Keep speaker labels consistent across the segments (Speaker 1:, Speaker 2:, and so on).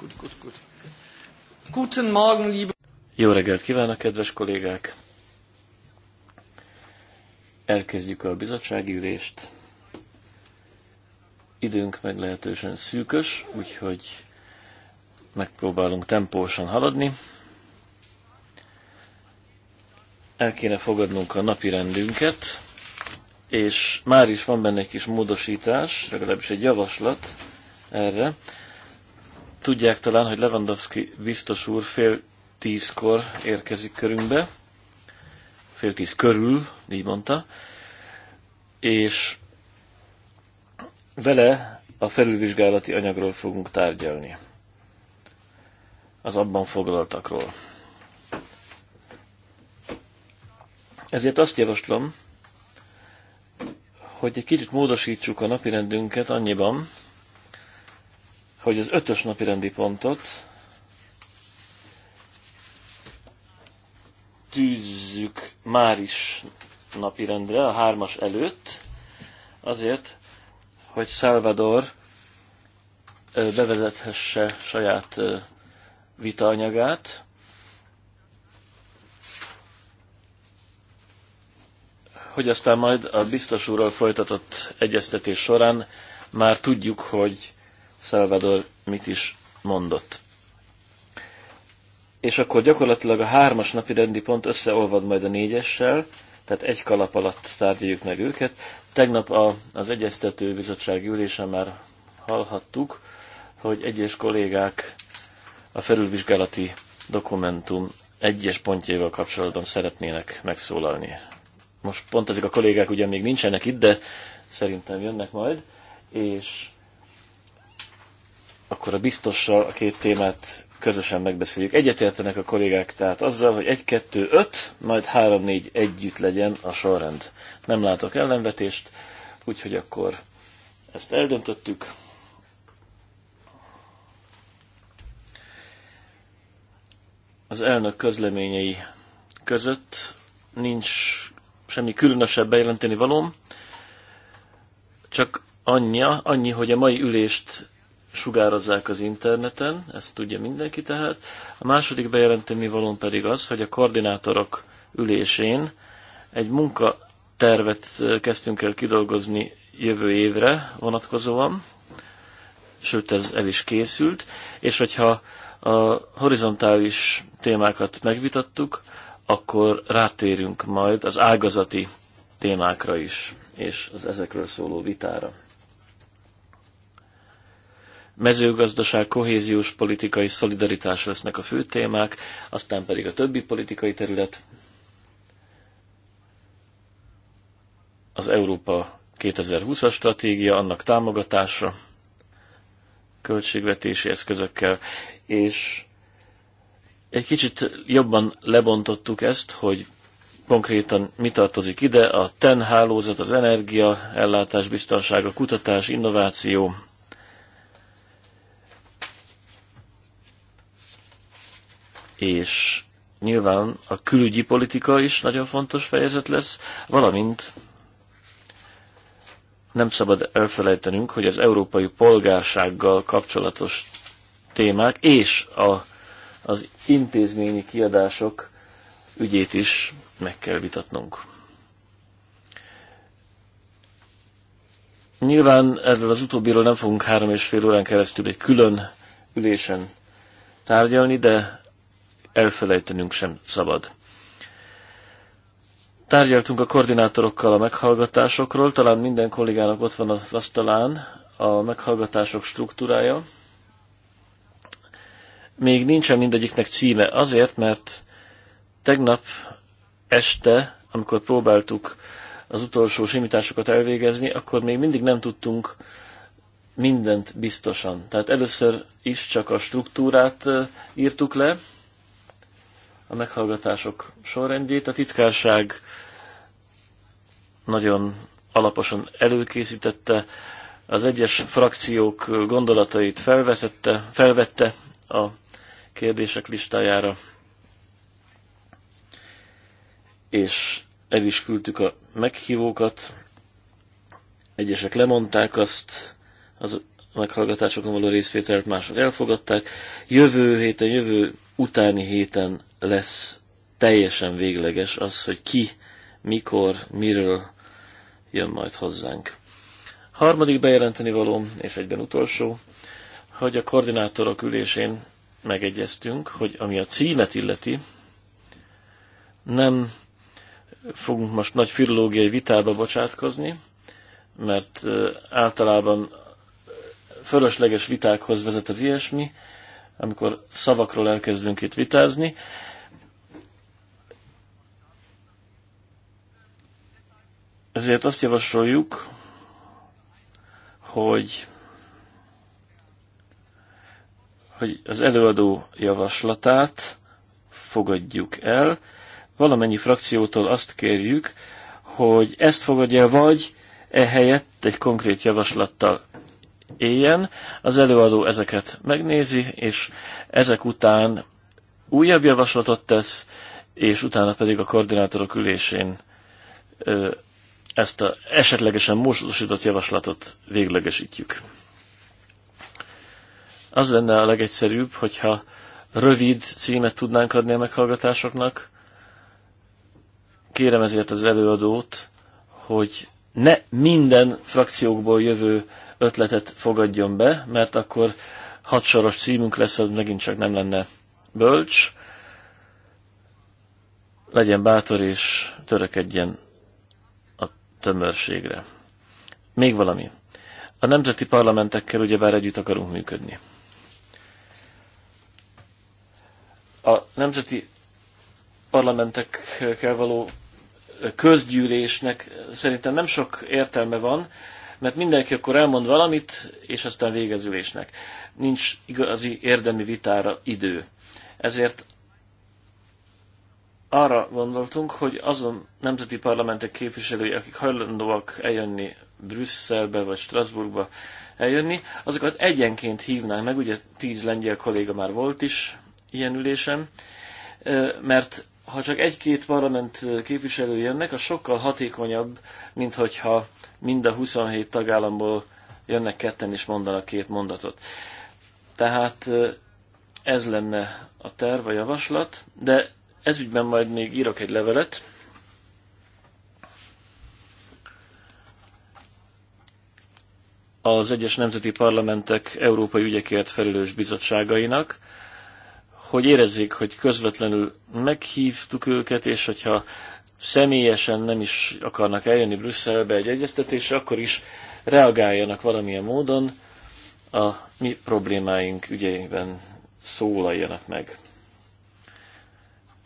Speaker 1: gut, gut, gut. Guten Morgen, liebe... Jó reggelt kívánok, kedves kollégák! Elkezdjük a bizottsági ülést. Időnk meglehetősen szűkös, úgyhogy megpróbálunk tempósan haladni. El kéne fogadnunk a napi rendünket, és már is van benne egy kis módosítás, legalábbis egy javaslat erre. Tudják talán, hogy Lewandowski biztos úr fél tízkor érkezik körünkbe, fél tíz körül, így mondta, és vele a felülvizsgálati anyagról fogunk tárgyalni. Az abban foglaltakról. Ezért azt javaslom, hogy egy kicsit módosítsuk a napirendünket annyiban, hogy az ötös napi rendi pontot tűzzük már is napirendre, a hármas előtt, azért, hogy Salvador bevezethesse saját vitaanyagát, hogy aztán majd a biztos úrral folytatott egyeztetés során már tudjuk, hogy Salvador mit is mondott. És akkor gyakorlatilag a hármas napi rendi pont összeolvad majd a négyessel, tehát egy kalap alatt tárgyaljuk meg őket. Tegnap a, az Egyeztető Bizottság ülésen már hallhattuk, hogy egyes kollégák a felülvizsgálati dokumentum egyes pontjaival kapcsolatban szeretnének megszólalni. Most pont ezek a kollégák ugye még nincsenek itt, de szerintem jönnek majd, és akkor a biztossal a két témát közösen megbeszéljük. Egyetértenek a kollégák tehát azzal, hogy 1, 2, 5, majd 3, 4 együtt legyen a sorrend. Nem látok ellenvetést, úgyhogy akkor ezt eldöntöttük. Az elnök közleményei között nincs semmi különösebb bejelenteni valóm, csak annyi, annyi, hogy a mai ülést sugározzák az interneten, ezt tudja mindenki tehát. A második bejelentő valón pedig az, hogy a koordinátorok ülésén egy munkatervet kezdtünk el kidolgozni jövő évre vonatkozóan, sőt ez el is készült, és hogyha a horizontális témákat megvitattuk, akkor rátérünk majd az ágazati témákra is, és az ezekről szóló vitára mezőgazdaság, kohéziós politika és szolidaritás lesznek a fő témák, aztán pedig a többi politikai terület, az Európa 2020-as stratégia, annak támogatása, költségvetési eszközökkel, és egy kicsit jobban lebontottuk ezt, hogy konkrétan mi tartozik ide, a TEN hálózat, az energia, ellátás, biztonság, a kutatás, innováció, és nyilván a külügyi politika is nagyon fontos fejezet lesz, valamint nem szabad elfelejtenünk, hogy az európai polgársággal kapcsolatos témák és a, az intézményi kiadások ügyét is meg kell vitatnunk. Nyilván erről az utóbbiról nem fogunk három és fél órán keresztül egy külön ülésen tárgyalni, de elfelejtenünk sem szabad. Tárgyaltunk a koordinátorokkal a meghallgatásokról, talán minden kollégának ott van az asztalán a meghallgatások struktúrája. Még nincsen mindegyiknek címe azért, mert tegnap este, amikor próbáltuk az utolsó simításokat elvégezni, akkor még mindig nem tudtunk mindent biztosan. Tehát először is csak a struktúrát írtuk le, a meghallgatások sorrendjét. A titkárság nagyon alaposan előkészítette, az egyes frakciók gondolatait felvetette, felvette a kérdések listájára, és el is küldtük a meghívókat, egyesek lemondták azt, az meghallgatásokon való részvételt mások elfogadták. Jövő héten, jövő utáni héten lesz teljesen végleges az, hogy ki, mikor, miről jön majd hozzánk. Harmadik bejelenteni valóm, és egyben utolsó, hogy a koordinátorok ülésén megegyeztünk, hogy ami a címet illeti, nem fogunk most nagy filológiai vitába bocsátkozni, mert általában fölösleges vitákhoz vezet az ilyesmi, amikor szavakról elkezdünk itt vitázni. Ezért azt javasoljuk, hogy, hogy az előadó javaslatát fogadjuk el. Valamennyi frakciótól azt kérjük, hogy ezt fogadja, vagy ehelyett egy konkrét javaslattal éljen. Az előadó ezeket megnézi, és ezek után újabb javaslatot tesz, és utána pedig a koordinátorok ülésén ezt a esetlegesen módosított javaslatot véglegesítjük. Az lenne a legegyszerűbb, hogyha rövid címet tudnánk adni a meghallgatásoknak. Kérem ezért az előadót, hogy ne minden frakciókból jövő ötletet fogadjon be, mert akkor hatsoros címünk lesz, az megint csak nem lenne bölcs. Legyen bátor és törekedjen tömörségre. Még valami. A nemzeti parlamentekkel ugyebár együtt akarunk működni. A nemzeti parlamentekkel való közgyűlésnek szerintem nem sok értelme van, mert mindenki akkor elmond valamit, és aztán végezülésnek. Nincs igazi érdemi vitára idő. Ezért arra gondoltunk, hogy azon nemzeti parlamentek képviselői, akik hajlandóak eljönni Brüsszelbe vagy Strasbourgba eljönni, azokat egyenként hívnánk meg, ugye tíz lengyel kolléga már volt is ilyen ülésen, mert ha csak egy-két parlament képviselő jönnek, az sokkal hatékonyabb, mint hogyha mind a 27 tagállamból jönnek ketten és mondanak két mondatot. Tehát ez lenne a terv, a javaslat, de Ezügyben majd még írok egy levelet. az egyes nemzeti parlamentek európai ügyekért felelős bizottságainak, hogy érezzék, hogy közvetlenül meghívtuk őket, és hogyha személyesen nem is akarnak eljönni Brüsszelbe egy egyeztetésre, akkor is reagáljanak valamilyen módon, a mi problémáink ügyeiben szólaljanak meg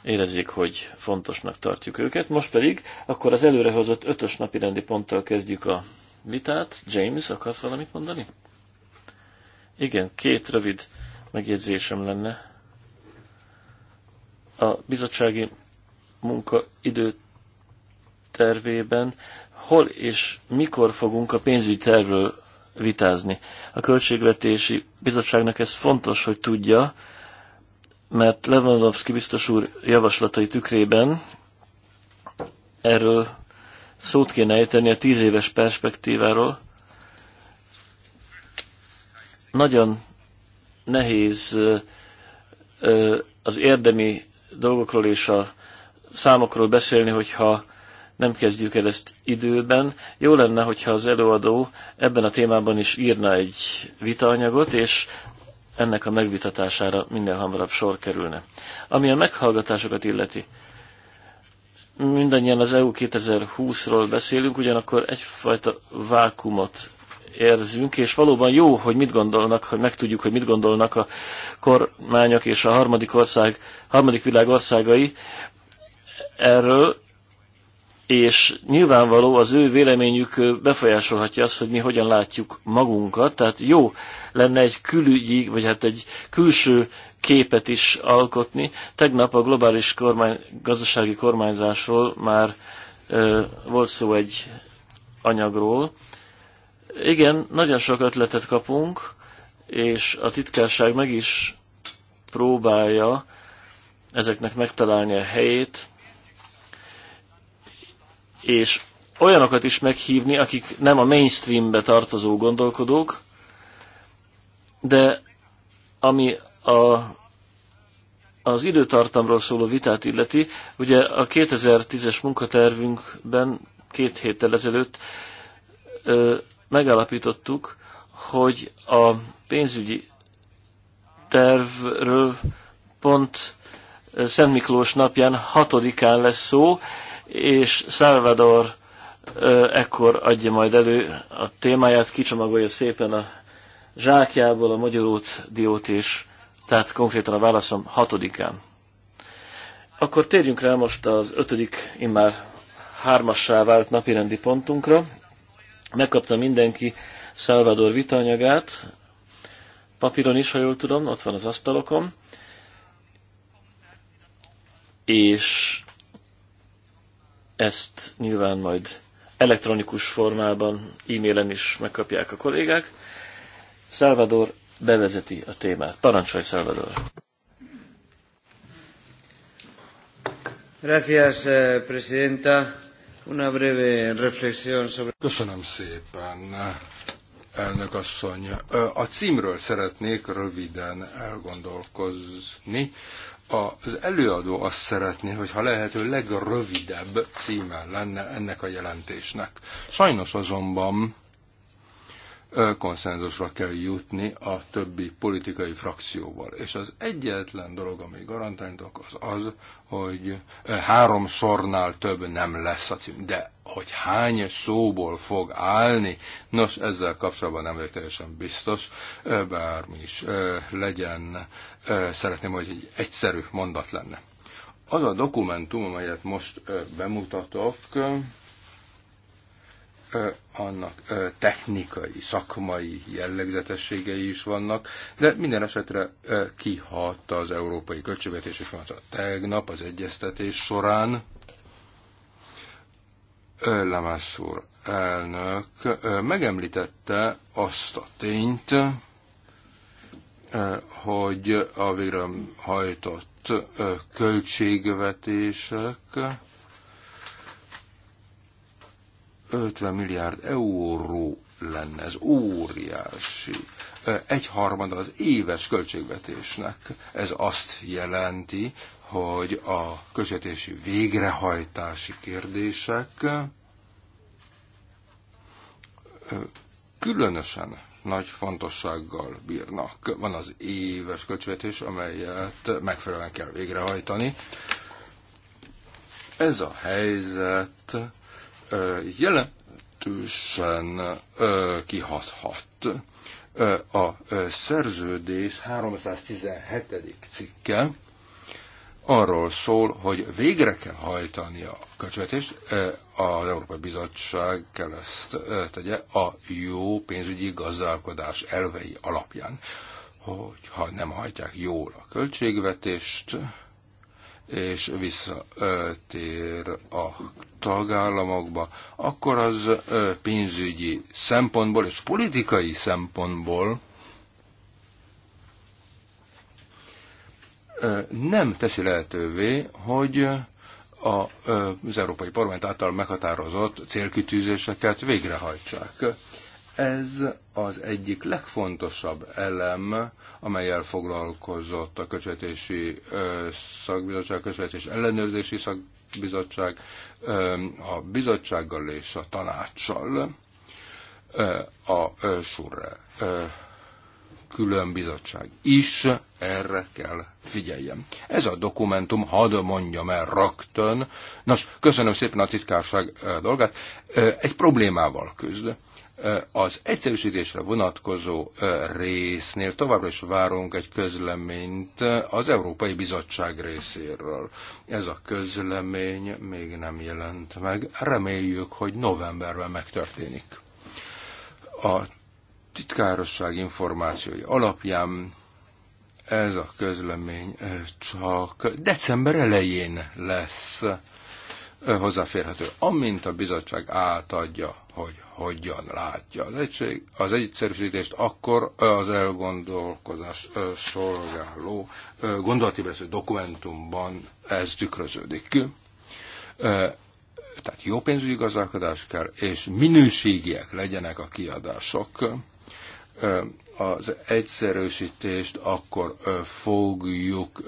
Speaker 1: érezzék, hogy fontosnak tartjuk őket. Most pedig akkor az előrehozott ötös napi rendi ponttal kezdjük a vitát. James, akarsz valamit mondani? Igen, két rövid megjegyzésem lenne. A bizottsági munkaidő tervében hol és mikor fogunk a pénzügyi tervről vitázni. A Költségvetési Bizottságnak ez fontos, hogy tudja, mert Lewandowski biztos úr javaslatai tükrében erről szót kéne ejteni a tíz éves perspektíváról. Nagyon nehéz az érdemi dolgokról és a számokról beszélni, hogyha nem kezdjük el ezt időben. Jó lenne, hogyha az előadó ebben a témában is írna egy vitaanyagot, és ennek a megvitatására minden hamarabb sor kerülne. Ami a meghallgatásokat illeti, mindannyian az EU 2020-ról beszélünk, ugyanakkor egyfajta vákumot érzünk, és valóban jó, hogy mit gondolnak, hogy megtudjuk, hogy mit gondolnak a kormányok és a harmadik ország, harmadik világ országai erről, és nyilvánvaló az ő véleményük befolyásolhatja azt, hogy mi hogyan látjuk magunkat, tehát jó lenne egy külügyi, vagy hát egy külső képet is alkotni. Tegnap a globális kormány, gazdasági kormányzásról már ö, volt szó egy anyagról. Igen, nagyon sok ötletet kapunk, és a titkárság meg is próbálja ezeknek megtalálni a helyét, és olyanokat is meghívni, akik nem a mainstreambe tartozó gondolkodók, de ami a, az időtartamról szóló vitát illeti, ugye a 2010-es munkatervünkben két héttel ezelőtt ö, megállapítottuk, hogy a pénzügyi tervről pont Szent Miklós napján 6-án lesz szó, és Salvador ekkor adja majd elő a témáját, kicsomagolja szépen a zsákjából a magyarót, diót és tehát konkrétan a válaszom hatodikán. Akkor térjünk rá most az ötödik, immár hármassá vált napirendi pontunkra. Megkapta mindenki Salvador vitanyagát, papíron is, ha jól tudom, ott van az asztalokon, és ezt nyilván majd elektronikus formában, e-mailen is megkapják a kollégák. Salvador bevezeti a témát. Parancsolj, Salvador! Gracias, eh,
Speaker 2: Presidenta. Una breve reflexión sobre... Köszönöm szépen, elnök asszony. A címről szeretnék röviden elgondolkozni az előadó azt szeretné, hogyha lehető legrövidebb címe lenne ennek a jelentésnek. Sajnos azonban konszenzusra kell jutni a többi politikai frakcióval. És az egyetlen dolog, ami garantáltok, az az, hogy három sornál több nem lesz a cím. De hogy hány szóból fog állni, nos, ezzel kapcsolatban nem vagyok teljesen biztos, bármi is legyen, szeretném, hogy egy egyszerű mondat lenne. Az a dokumentum, amelyet most bemutatok, annak technikai, szakmai jellegzetességei is vannak, de minden esetre kihat az európai költségvetési folyamatra. Tegnap az egyeztetés során Lemassur elnök megemlítette azt a tényt, hogy a végrehajtott költségvetések 50 milliárd euró lenne, ez óriási. Egy harmada az éves költségvetésnek. Ez azt jelenti, hogy a közvetési végrehajtási kérdések különösen nagy fontossággal bírnak. Van az éves költségvetés, amelyet megfelelően kell végrehajtani. Ez a helyzet jelentősen kihathat a szerződés 317. cikke arról szól, hogy végre kell hajtani a költségvetést, az Európai Bizottság kell ezt tegye a jó pénzügyi gazdálkodás elvei alapján. Hogyha nem hajtják jól a költségvetést, és visszatér a tagállamokba, akkor az pénzügyi szempontból és politikai szempontból nem teszi lehetővé, hogy az Európai Parlament által meghatározott célkitűzéseket végrehajtsák. Ez az egyik legfontosabb elem, amelyel foglalkozott a Kötvetési Szakbizottság, Kötvetés Ellenőrzési Szakbizottság, a bizottsággal és a tanácssal, a SURRE külön bizottság is erre kell figyeljem. Ez a dokumentum, hadd mondjam el rögtön, nos, köszönöm szépen a titkárság dolgát, egy problémával küzd az egyszerűsítésre vonatkozó résznél továbbra is várunk egy közleményt az Európai Bizottság részéről. Ez a közlemény még nem jelent meg. Reméljük, hogy novemberben megtörténik. A titkárosság információi alapján ez a közlemény csak december elején lesz hozzáférhető. Amint a bizottság átadja, hogy hogyan látja. Az, egység, az egyszerűsítést akkor az elgondolkozás szolgáló gondolati beszéd dokumentumban ez tükröződik. Tehát jó pénzügyi gazdálkodás kell, és minőségiek legyenek a kiadások. Az egyszerűsítést akkor fogjuk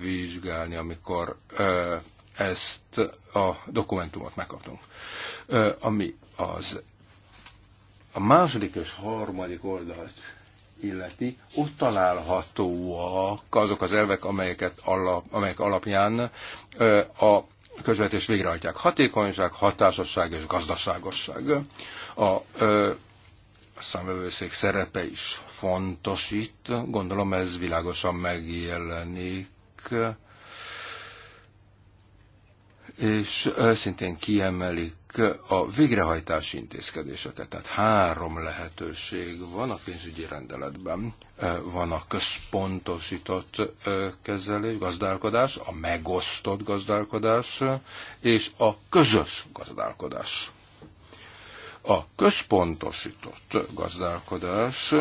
Speaker 2: vizsgálni, amikor ezt a dokumentumot megkaptunk. Ami az a második és harmadik oldalt illeti, ott találhatóak azok az elvek, amelyeket alap, amelyek alapján a közvetés végrehajtják. Hatékonyság, hatásosság és gazdaságosság. A a számvevőszék szerepe is fontos itt, gondolom ez világosan megjelenik, és szintén kiemelik a végrehajtási intézkedéseket. Tehát három lehetőség van a pénzügyi rendeletben. Van a központosított kezelés, gazdálkodás, a megosztott gazdálkodás és a közös gazdálkodás. A központosított gazdálkodás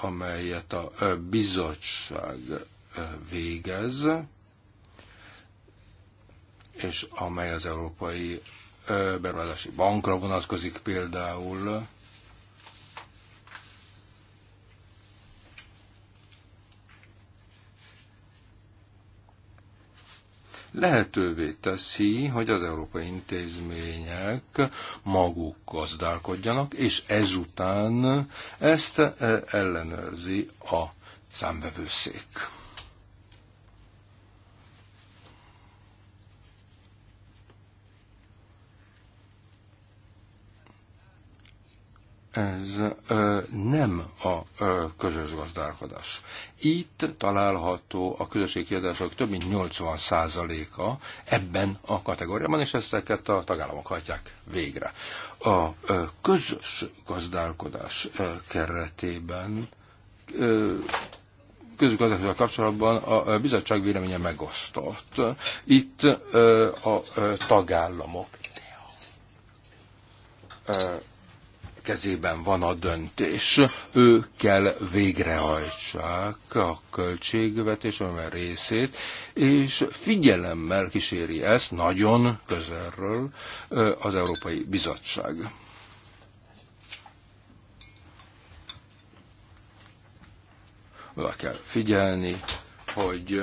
Speaker 2: amelyet a bizottság végez, és amely az Európai Beruházási Bankra vonatkozik például. lehetővé teszi, hogy az európai intézmények maguk gazdálkodjanak, és ezután ezt ellenőrzi a számbevőszék. ez ö, nem a ö, közös gazdálkodás. Itt található a közösségi kiadások több mint 80%-a ebben a kategóriában, és ezteket a tagállamok hagyják végre. A ö, közös gazdálkodás ö, keretében ö, közgazdasággal kapcsolatban a bizottság véleménye megosztott. Itt ö, a ö, tagállamok ö, kezében van a döntés. Ő kell végrehajtsák a költségvetés, amely részét, és figyelemmel kíséri ezt nagyon közelről az Európai Bizottság. Oda kell figyelni, hogy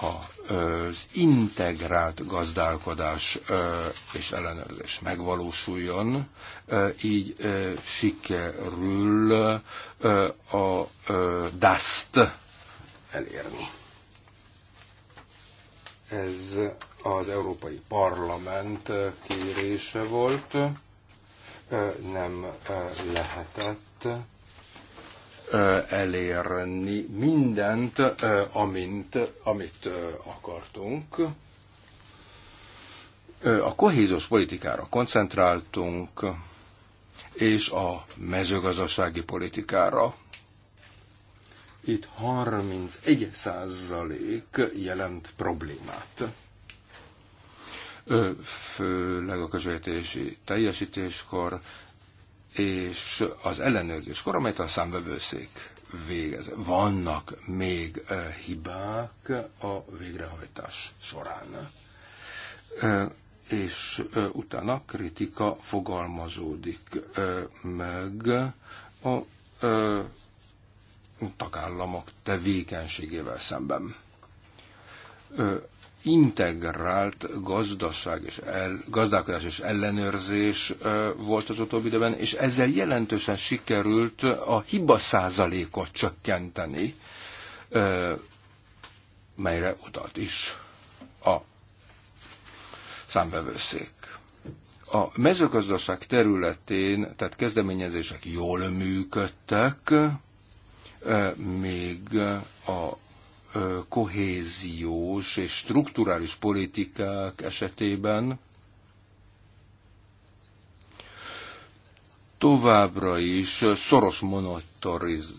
Speaker 2: a az integrált gazdálkodás és ellenőrzés megvalósuljon, így sikerül a DAST elérni. Ez az Európai Parlament kérése volt, nem lehetett elérni mindent, amint, amit akartunk. A kohézós politikára koncentráltunk, és a mezőgazdasági politikára. Itt 31 százalék jelent problémát. Főleg a közvetési teljesítéskor és az ellenőrzéskor, amelyet a számvevőszék végez. Vannak még hibák a végrehajtás során. És utána kritika fogalmazódik meg a tagállamok tevékenységével szemben integrált gazdaság és el, gazdálkodás és ellenőrzés volt az utóbbi időben, és ezzel jelentősen sikerült a hiba százalékot csökkenteni, melyre utalt is a számbevőszék. A mezőgazdaság területén, tehát kezdeményezések jól működtek, még a kohéziós és strukturális politikák esetében továbbra is szoros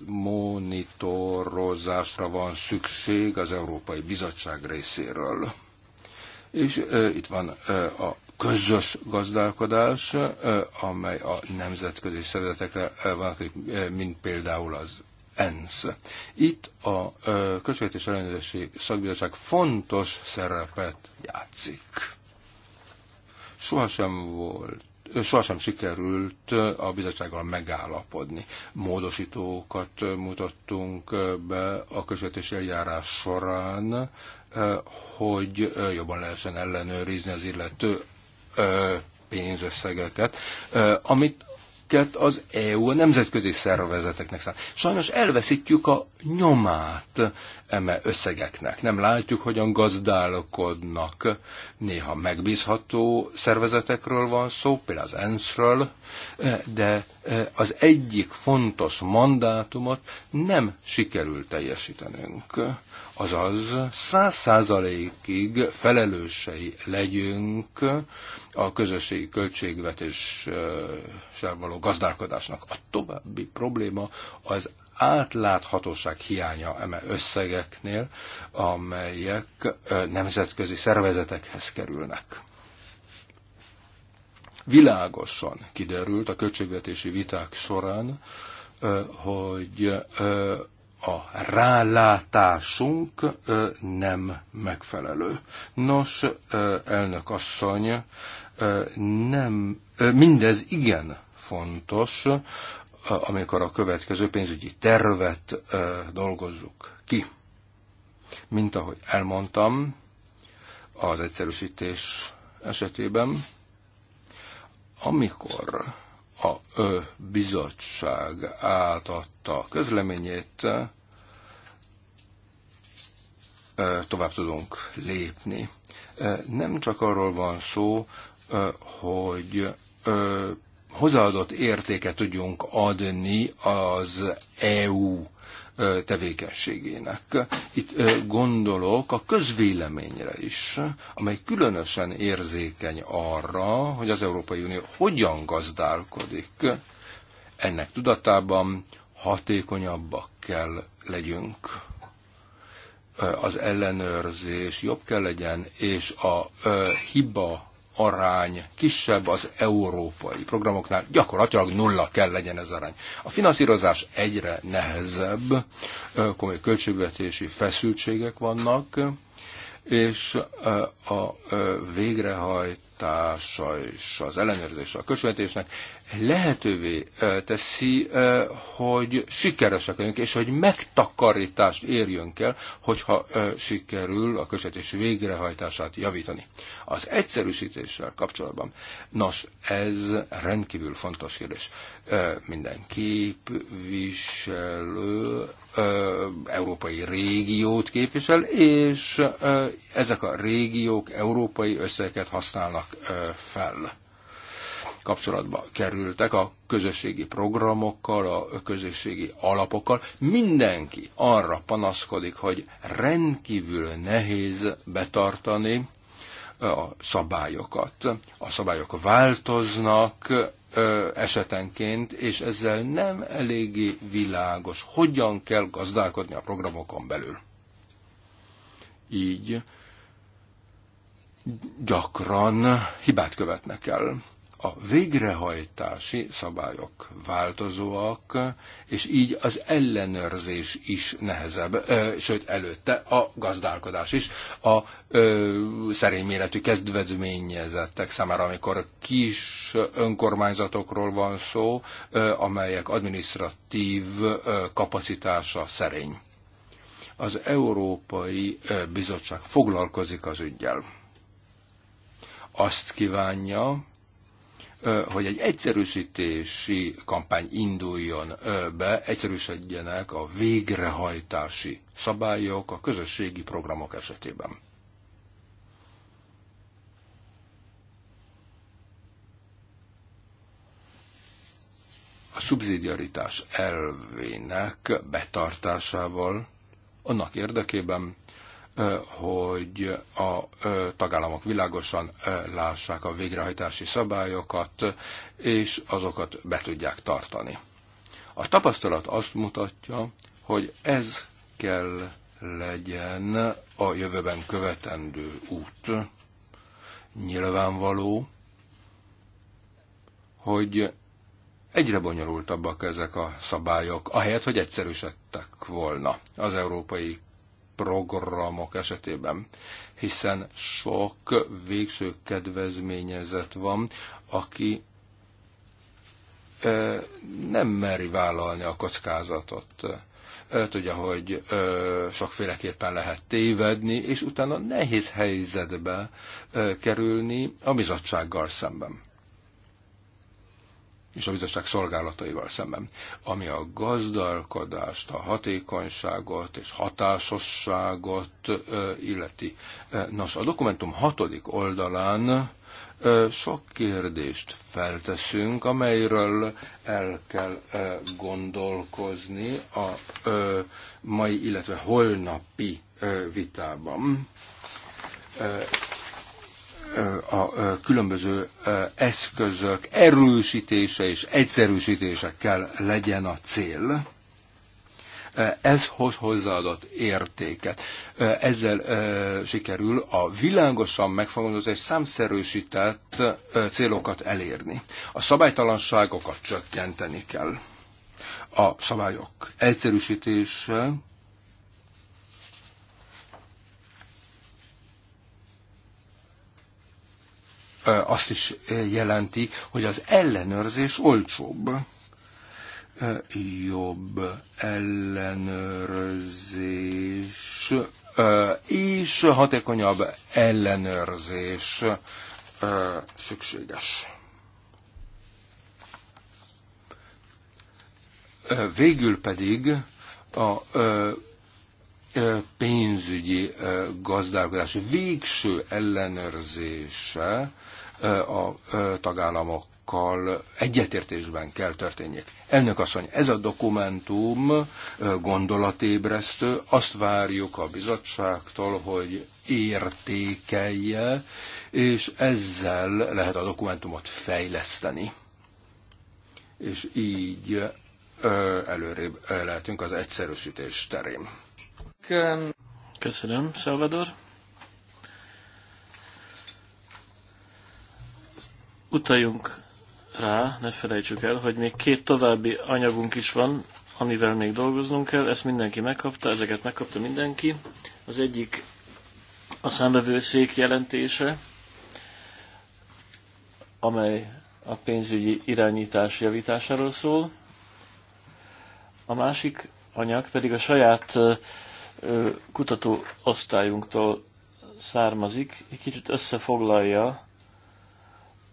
Speaker 2: monitorozásra van szükség az Európai Bizottság részéről. És e, itt van e, a közös gazdálkodás, e, amely a nemzetközi szervezetekre e, van, mint például az ENSZ. Itt a Költségvetés Ellenőrzési Szakbizottság fontos szerepet játszik. Sohasem volt sohasem sikerült a bizottsággal megállapodni. Módosítókat mutattunk be a közvetési eljárás során, hogy jobban lehessen ellenőrizni az illető pénzösszegeket, amit amiket az EU a nemzetközi szervezeteknek szám. Sajnos elveszítjük a nyomát eme összegeknek. Nem látjuk, hogyan gazdálkodnak. Néha megbízható szervezetekről van szó, például az ENSZ-ről, de az egyik fontos mandátumot nem sikerült teljesítenünk. Azaz száz százalékig felelősei legyünk a közösségi költségvetéssel való gazdálkodásnak. A további probléma az átláthatóság hiánya eme összegeknél, amelyek nemzetközi szervezetekhez kerülnek. Világosan kiderült a költségvetési viták során, hogy a rálátásunk nem megfelelő. Nos, elnök asszony, nem, mindez igen fontos, amikor a következő pénzügyi tervet dolgozzuk ki. Mint ahogy elmondtam, az egyszerűsítés esetében, amikor a bizottság átadta a közleményét, tovább tudunk lépni. Nem csak arról van szó, hogy hozzáadott értéket tudjunk adni az EU tevékenységének. Itt gondolok a közvéleményre is, amely különösen érzékeny arra, hogy az Európai Unió hogyan gazdálkodik. Ennek tudatában hatékonyabbak kell legyünk az ellenőrzés jobb kell legyen, és a ö, hiba arány kisebb az európai programoknál, gyakorlatilag nulla kell legyen ez arány. A finanszírozás egyre nehezebb, komoly költségvetési feszültségek vannak, és a végrehajtása és az ellenőrzése a költségvetésnek lehetővé teszi, hogy sikeresek legyünk, és hogy megtakarítást érjünk el, hogyha sikerül a közvetés végrehajtását javítani. Az egyszerűsítéssel kapcsolatban. Nos, ez rendkívül fontos kérdés. Minden képviselő európai régiót képvisel, és ezek a régiók európai összeget használnak fel kapcsolatba kerültek a közösségi programokkal, a közösségi alapokkal. Mindenki arra panaszkodik, hogy rendkívül nehéz betartani a szabályokat. A szabályok változnak esetenként, és ezzel nem eléggé világos, hogyan kell gazdálkodni a programokon belül. Így gyakran hibát követnek el. A végrehajtási szabályok változóak, és így az ellenőrzés is nehezebb, sőt előtte a gazdálkodás is a ö, szerény méretű kezdvezményezettek számára, amikor kis önkormányzatokról van szó, amelyek administratív kapacitása szerény. Az Európai Bizottság foglalkozik az ügyjel. Azt kívánja, hogy egy egyszerűsítési kampány induljon be, egyszerűsödjenek a végrehajtási szabályok a közösségi programok esetében. A szubszidiaritás elvének betartásával annak érdekében, hogy a tagállamok világosan lássák a végrehajtási szabályokat, és azokat be tudják tartani. A tapasztalat azt mutatja, hogy ez kell legyen a jövőben követendő út. Nyilvánvaló, hogy egyre bonyolultabbak ezek a szabályok, ahelyett, hogy egyszerűsettek volna. Az Európai programok esetében, hiszen sok végső kedvezményezett van, aki nem meri vállalni a kockázatot. Tudja, hogy sokféleképpen lehet tévedni, és utána nehéz helyzetbe kerülni a bizottsággal szemben és a bizottság szolgálataival szemben, ami a gazdálkodást, a hatékonyságot és hatásosságot illeti. Nos, a dokumentum hatodik oldalán sok kérdést felteszünk, amelyről el kell gondolkozni a mai, illetve holnapi vitában a különböző eszközök erősítése és egyszerűsítése kell legyen a cél. Ez hoz hozzáadott értéket. Ezzel sikerül a világosan megfogalmazott és számszerűsített célokat elérni. A szabálytalanságokat csökkenteni kell. A szabályok egyszerűsítése azt is jelenti, hogy az ellenőrzés olcsóbb. Jobb ellenőrzés és hatékonyabb ellenőrzés szükséges. Végül pedig a pénzügyi gazdálkodás végső ellenőrzése a tagállamokkal egyetértésben kell történjék. Elnök asszony, ez a dokumentum gondolatébresztő, azt várjuk a bizottságtól, hogy értékelje, és ezzel lehet a dokumentumot fejleszteni. És így előrébb lehetünk az egyszerűsítés terén.
Speaker 1: Köszönöm, Salvador. utaljunk rá, ne felejtsük el, hogy még két további anyagunk is van, amivel még dolgoznunk kell. Ezt mindenki megkapta, ezeket megkapta mindenki. Az egyik a számbevőszék jelentése, amely a pénzügyi irányítás javításáról szól. A másik anyag pedig a saját kutató osztályunktól származik, egy kicsit összefoglalja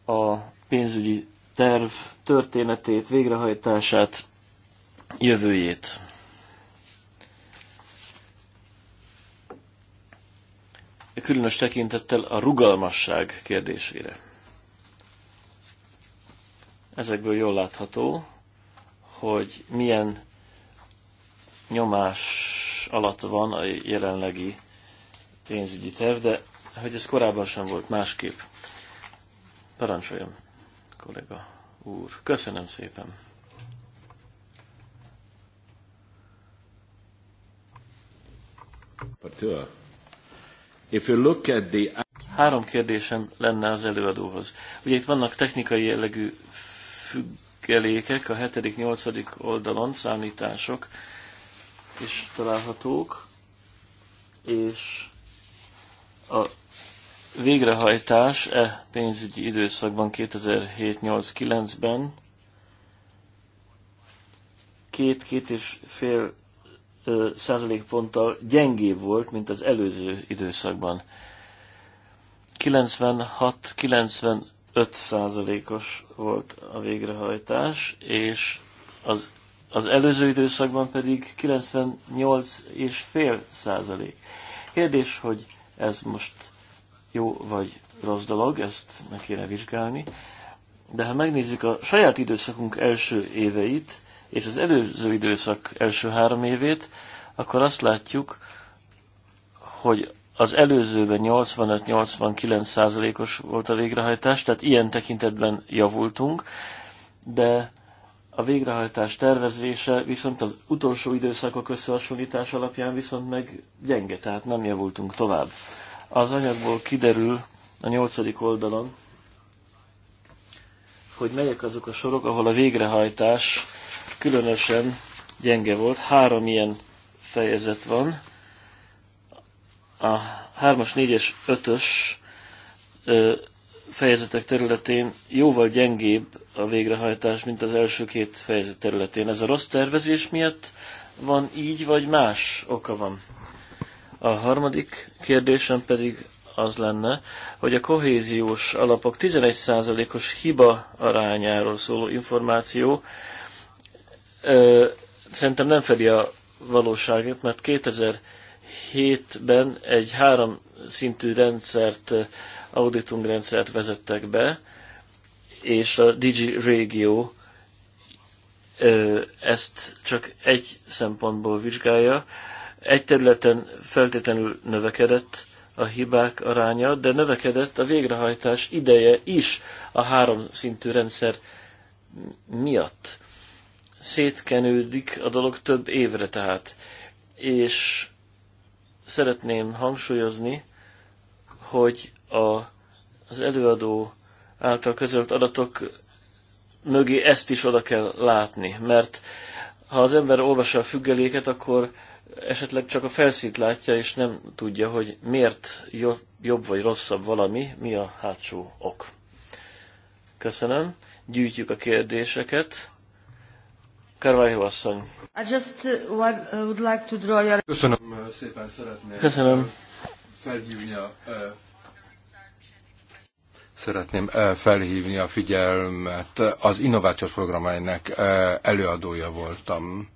Speaker 1: a pénzügyi terv történetét, végrehajtását, jövőjét. Különös tekintettel a rugalmasság kérdésére. Ezekből jól látható, hogy milyen nyomás alatt van a jelenlegi pénzügyi terv, de hogy ez korábban sem volt másképp. Parancsoljon, kollega úr. Köszönöm szépen. Három kérdésem lenne az előadóhoz. Ugye itt vannak technikai jellegű függelékek, a 7.-8. oldalon számítások is találhatók, és a végrehajtás e pénzügyi időszakban 2007-8-9-ben két-két és fél százalékponttal gyengébb volt, mint az előző időszakban. 96-95 százalékos volt a végrehajtás, és az, az előző időszakban pedig 98 és fél százalék. Kérdés, hogy ez most jó vagy rossz dolog, ezt meg kéne vizsgálni. De ha megnézzük a saját időszakunk első éveit, és az előző időszak első három évét, akkor azt látjuk, hogy az előzőben 85-89 százalékos volt a végrehajtás, tehát ilyen tekintetben javultunk, de a végrehajtás tervezése viszont az utolsó időszakok összehasonlítás alapján viszont meg gyenge, tehát nem javultunk tovább. Az anyagból kiderül a nyolcadik oldalon, hogy melyek azok a sorok, ahol a végrehajtás különösen gyenge volt. Három ilyen fejezet van. A hármas, négyes ötös fejezetek területén jóval gyengébb a végrehajtás, mint az első két fejezet területén. Ez a rossz tervezés miatt van így, vagy más oka van? A harmadik kérdésem pedig az lenne, hogy a kohéziós alapok 11%-os hiba arányáról szóló információ ö, szerintem nem fedi a valóságot, mert 2007-ben egy három szintű rendszert, auditungrendszert vezettek be, és a Digi Régió ezt csak egy szempontból vizsgálja, egy területen feltétlenül növekedett a hibák aránya, de növekedett a végrehajtás ideje is a háromszintű rendszer miatt. Szétkenődik a dolog több évre tehát. És szeretném hangsúlyozni, hogy a, az előadó által közölt adatok mögé ezt is oda kell látni, mert ha az ember olvassa a függeléket, akkor esetleg csak a felszínt látja, és nem tudja, hogy miért jobb vagy rosszabb valami, mi a hátsó ok. Köszönöm. Gyűjtjük a kérdéseket. Carvalho asszony.
Speaker 2: I just uh, uh, would like to draw your... Köszönöm uh, szépen, szeretném Köszönöm. felhívni a... Szeretném felhívni a figyelmet. Az innovációs programainak előadója voltam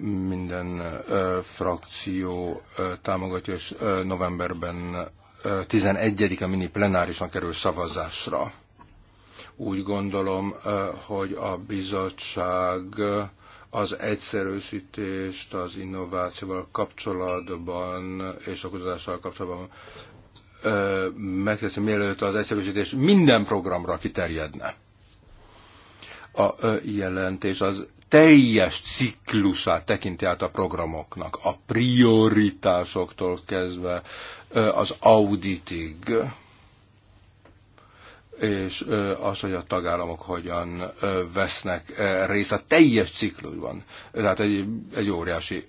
Speaker 2: minden frakció támogatja, és novemberben 11-e mini plenárisan kerül szavazásra. Úgy gondolom, hogy a bizottság az egyszerűsítést az innovációval kapcsolatban és a kutatással kapcsolatban megteszi, mielőtt az egyszerűsítés minden programra kiterjedne. A jelentés az teljes ciklusát tekinti át a programoknak, a prioritásoktól kezdve az auditig és az, hogy a tagállamok hogyan vesznek részt a teljes ciklusban. Tehát egy, egy óriási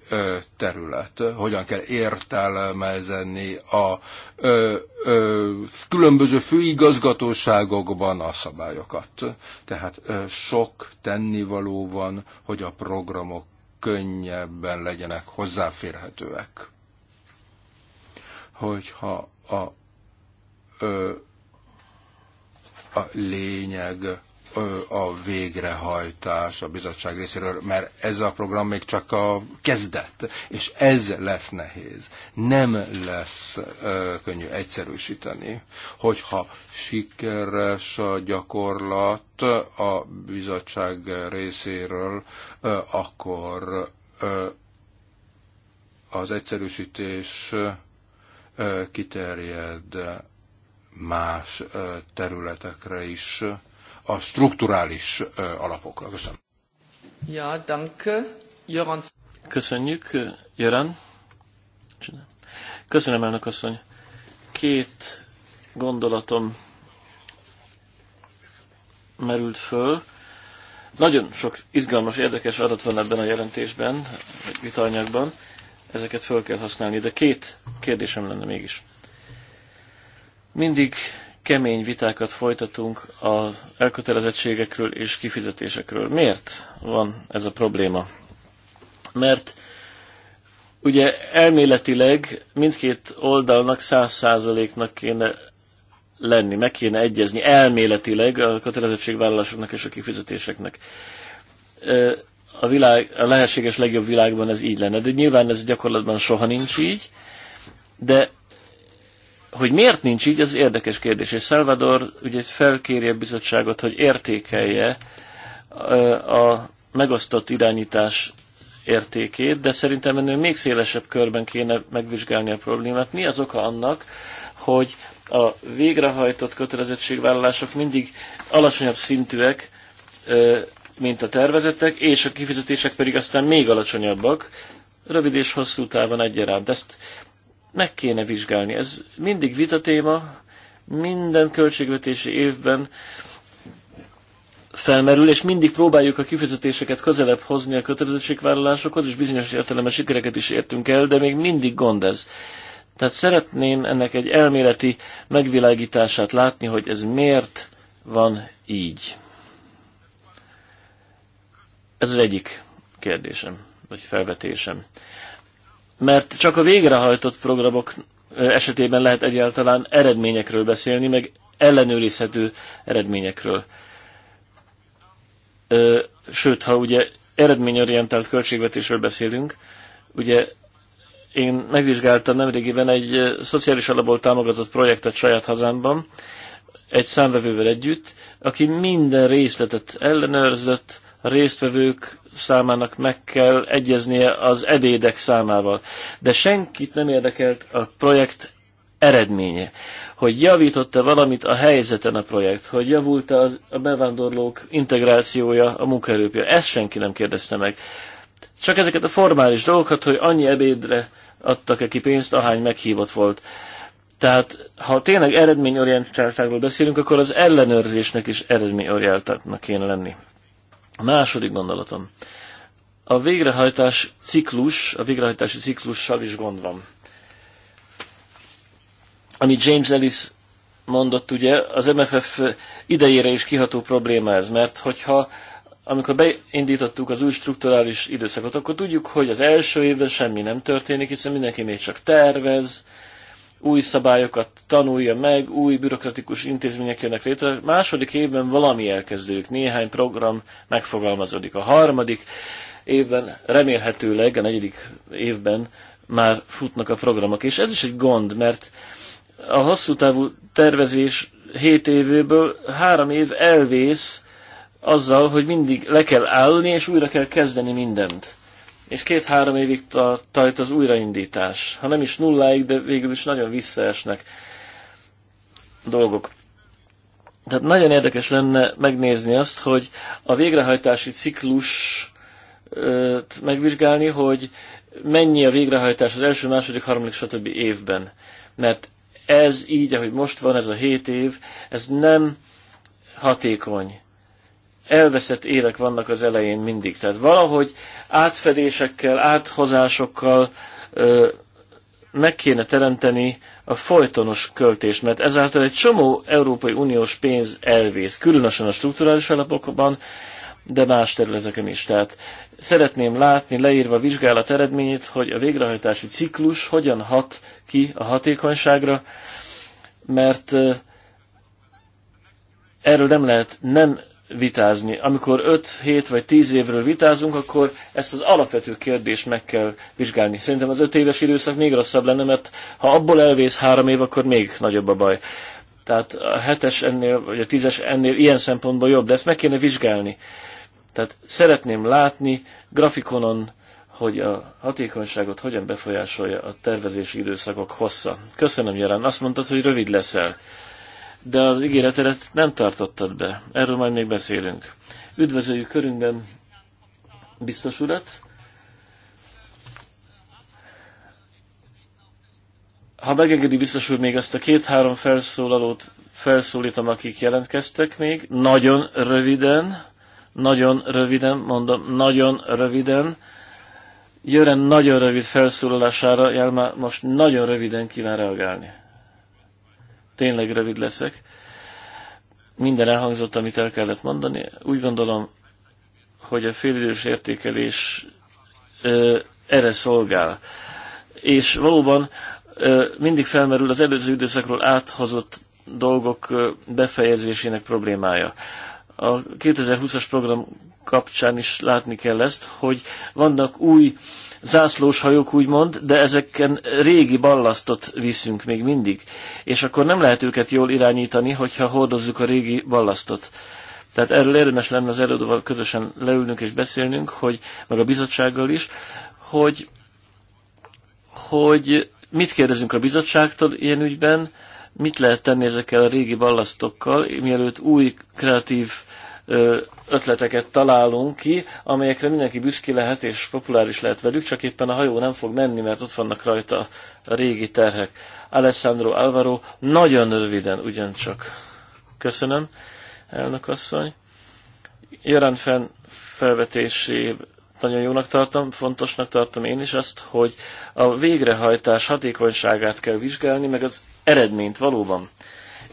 Speaker 2: terület. Hogyan kell értelmezni a ö, ö, különböző főigazgatóságokban a szabályokat. Tehát sok tennivaló van, hogy a programok könnyebben legyenek hozzáférhetőek. Hogyha a ö, a lényeg a végrehajtás a bizottság részéről, mert ez a program még csak a kezdet, és ez lesz nehéz. Nem lesz ö, könnyű egyszerűsíteni, hogyha sikeres a gyakorlat a bizottság részéről, ö, akkor ö, az egyszerűsítés ö, kiterjed más területekre is, a strukturális
Speaker 1: alapokra. Köszönöm. Ja, danke. Jöran. Köszönjük, Jöran. Köszönöm, elnök asszony. Két gondolatom merült föl. Nagyon sok izgalmas, érdekes adat van ebben a jelentésben, vitanyagban. Ezeket föl kell használni, de két kérdésem lenne mégis. Mindig kemény vitákat folytatunk az elkötelezettségekről és kifizetésekről. Miért van ez a probléma? Mert ugye elméletileg mindkét oldalnak száz százaléknak kéne lenni, meg kéne egyezni elméletileg a kötelezettségvállalásoknak és a kifizetéseknek. A, világ, a lehetséges legjobb világban ez így lenne, de nyilván ez gyakorlatban soha nincs így, de hogy miért nincs így, az érdekes kérdés. És Salvador ugye felkéri a bizottságot, hogy értékelje a megosztott irányítás értékét, de szerintem ennél még szélesebb körben kéne megvizsgálni a problémát. Mi az oka annak, hogy a végrehajtott kötelezettségvállalások mindig alacsonyabb szintűek, mint a tervezettek, és a kifizetések pedig aztán még alacsonyabbak, rövid és hosszú távon egyaránt. Ezt meg kéne vizsgálni. Ez mindig vitatéma, minden költségvetési évben felmerül, és mindig próbáljuk a kifizetéseket közelebb hozni a kötelezettségvállalásokhoz, és bizonyos értelemben sikereket is értünk el, de még mindig gond ez. Tehát szeretném ennek egy elméleti megvilágítását látni, hogy ez miért van így. Ez az egyik kérdésem, vagy felvetésem mert csak a végrehajtott programok esetében lehet egyáltalán eredményekről beszélni, meg ellenőrizhető eredményekről. Sőt, ha ugye eredményorientált költségvetésről beszélünk, ugye én megvizsgáltam nemrégiben egy szociális alapból támogatott projektet saját hazámban, egy számvevővel együtt, aki minden részletet ellenőrzött, a résztvevők számának meg kell egyeznie az ebédek számával. De senkit nem érdekelt a projekt eredménye, hogy javította valamit a helyzeten a projekt, hogy javulta az, a bevándorlók integrációja a munkaerőpje. Ezt senki nem kérdezte meg. Csak ezeket a formális dolgokat, hogy annyi ebédre adtak-e ki pénzt, ahány meghívott volt. Tehát, ha tényleg eredményorientáltságról beszélünk, akkor az ellenőrzésnek is eredményorientáltnak kéne lenni. A második gondolatom. A végrehajtás ciklus, a végrehajtási ciklussal is gond van. Ami James Ellis mondott, ugye, az MFF idejére is kiható probléma ez, mert hogyha amikor beindítottuk az új strukturális időszakot, akkor tudjuk, hogy az első évben semmi nem történik, hiszen mindenki még csak tervez, új szabályokat tanulja meg, új bürokratikus intézmények jönnek létre. Második évben valami elkezdődik, néhány program megfogalmazódik. A harmadik évben remélhetőleg, a negyedik évben már futnak a programok. És ez is egy gond, mert a hosszú távú tervezés 7 évőből három év elvész azzal, hogy mindig le kell állni, és újra kell kezdeni mindent és két-három évig tart az újraindítás. Ha nem is nulláig, de végül is nagyon visszaesnek dolgok. Tehát nagyon érdekes lenne megnézni azt, hogy a végrehajtási ciklus megvizsgálni, hogy mennyi a végrehajtás az első, második, harmadik, stb. évben. Mert ez így, ahogy most van, ez a hét év, ez nem hatékony elveszett évek vannak az elején mindig. Tehát valahogy átfedésekkel, áthozásokkal ö, meg kéne teremteni a folytonos költést, mert ezáltal egy csomó Európai Uniós pénz elvész, különösen a strukturális alapokban, de más területeken is. Tehát szeretném látni leírva a vizsgálat eredményét, hogy a végrehajtási ciklus hogyan hat ki a hatékonyságra, mert erről nem lehet nem vitázni. Amikor 5, 7 vagy 10 évről vitázunk, akkor ezt az alapvető kérdést meg kell vizsgálni. Szerintem az 5 éves időszak még rosszabb lenne, mert ha abból elvész 3 év, akkor még nagyobb a baj. Tehát a 7-es ennél, vagy a 10-es ennél ilyen szempontból jobb, de ezt meg kéne vizsgálni. Tehát szeretném látni grafikonon, hogy a hatékonyságot hogyan befolyásolja a tervezési időszakok hossza. Köszönöm, Jelen. Azt mondtad, hogy rövid leszel de az ígéretedet nem tartottad be. Erről majd még beszélünk. Üdvözöljük körünkben biztos urat. Ha megengedi biztos úr, még ezt a két-három felszólalót felszólítom, akik jelentkeztek még. Nagyon röviden, nagyon röviden, mondom, nagyon röviden. Jören nagyon rövid felszólalására, Jelma most nagyon röviden kíván reagálni tényleg rövid leszek. Minden elhangzott, amit el kellett mondani. Úgy gondolom, hogy a félidős értékelés ö, erre szolgál. És valóban ö, mindig felmerül az előző időszakról áthozott dolgok befejezésének problémája. A 2020-as program kapcsán is látni kell ezt, hogy vannak új zászlós hajók, úgymond, de ezeken régi ballasztot viszünk még mindig. És akkor nem lehet őket jól irányítani, hogyha hordozzuk a régi ballasztot. Tehát erről érdemes lenne az előadóval közösen leülnünk és beszélnünk, hogy, meg a bizottsággal is, hogy, hogy mit kérdezünk a bizottságtól ilyen ügyben, mit lehet tenni ezekkel a régi ballasztokkal, mielőtt új kreatív uh, ötleteket találunk ki, amelyekre mindenki büszki lehet és populáris lehet velük, csak éppen a hajó nem fog menni, mert ott vannak rajta a régi terhek. Alessandro Alvaro, nagyon röviden ugyancsak. Köszönöm, elnök asszony. Jörán Fenn felvetésé nagyon jónak tartom, fontosnak tartom én is azt, hogy a végrehajtás hatékonyságát kell vizsgálni, meg az eredményt valóban.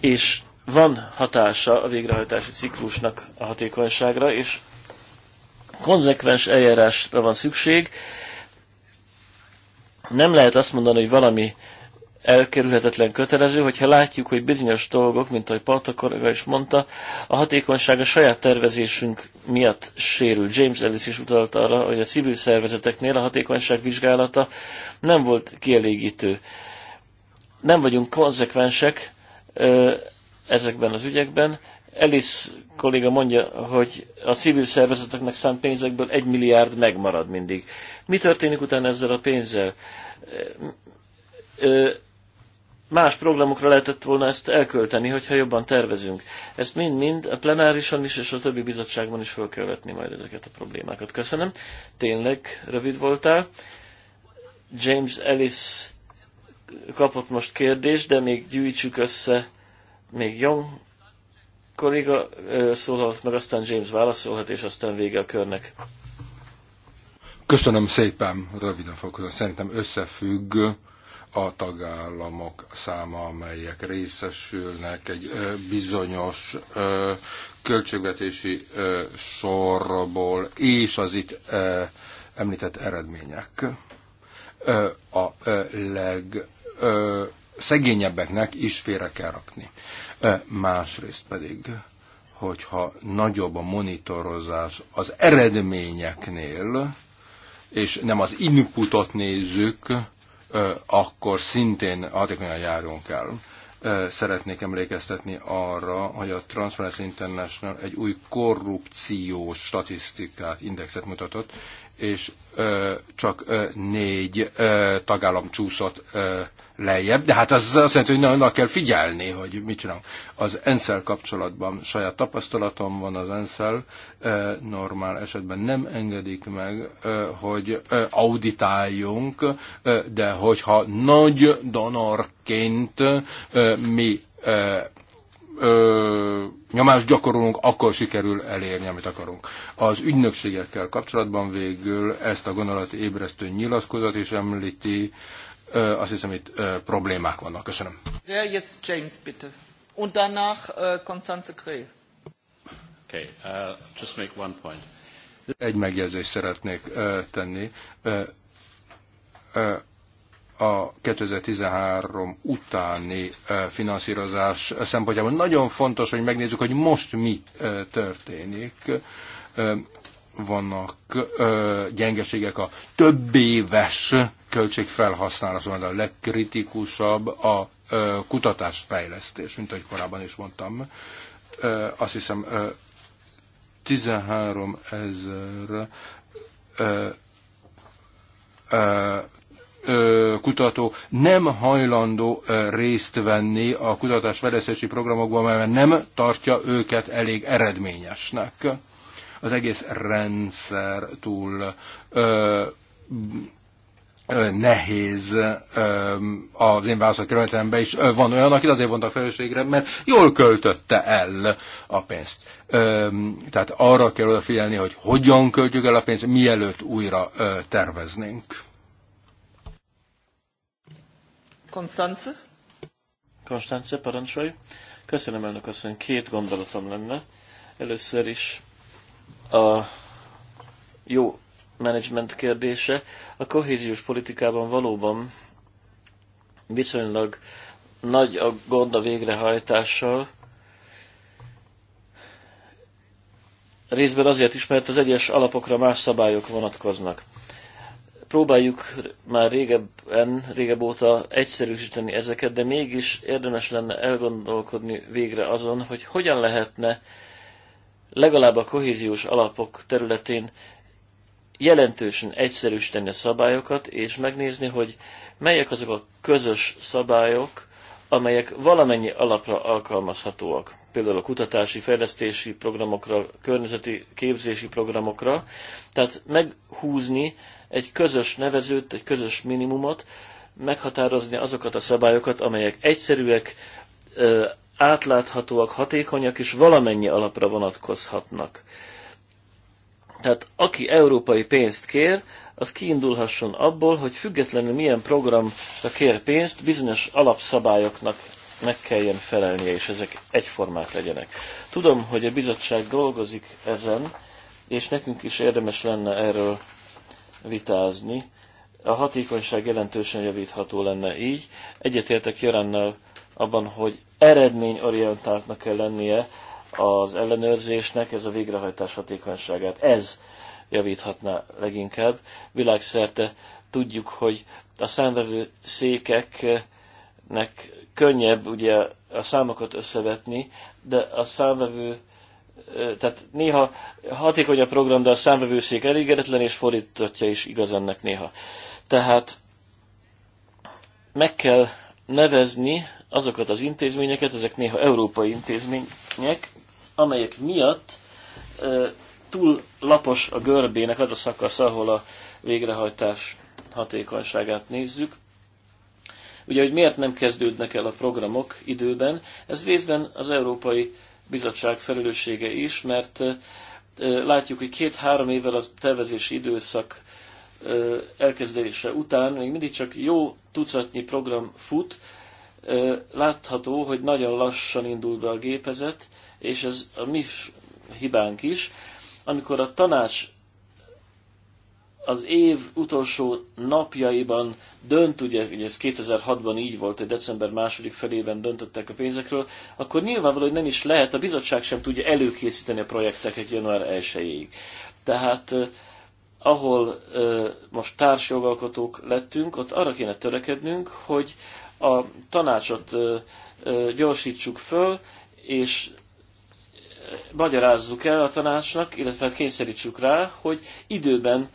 Speaker 1: És van hatása a végrehajtási ciklusnak a hatékonyságra, és konzekvens eljárásra van szükség. Nem lehet azt mondani, hogy valami elkerülhetetlen kötelező, hogyha látjuk, hogy bizonyos dolgok, mint ahogy Paltakorga is mondta, a hatékonyság a saját tervezésünk miatt sérül. James Ellis is utalt arra, hogy a civil szervezeteknél a hatékonyság vizsgálata nem volt kielégítő. Nem vagyunk konzekvensek, ezekben az ügyekben. Elis kolléga mondja, hogy a civil szervezeteknek szánt pénzekből egy milliárd megmarad mindig. Mi történik utána ezzel a pénzzel? Más programokra lehetett volna ezt elkölteni, hogyha jobban tervezünk. Ezt mind-mind a plenárison is és a többi bizottságban is fel kell vetni majd ezeket a problémákat. Köszönöm. Tényleg rövid voltál. James Ellis kapott most kérdést, de még gyűjtsük össze még Jong kolléga szólhat, meg aztán James válaszolhat, és aztán vége a körnek.
Speaker 2: Köszönöm szépen, röviden fogok. Szerintem összefügg a tagállamok száma, amelyek részesülnek egy bizonyos költségvetési sorból, és az itt említett eredmények. A leg szegényebbeknek is félre kell rakni. Másrészt pedig, hogyha nagyobb a monitorozás az eredményeknél, és nem az inputot nézzük, akkor szintén hatékonyan járunk el. Szeretnék emlékeztetni arra, hogy a Transparency International egy új korrupciós statisztikát, indexet mutatott, és csak négy tagállam csúszott lejjebb, de hát az azt jelenti, hogy nagyon kell figyelni, hogy mit csinálunk. Az enszel kapcsolatban saját tapasztalatom van az enszel, normál esetben nem engedik meg, hogy auditáljunk, de hogyha nagy donorként mi ö, nyomást gyakorolunk, akkor sikerül elérni, amit akarunk. Az ügynökségekkel kapcsolatban végül ezt a ébresztő nyilatkozat is említi azt hiszem itt problémák vannak. Köszönöm.
Speaker 1: Ja, jetzt James, bitte. Und danach äh, Constanze Krell. Okay, uh, just make one point.
Speaker 2: Egy megjegyzést szeretnék tenni. a 2013 utáni finanszírozás szempontjából nagyon fontos, hogy megnézzük, hogy most mi történik vannak ö, gyengeségek a több éves költségfelhasználásban, a legkritikusabb a ö, kutatásfejlesztés, mint ahogy korábban is mondtam. Ö, azt hiszem ö, 13 ezer kutató nem hajlandó ö, részt venni a kutatásfejlesztési programokban, mert nem tartja őket elég eredményesnek az egész rendszer túl ö, ö, nehéz ö, az én válaszokkerületemben is ö, van olyan, akit azért vontak felelősségre, mert jól költötte el a pénzt. Ö, tehát arra kell odafigyelni, hogy hogyan költjük el a pénzt, mielőtt újra ö, terveznénk.
Speaker 1: Konstance? Konstance, parancsolj. Köszönöm, elnök asszony. Két gondolatom lenne. Először is a jó menedzsment kérdése. A kohéziós politikában valóban viszonylag nagy a gond a végrehajtással, részben azért is, mert az egyes alapokra más szabályok vonatkoznak. Próbáljuk már régebben, régebb óta egyszerűsíteni ezeket, de mégis érdemes lenne elgondolkodni végre azon, hogy hogyan lehetne legalább a kohéziós alapok területén jelentősen egyszerűsíteni a szabályokat, és megnézni, hogy melyek azok a közös szabályok, amelyek valamennyi alapra alkalmazhatóak, például a kutatási, fejlesztési programokra, környezeti képzési programokra, tehát meghúzni egy közös nevezőt, egy közös minimumot, meghatározni azokat a szabályokat, amelyek egyszerűek, átláthatóak, hatékonyak és valamennyi alapra vonatkozhatnak. Tehát aki európai pénzt kér, az kiindulhasson abból, hogy függetlenül milyen programra kér pénzt, bizonyos alapszabályoknak meg kelljen felelnie, és ezek egyformák legyenek. Tudom, hogy a bizottság dolgozik ezen, és nekünk is érdemes lenne erről vitázni. A hatékonyság jelentősen javítható lenne így. Egyetértek Jörennel abban, hogy eredményorientáltnak kell lennie az ellenőrzésnek, ez a végrehajtás hatékonyságát. Ez javíthatná leginkább. Világszerte tudjuk, hogy a számvevő székeknek könnyebb ugye a számokat összevetni, de a számvevő tehát néha hatékony a program, de a számvevőszék elégedetlen, és fordítatja is igaz ennek néha. Tehát meg kell nevezni azokat az intézményeket, ezek néha európai intézmények, amelyek miatt túl lapos a görbének az a szakasz, ahol a végrehajtás hatékonyságát nézzük. Ugye, hogy miért nem kezdődnek el a programok időben, ez részben az Európai Bizottság felelőssége is, mert látjuk, hogy két-három évvel a tervezési időszak elkezdése után még mindig csak jó tucatnyi program fut, látható, hogy nagyon lassan indul be a gépezet, és ez a mi hibánk is. Amikor a tanács az év utolsó napjaiban dönt, ugye, ugye ez 2006-ban így volt, hogy december második felében döntöttek a pénzekről, akkor nyilvánvaló, hogy nem is lehet, a bizottság sem tudja előkészíteni a projekteket január 1-ig. Tehát ahol most társjogalkotók lettünk, ott arra kéne törekednünk, hogy a tanácsot gyorsítsuk föl, és magyarázzuk el a tanácsnak, illetve hát kényszerítsük rá, hogy időben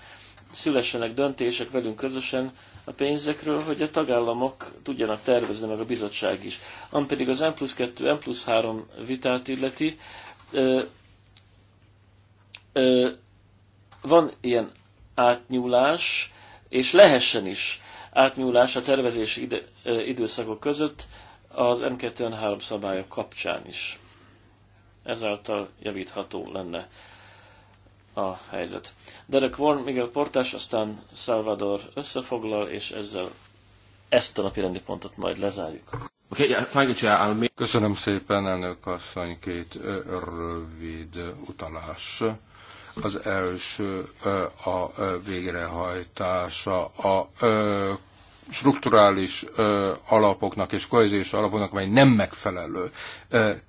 Speaker 1: szülessenek döntések velünk közösen a pénzekről, hogy a tagállamok tudjanak tervezni, meg a bizottság is. Ami pedig az M plusz 2, M plusz 3 vitát illeti, ö, ö, van ilyen átnyúlás, és lehessen is átnyúlás a tervezési ide, időszakok között az m 2 3 szabályok kapcsán is. Ezáltal javítható lenne a helyzet. Derek Warren, Miguel Portás, aztán Salvador összefoglal, és ezzel ezt a napi rendi pontot majd lezárjuk.
Speaker 2: Köszönöm szépen, elnök asszony, két rövid utalás az első a végrehajtása a strukturális alapoknak és kohéziós alapoknak, amely nem megfelelő.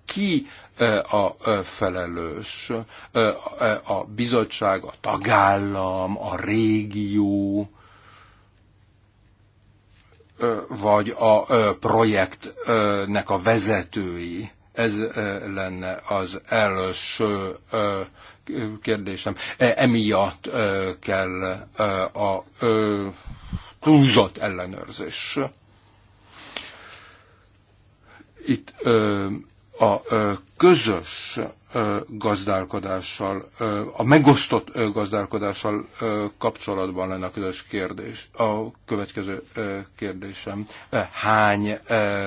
Speaker 2: Ki a felelős? A bizottság, a tagállam, a régió, vagy a projektnek a vezetői. Ez lenne az első kérdésem. E, emiatt e, kell e, a túlzott ellenőrzés. Itt a közös gazdálkodással, a megosztott gazdálkodással kapcsolatban lenne a közös kérdés. A következő kérdésem, hány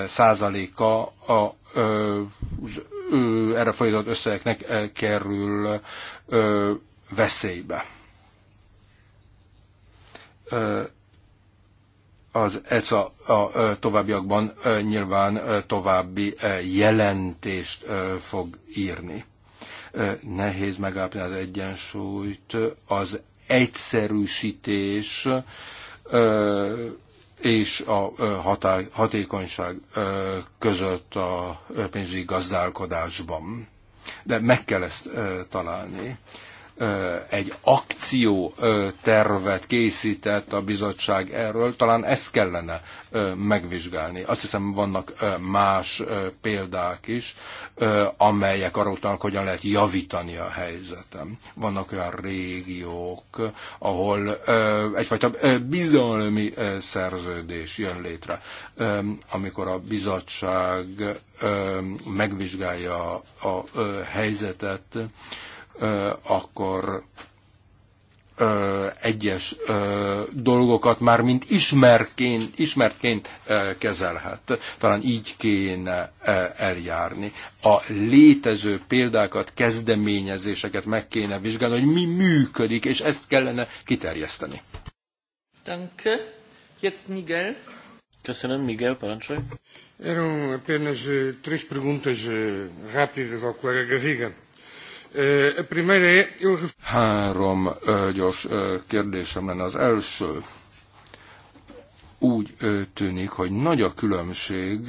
Speaker 2: százaléka a erre folytatott összegeknek kerül veszélybe? az ECA a továbbiakban nyilván további jelentést fog írni nehéz megállapni az egyensúlyt, az egyszerűsítés és a hatékonyság között a pénzügyi gazdálkodásban. De meg kell ezt találni egy akciótervet készített a bizottság erről, talán ezt kellene megvizsgálni. Azt hiszem vannak más példák is, amelyek arra utalnak, hogyan lehet javítani a helyzetem. Vannak olyan régiók, ahol egyfajta bizalmi szerződés jön létre, amikor a bizottság megvizsgálja a helyzetet, akkor egyes dolgokat már mint ismerként, ismertként kezelhet. Talán így kéne eljárni. A létező példákat, kezdeményezéseket meg kéne vizsgálni, hogy mi működik, és ezt kellene kiterjeszteni.
Speaker 1: Danke. Jetzt Miguel. Köszönöm, Miguel, parancsolj. Eram apenas eh, três perguntas eh, rápidas ao colega Garriga.
Speaker 2: Három gyors kérdésem lenne. Az első úgy tűnik, hogy nagy a különbség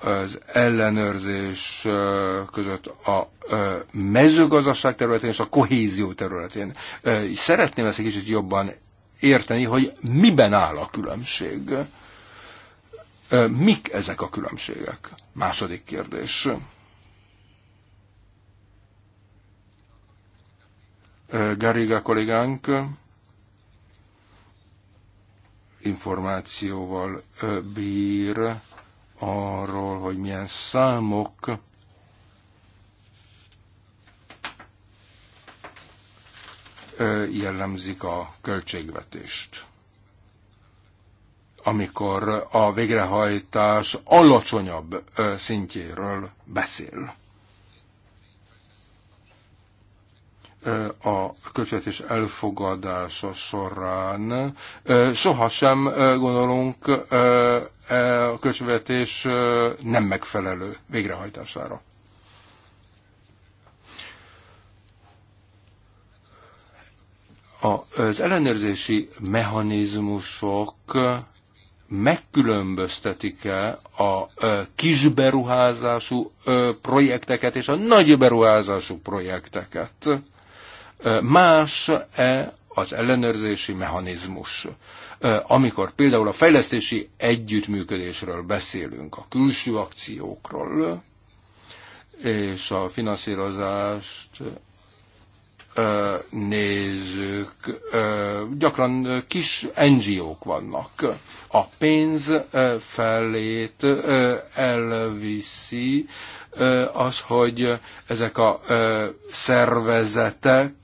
Speaker 2: az ellenőrzés között a mezőgazdaság területén és a kohézió területén. Szeretném ezt egy kicsit jobban érteni, hogy miben áll a különbség. Mik ezek a különbségek? Második kérdés. Garriga kollégánk információval bír arról, hogy milyen számok jellemzik a költségvetést amikor a végrehajtás alacsonyabb szintjéről beszél. a költségvetés elfogadása során sohasem gondolunk e, a költségvetés nem megfelelő végrehajtására. Az ellenőrzési mechanizmusok megkülönböztetik-e a kisberuházású projekteket és a nagy beruházású projekteket? Más-e az ellenőrzési mechanizmus? Amikor például a fejlesztési együttműködésről beszélünk, a külső akciókról, és a finanszírozást nézők, gyakran kis NGO-k vannak. A pénz felét elviszi az, hogy ezek a szervezetek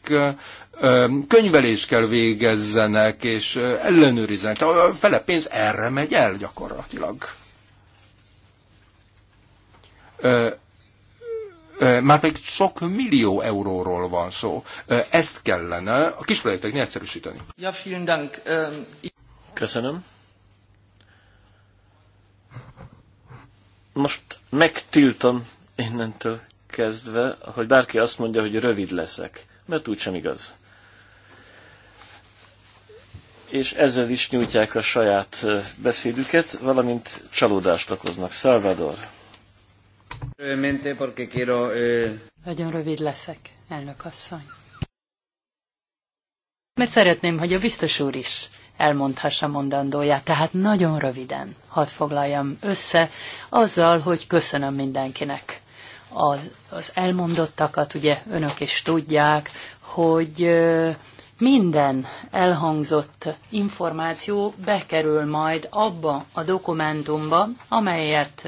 Speaker 2: könyvelést kell végezzenek, és ellenőrizzenek. A fele pénz erre megy el gyakorlatilag már pedig sok millió euróról van szó. Ezt kellene a kis projekteknél egyszerűsíteni. Ja, vielen Dank.
Speaker 1: Köszönöm. Most megtiltom innentől kezdve, hogy bárki azt mondja, hogy rövid leszek, mert úgysem igaz. És ezzel is nyújtják a saját beszédüket, valamint csalódást okoznak. Salvador. Eh,
Speaker 3: nagyon rövid leszek, elnök asszony. Mert szeretném, hogy a biztos úr is elmondhassa mondandóját, tehát nagyon röviden hadd foglaljam össze azzal, hogy köszönöm mindenkinek az, az elmondottakat, ugye önök is tudják, hogy minden elhangzott információ bekerül majd abba a dokumentumba, amelyet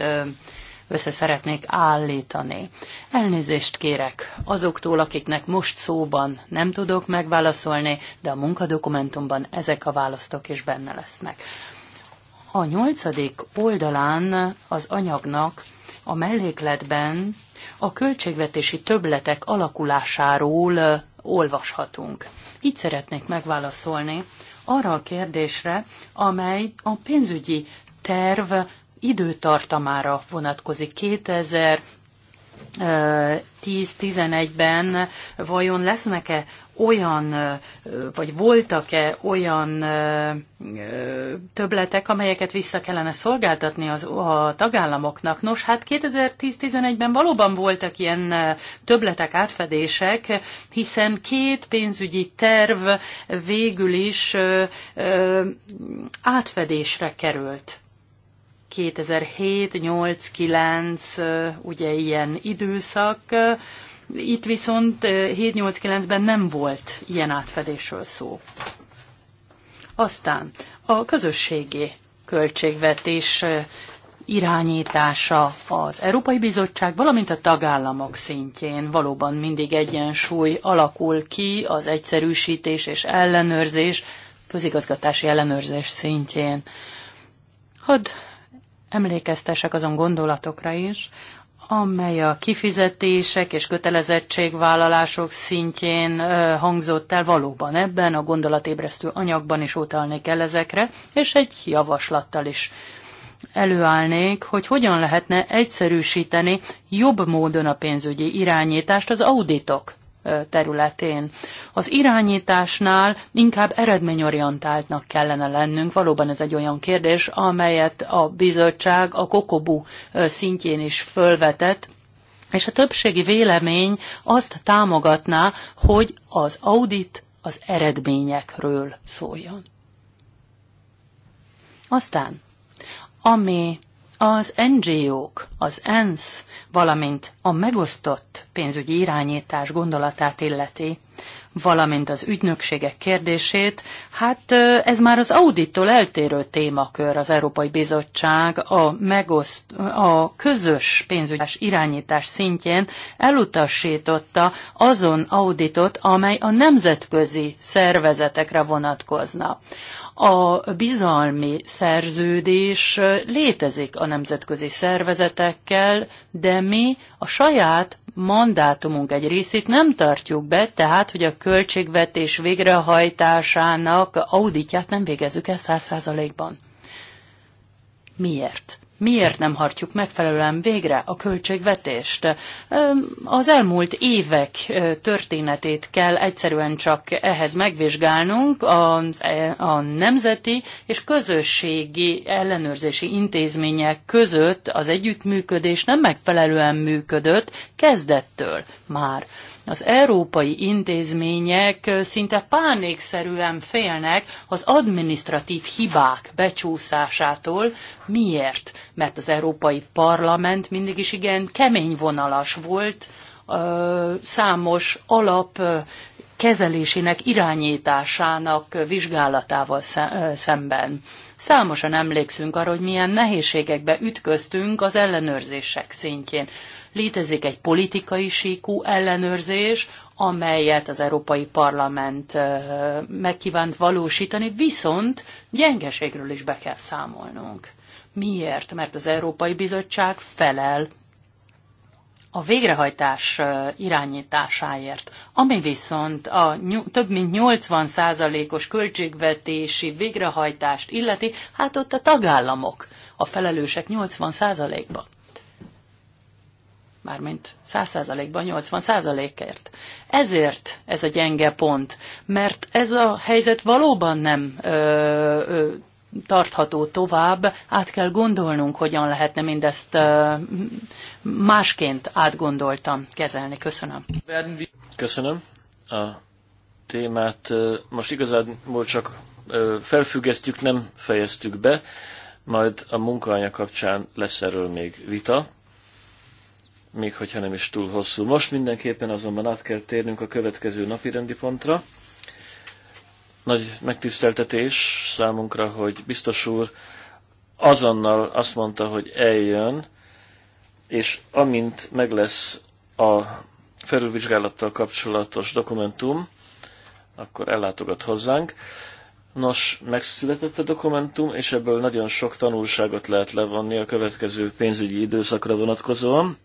Speaker 3: össze szeretnék állítani. Elnézést kérek azoktól, akiknek most szóban nem tudok megválaszolni, de a munkadokumentumban ezek a választok is benne lesznek. A nyolcadik oldalán az anyagnak a mellékletben a költségvetési töbletek alakulásáról olvashatunk. Így szeretnék megválaszolni arra a kérdésre, amely a pénzügyi terv időtartamára vonatkozik. 2000 10-11-ben vajon lesznek-e olyan, vagy voltak-e olyan töbletek, amelyeket vissza kellene szolgáltatni az, a tagállamoknak. Nos, hát 2010-11-ben valóban voltak ilyen töbletek, átfedések, hiszen két pénzügyi terv végül is átfedésre került. 2007, 8, 9, ugye ilyen időszak. Itt viszont 7-8-9-ben nem volt ilyen átfedésről szó. Aztán a közösségi költségvetés irányítása az Európai Bizottság, valamint a tagállamok szintjén valóban mindig egyensúly alakul ki az egyszerűsítés és ellenőrzés, közigazgatási ellenőrzés szintjén. Hadd emlékeztesek azon gondolatokra is, amely a kifizetések és kötelezettségvállalások szintjén hangzott el valóban ebben, a gondolatébresztő anyagban is utalni kell ezekre, és egy javaslattal is előállnék, hogy hogyan lehetne egyszerűsíteni jobb módon a pénzügyi irányítást az auditok területén. Az irányításnál inkább eredményorientáltnak kellene lennünk. Valóban ez egy olyan kérdés, amelyet a bizottság a kokobu szintjén is fölvetett, és a többségi vélemény azt támogatná, hogy az audit az eredményekről szóljon. Aztán, ami az NGO-k, az ENSZ, valamint a megosztott pénzügyi irányítás gondolatát illeti, valamint az ügynökségek kérdését, hát ez már az audittól eltérő témakör az Európai Bizottság a, megoszt, a közös pénzügyi irányítás szintjén elutasította azon auditot, amely a nemzetközi szervezetekre vonatkozna a bizalmi szerződés létezik a nemzetközi szervezetekkel, de mi a saját mandátumunk egy részét nem tartjuk be, tehát, hogy a költségvetés végrehajtásának auditját nem végezzük el száz százalékban. Miért? miért nem hartjuk megfelelően végre a költségvetést. Az elmúlt évek történetét kell egyszerűen csak ehhez megvizsgálnunk, a, e, a nemzeti és közösségi ellenőrzési intézmények között az együttműködés nem megfelelően működött kezdettől már. Az európai intézmények szinte pánikszerűen félnek az administratív hibák becsúszásától. Miért? Mert az Európai Parlament mindig is igen kemény vonalas volt, számos alap kezelésének, irányításának vizsgálatával szemben. Számosan emlékszünk arra, hogy milyen nehézségekbe ütköztünk az ellenőrzések szintjén. Létezik egy politikai síkú ellenőrzés, amelyet az Európai Parlament megkívánt valósítani, viszont gyengeségről is be kell számolnunk. Miért? Mert az Európai Bizottság felel a végrehajtás irányításáért, ami viszont a több mint 80%-os költségvetési végrehajtást illeti, hát ott a tagállamok a felelősek 80%-ban. Mármint 100%-ban, 80 százalékért. Ezért ez a gyenge pont, mert ez a helyzet valóban nem ö, ö, tartható tovább, át kell gondolnunk, hogyan lehetne mindezt másként átgondoltam kezelni. Köszönöm.
Speaker 1: Köszönöm. A témát most igazából csak felfüggesztjük, nem fejeztük be, majd a munkaanya kapcsán lesz erről még vita, még hogyha nem is túl hosszú. Most mindenképpen azonban át kell térnünk a következő napi rendi pontra, nagy megtiszteltetés számunkra, hogy biztos úr azonnal azt mondta, hogy eljön, és amint meg lesz a felülvizsgálattal kapcsolatos dokumentum, akkor ellátogat hozzánk. Nos, megszületett a dokumentum, és ebből nagyon sok tanulságot lehet levonni a következő pénzügyi időszakra vonatkozóan.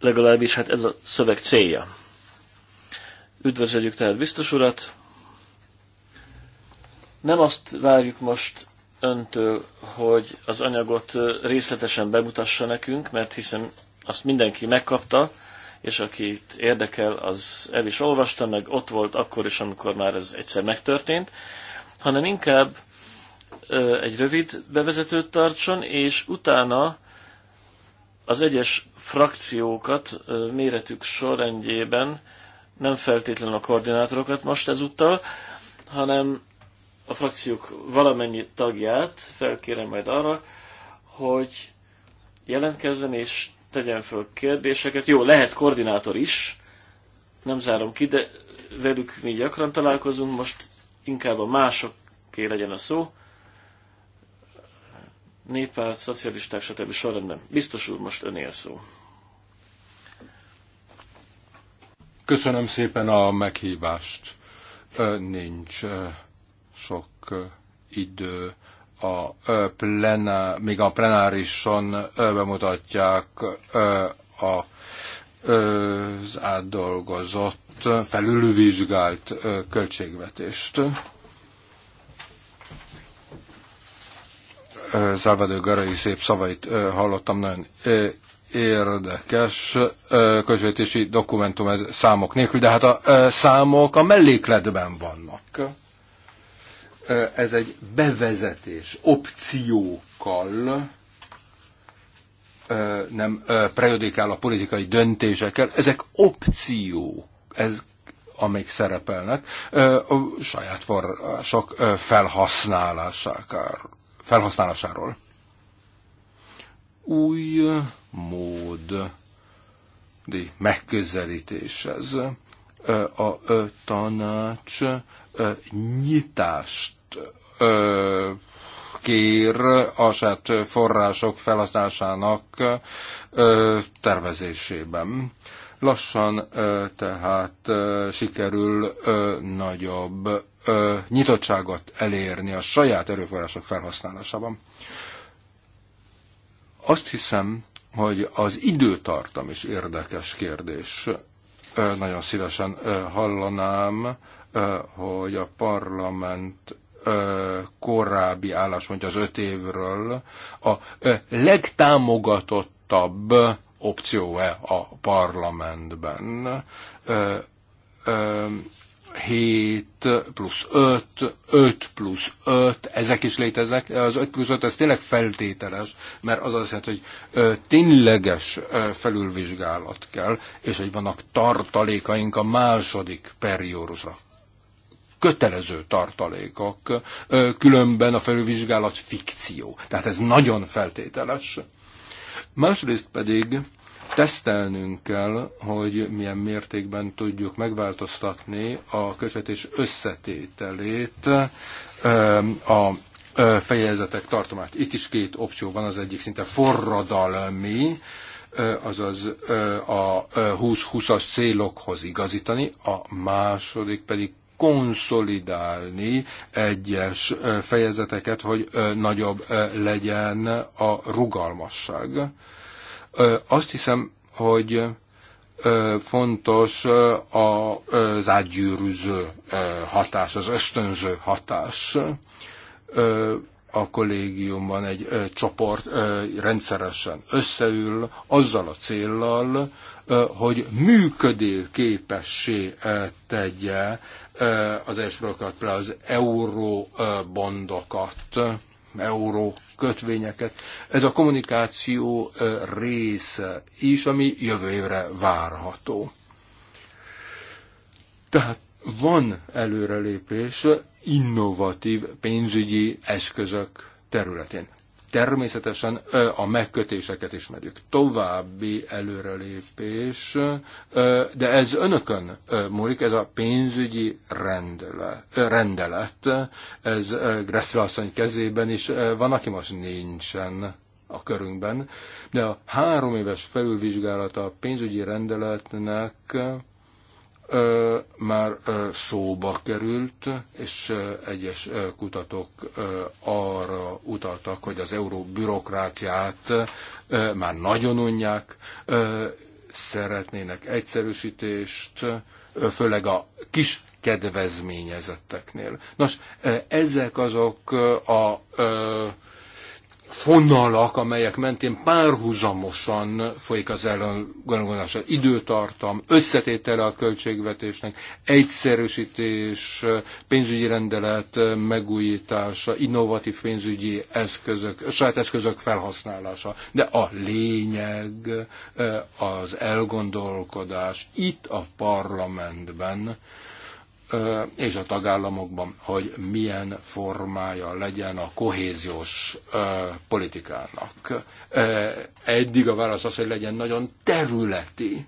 Speaker 1: Legalábbis hát ez a szöveg célja. Üdvözöljük tehát biztos urat. Nem azt várjuk most öntől, hogy az anyagot részletesen bemutassa nekünk, mert hiszen azt mindenki megkapta, és akit érdekel, az el is olvasta, meg ott volt akkor is, amikor már ez egyszer megtörtént, hanem inkább egy rövid bevezetőt tartson, és utána az egyes frakciókat méretük sorrendjében nem feltétlenül a koordinátorokat most ezúttal, hanem a frakciók valamennyi tagját felkérem majd arra, hogy jelentkezzen és tegyen föl kérdéseket. Jó, lehet koordinátor is, nem zárom ki, de velük mi gyakran találkozunk, most inkább a másoké legyen a szó. Néppárt, szocialisták, stb. sorrendben. Biztos úr, most önél szó.
Speaker 2: Köszönöm szépen a meghívást. Nincs sok idő. A plená, még a plenárison bemutatják a az átdolgozott, felülvizsgált költségvetést. Szávadő Garai szép szavait hallottam, nagyon érdekes közvetési dokumentum ez számok nélkül, de hát a számok a mellékletben vannak. Ez egy bevezetés opciókkal, nem prejudikál a politikai döntésekkel. Ezek opciók, ez, amik szerepelnek a saját források felhasználásáról új mód ez A tanács nyitást kér a saját források felhasználásának tervezésében. Lassan tehát sikerül nagyobb nyitottságot elérni a saját erőforrások felhasználásában. Azt hiszem, hogy az időtartam is érdekes kérdés. Nagyon szívesen hallanám, hogy a parlament korábbi állás, mondja az öt évről a legtámogatottabb opció-e a parlamentben 7 plusz 5, 5 plusz 5, ezek is léteznek. Az 5 plusz 5, ez tényleg feltételes, mert az azt jelenti, hogy tényleges felülvizsgálat kell, és hogy vannak tartalékaink a második periódusra. Kötelező tartalékok, különben a felülvizsgálat fikció. Tehát ez nagyon feltételes. Másrészt pedig tesztelnünk kell, hogy milyen mértékben tudjuk megváltoztatni a közvetés összetételét a fejezetek tartomát. Itt is két opció van, az egyik szinte forradalmi, azaz a 20-20-as célokhoz igazítani, a második pedig konszolidálni egyes fejezeteket, hogy nagyobb legyen a rugalmasság azt hiszem, hogy fontos az átgyűrűző hatás, az ösztönző hatás. A kollégiumban egy csoport rendszeresen összeül azzal a céllal, hogy működőképessé tegye az esbrokat, az euróbondokat, euró kötvényeket. Ez a kommunikáció része is, ami jövő évre várható. Tehát van előrelépés innovatív pénzügyi eszközök területén. Természetesen a megkötéseket ismerjük. További előrelépés, de ez önökön múlik, ez a pénzügyi rendele, rendelet, ez Gressler asszony kezében is van, aki most nincsen a körünkben, de a három éves felülvizsgálata a pénzügyi rendeletnek már szóba került, és egyes kutatók arra utaltak, hogy az euró bürokráciát már nagyon unják, szeretnének egyszerűsítést, főleg a kis kedvezményezetteknél. Nos, ezek azok a, a fonalak, amelyek mentén párhuzamosan folyik az elgondolás. Időtartam, összetétele a költségvetésnek, egyszerűsítés, pénzügyi rendelet megújítása, innovatív pénzügyi eszközök, saját eszközök felhasználása. De a lényeg eh, az elgondolkodás itt a parlamentben és a tagállamokban, hogy milyen formája legyen a kohéziós politikának. Eddig a válasz az, hogy legyen nagyon területi.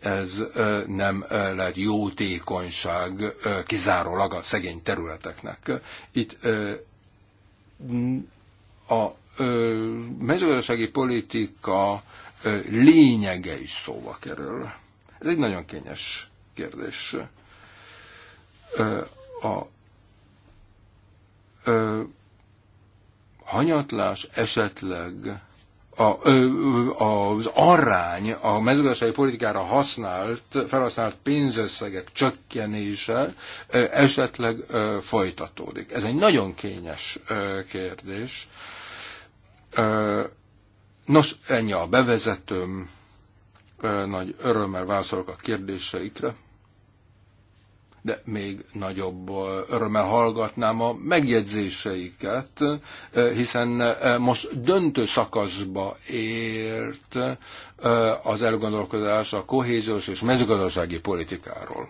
Speaker 2: Ez nem lehet jótékonyság kizárólag a szegény területeknek. Itt a mezőgazdasági politika lényege is szóba kerül. Ez egy nagyon kényes kérdés. A hanyatlás esetleg a, az arány a mezőgazdasági politikára használt, felhasznált pénzösszegek csökkenése esetleg folytatódik. Ez egy nagyon kényes kérdés. Nos, ennyi a bevezetőm. Nagy örömmel válaszolok a kérdéseikre, de még nagyobb örömmel hallgatnám a megjegyzéseiket, hiszen most döntő szakaszba ért az elgondolkodás a kohéziós és mezőgazdasági politikáról.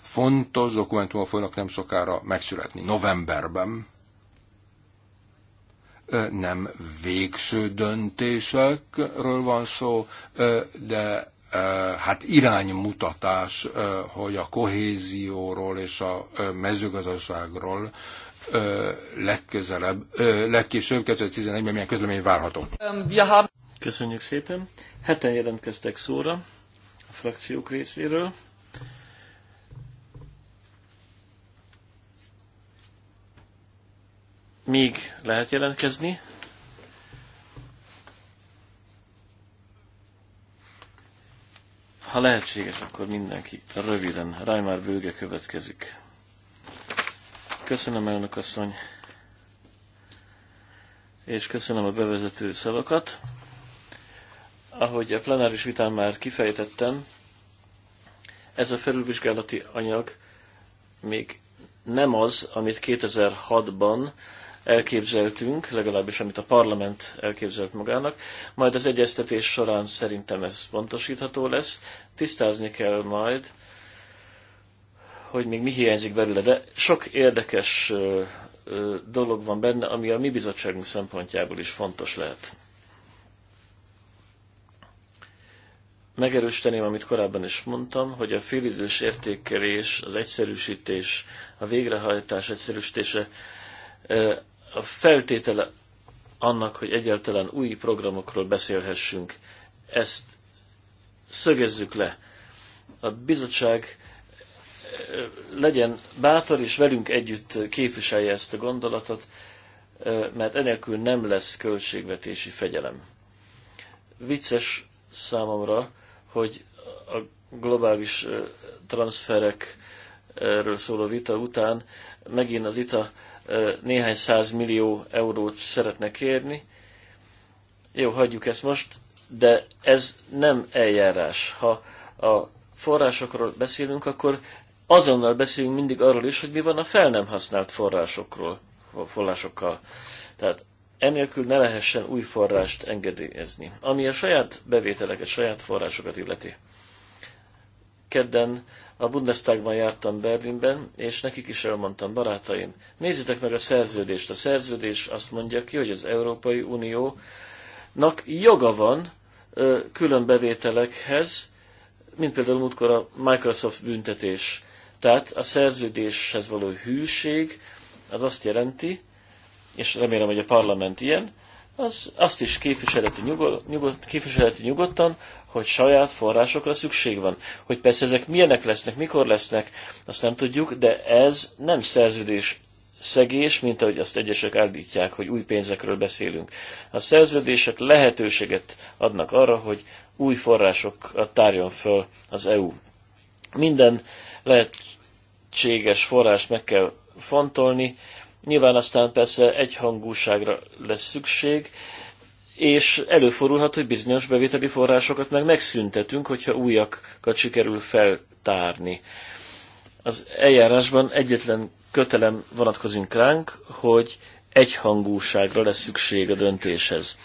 Speaker 2: Fontos dokumentumok fognak nem sokára megszületni, novemberben nem végső döntésekről van szó, de hát iránymutatás, hogy a kohézióról és a mezőgazdaságról legközelebb, legkésőbb 2011-ben milyen közlemény várható.
Speaker 1: Köszönjük szépen. Heten jelentkeztek szóra a frakciók részéről. Még lehet jelentkezni. Ha lehetséges, akkor mindenki röviden. Rajmár Bőge következik. Köszönöm, elnök asszony, és köszönöm a bevezető szavakat. Ahogy a plenáris vitán már kifejtettem, ez a felülvizsgálati anyag még nem az, amit 2006-ban elképzeltünk, legalábbis amit a parlament elképzelt magának. Majd az egyeztetés során szerintem ez pontosítható lesz. Tisztázni kell majd, hogy még mi hiányzik belőle, de sok érdekes dolog van benne, ami a mi bizottságunk szempontjából is fontos lehet. Megerősteném, amit korábban is mondtam, hogy a félidős értékelés, az egyszerűsítés, a végrehajtás egyszerűsítése a feltétele annak, hogy egyáltalán új programokról beszélhessünk. Ezt szögezzük le. A bizottság eh, legyen bátor, és velünk együtt képviselje ezt a gondolatot, eh, mert enélkül nem lesz költségvetési fegyelem. Vicces számomra, hogy a globális eh, transferekről szóló vita után megint az ITA néhány száz millió eurót szeretne kérni. Jó, hagyjuk ezt most, de ez nem eljárás. Ha a forrásokról beszélünk, akkor azonnal beszélünk mindig arról is, hogy mi van a fel nem használt forrásokról, forrásokkal. Tehát enélkül ne lehessen új forrást engedélyezni. Ami a saját bevételeket, saját forrásokat illeti. Kedden a Bundestagban jártam Berlinben, és nekik is elmondtam, barátaim, nézzétek meg a szerződést. A szerződés azt mondja ki, hogy az Európai Uniónak joga van külön bevételekhez, mint például múltkor a Microsoft büntetés. Tehát a szerződéshez való hűség az azt jelenti, és remélem, hogy a parlament ilyen, az azt is képviseleti, nyugod, nyugod, képviseleti nyugodtan, hogy saját forrásokra szükség van. Hogy persze ezek milyenek lesznek, mikor lesznek, azt nem tudjuk, de ez nem szerződés szegés, mint ahogy azt egyesek állítják, hogy új pénzekről beszélünk. A szerződések lehetőséget adnak arra, hogy új forrásokat tárjon föl az EU. Minden lehetséges forrást meg kell fontolni, Nyilván aztán persze egyhangúságra lesz szükség, és előfordulhat, hogy bizonyos bevételi forrásokat meg megszüntetünk, hogyha újakat sikerül feltárni. Az eljárásban egyetlen kötelem vonatkozik ránk, hogy egyhangúságra lesz szükség a döntéshez.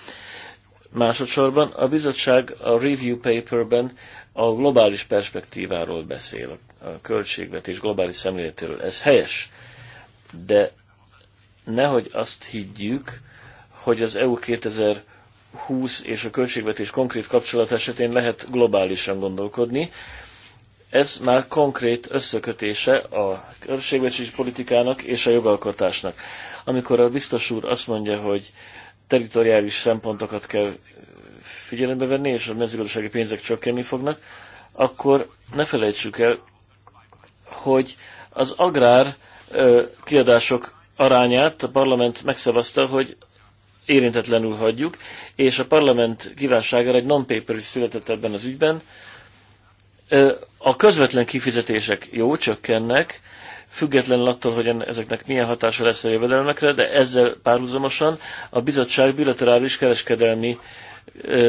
Speaker 1: Másodszorban a bizottság a review paperben a globális perspektíváról beszél, a költségvetés globális szemléletéről. Ez helyes, de nehogy azt higgyük, hogy az EU 2020 és a költségvetés konkrét kapcsolat esetén lehet globálisan gondolkodni. Ez már konkrét összekötése a költségvetési politikának és a jogalkotásnak. Amikor a biztos úr azt mondja, hogy teritoriális szempontokat kell figyelembe venni, és a mezőgazdasági pénzek csökkenni fognak, akkor ne felejtsük el, hogy az agrár kiadások arányát a parlament megszavazta, hogy érintetlenül hagyjuk, és a parlament kívánságára egy non-paper is született ebben az ügyben. A közvetlen kifizetések jó, csökkennek, függetlenül attól, hogy ezeknek milyen hatása lesz a jövedelmekre, de ezzel párhuzamosan a bizottság bilaterális kereskedelmi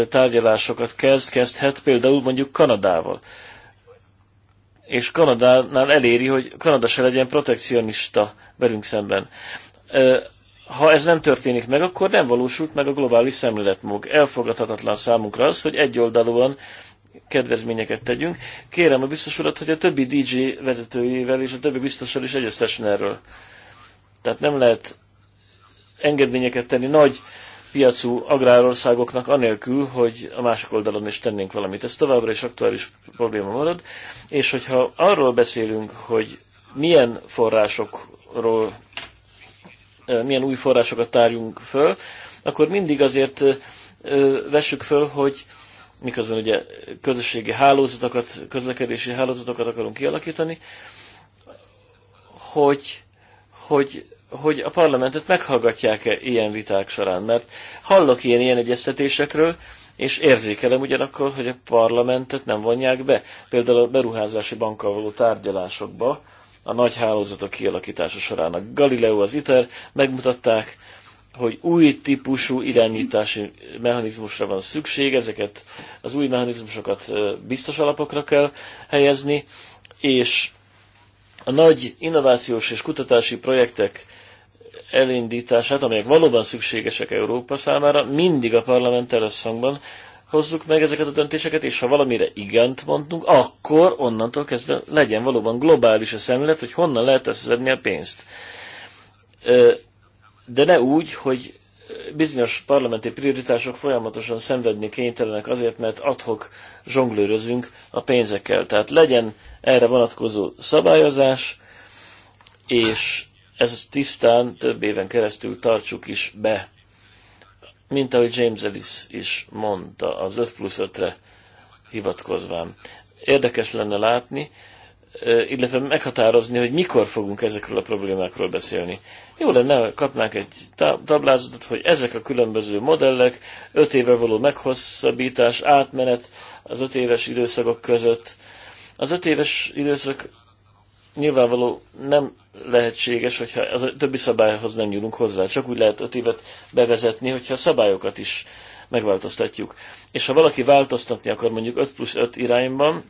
Speaker 1: tárgyalásokat kezd, kezdhet például mondjuk Kanadával és Kanadánál eléri, hogy Kanada se legyen protekcionista velünk szemben. Ha ez nem történik meg, akkor nem valósult meg a globális szemléletmód. Elfogadhatatlan számunkra az, hogy egyoldalúan kedvezményeket tegyünk. Kérem a biztos urat, hogy a többi DJ vezetőjével és a többi biztossal is egyeztessen erről. Tehát nem lehet engedményeket tenni nagy piacú agrárországoknak anélkül, hogy a másik oldalon is tennénk valamit. Ez továbbra is aktuális probléma marad, és hogyha arról beszélünk, hogy milyen forrásokról, milyen új forrásokat tárjunk föl, akkor mindig azért vessük föl, hogy miközben ugye közösségi hálózatokat, közlekedési hálózatokat akarunk kialakítani, hogy, hogy hogy a parlamentet meghallgatják-e ilyen viták során, mert hallok ilyen, ilyen egyeztetésekről, és érzékelem ugyanakkor, hogy a parlamentet nem vonják be. Például a beruházási bankkal való tárgyalásokba, a nagy hálózatok kialakítása során a Galileo, az ITER megmutatták, hogy új típusú irányítási mechanizmusra van szükség, ezeket az új mechanizmusokat biztos alapokra kell helyezni, és a nagy innovációs és kutatási projektek elindítását, amelyek valóban szükségesek Európa számára, mindig a parlamenttel összhangban hozzuk meg ezeket a döntéseket, és ha valamire igent mondtunk, akkor onnantól kezdve legyen valóban globális a szemlélet, hogy honnan lehet összeszedni a pénzt. De ne úgy, hogy bizonyos parlamenti prioritások folyamatosan szenvedni kénytelenek azért, mert adhok zsonglőrözünk a pénzekkel. Tehát legyen erre vonatkozó szabályozás, és ez tisztán több éven keresztül tartsuk is be. Mint ahogy James Ellis is mondta, az 5 plusz 5-re hivatkozván. Érdekes lenne látni, illetve meghatározni, hogy mikor fogunk ezekről a problémákról beszélni. Jó lenne, kapnánk egy táblázatot, hogy ezek a különböző modellek, 5 éve való meghosszabbítás, átmenet az 5 éves időszakok között. Az 5 éves időszak nyilvánvaló nem lehetséges, hogyha az a többi szabályhoz nem nyúlunk hozzá. Csak úgy lehet öt évet bevezetni, hogyha a szabályokat is megváltoztatjuk. És ha valaki változtatni akar mondjuk 5 plusz 5 irányban,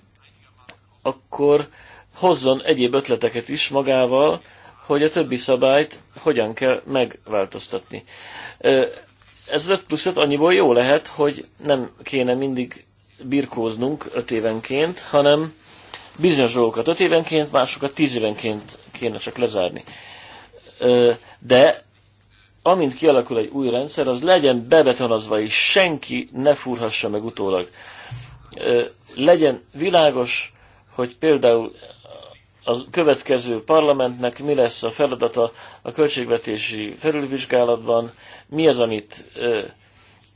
Speaker 1: akkor hozzon egyéb ötleteket is magával, hogy a többi szabályt hogyan kell megváltoztatni. Ez az 5 plusz 5 annyiból jó lehet, hogy nem kéne mindig birkóznunk 5 évenként, hanem Bizonyos dolgokat öt évenként, másokat tíz évenként kéne csak lezárni. De amint kialakul egy új rendszer, az legyen bebetonozva és senki ne furhassa meg utólag. Legyen világos, hogy például a következő parlamentnek mi lesz a feladata a költségvetési felülvizsgálatban, mi az, amit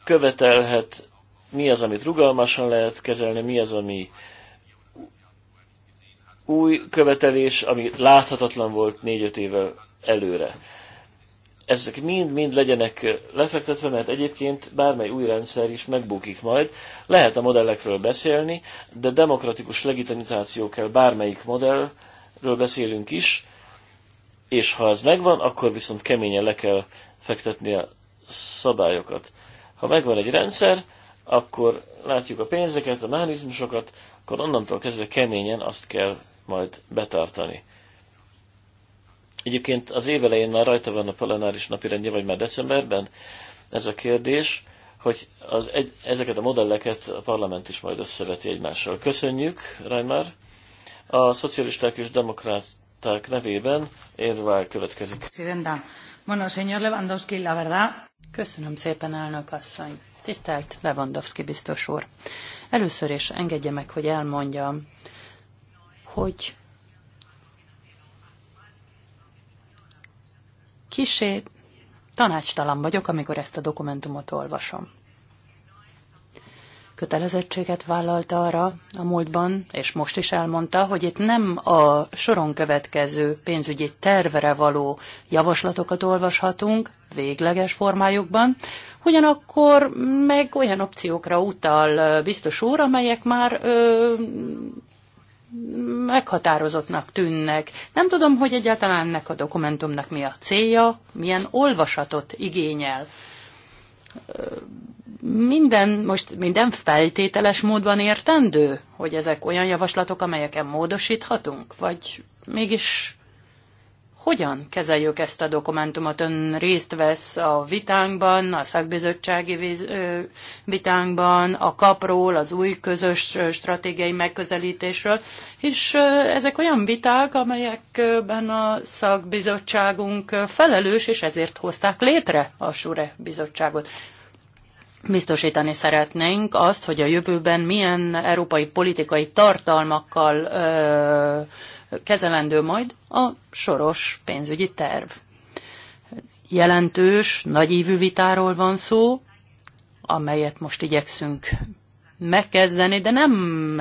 Speaker 1: követelhet, mi az, amit rugalmasan lehet kezelni, mi az, ami új követelés, ami láthatatlan volt négy-öt évvel előre. Ezek mind-mind legyenek lefektetve, mert egyébként bármely új rendszer is megbukik majd. Lehet a modellekről beszélni, de demokratikus legitimitáció kell bármelyik modellről beszélünk is, és ha ez megvan, akkor viszont keményen le kell fektetni a szabályokat. Ha megvan egy rendszer, akkor látjuk a pénzeket, a mechanizmusokat, akkor onnantól kezdve keményen azt kell majd betartani. Egyébként az évelején már rajta van a plenáris napirendje, vagy már decemberben ez a kérdés, hogy az egy, ezeket a modelleket a parlament is majd összeveti egymással. Köszönjük, Reimer! A szocialisták és demokraták nevében Érvál következik.
Speaker 3: Bueno, señor la verdad... Köszönöm szépen, elnök asszony. Tisztelt Lewandowski biztos úr. Először is engedje meg, hogy elmondjam, hogy kisé tanácstalan vagyok, amikor ezt a dokumentumot olvasom. Kötelezettséget vállalt arra a múltban, és most is elmondta, hogy itt nem a soron következő pénzügyi tervere való javaslatokat olvashatunk végleges formájukban, ugyanakkor meg olyan opciókra utal biztos úr, amelyek már ö, meghatározottnak tűnnek. Nem tudom, hogy egyáltalán ennek a dokumentumnak mi a célja, milyen olvasatot igényel. Minden, most minden feltételes módban értendő, hogy ezek olyan javaslatok, amelyeken módosíthatunk, vagy mégis hogyan kezeljük ezt a dokumentumot? Ön részt vesz a vitánkban, a szakbizottsági vitánkban, a kapról, az új közös stratégiai megközelítésről, és ezek olyan viták, amelyekben a szakbizottságunk felelős, és ezért hozták létre a SURE bizottságot. Biztosítani szeretnénk azt, hogy a jövőben milyen európai politikai tartalmakkal ö, kezelendő majd a soros pénzügyi terv. Jelentős, nagyívű vitáról van szó, amelyet most igyekszünk megkezdeni, de nem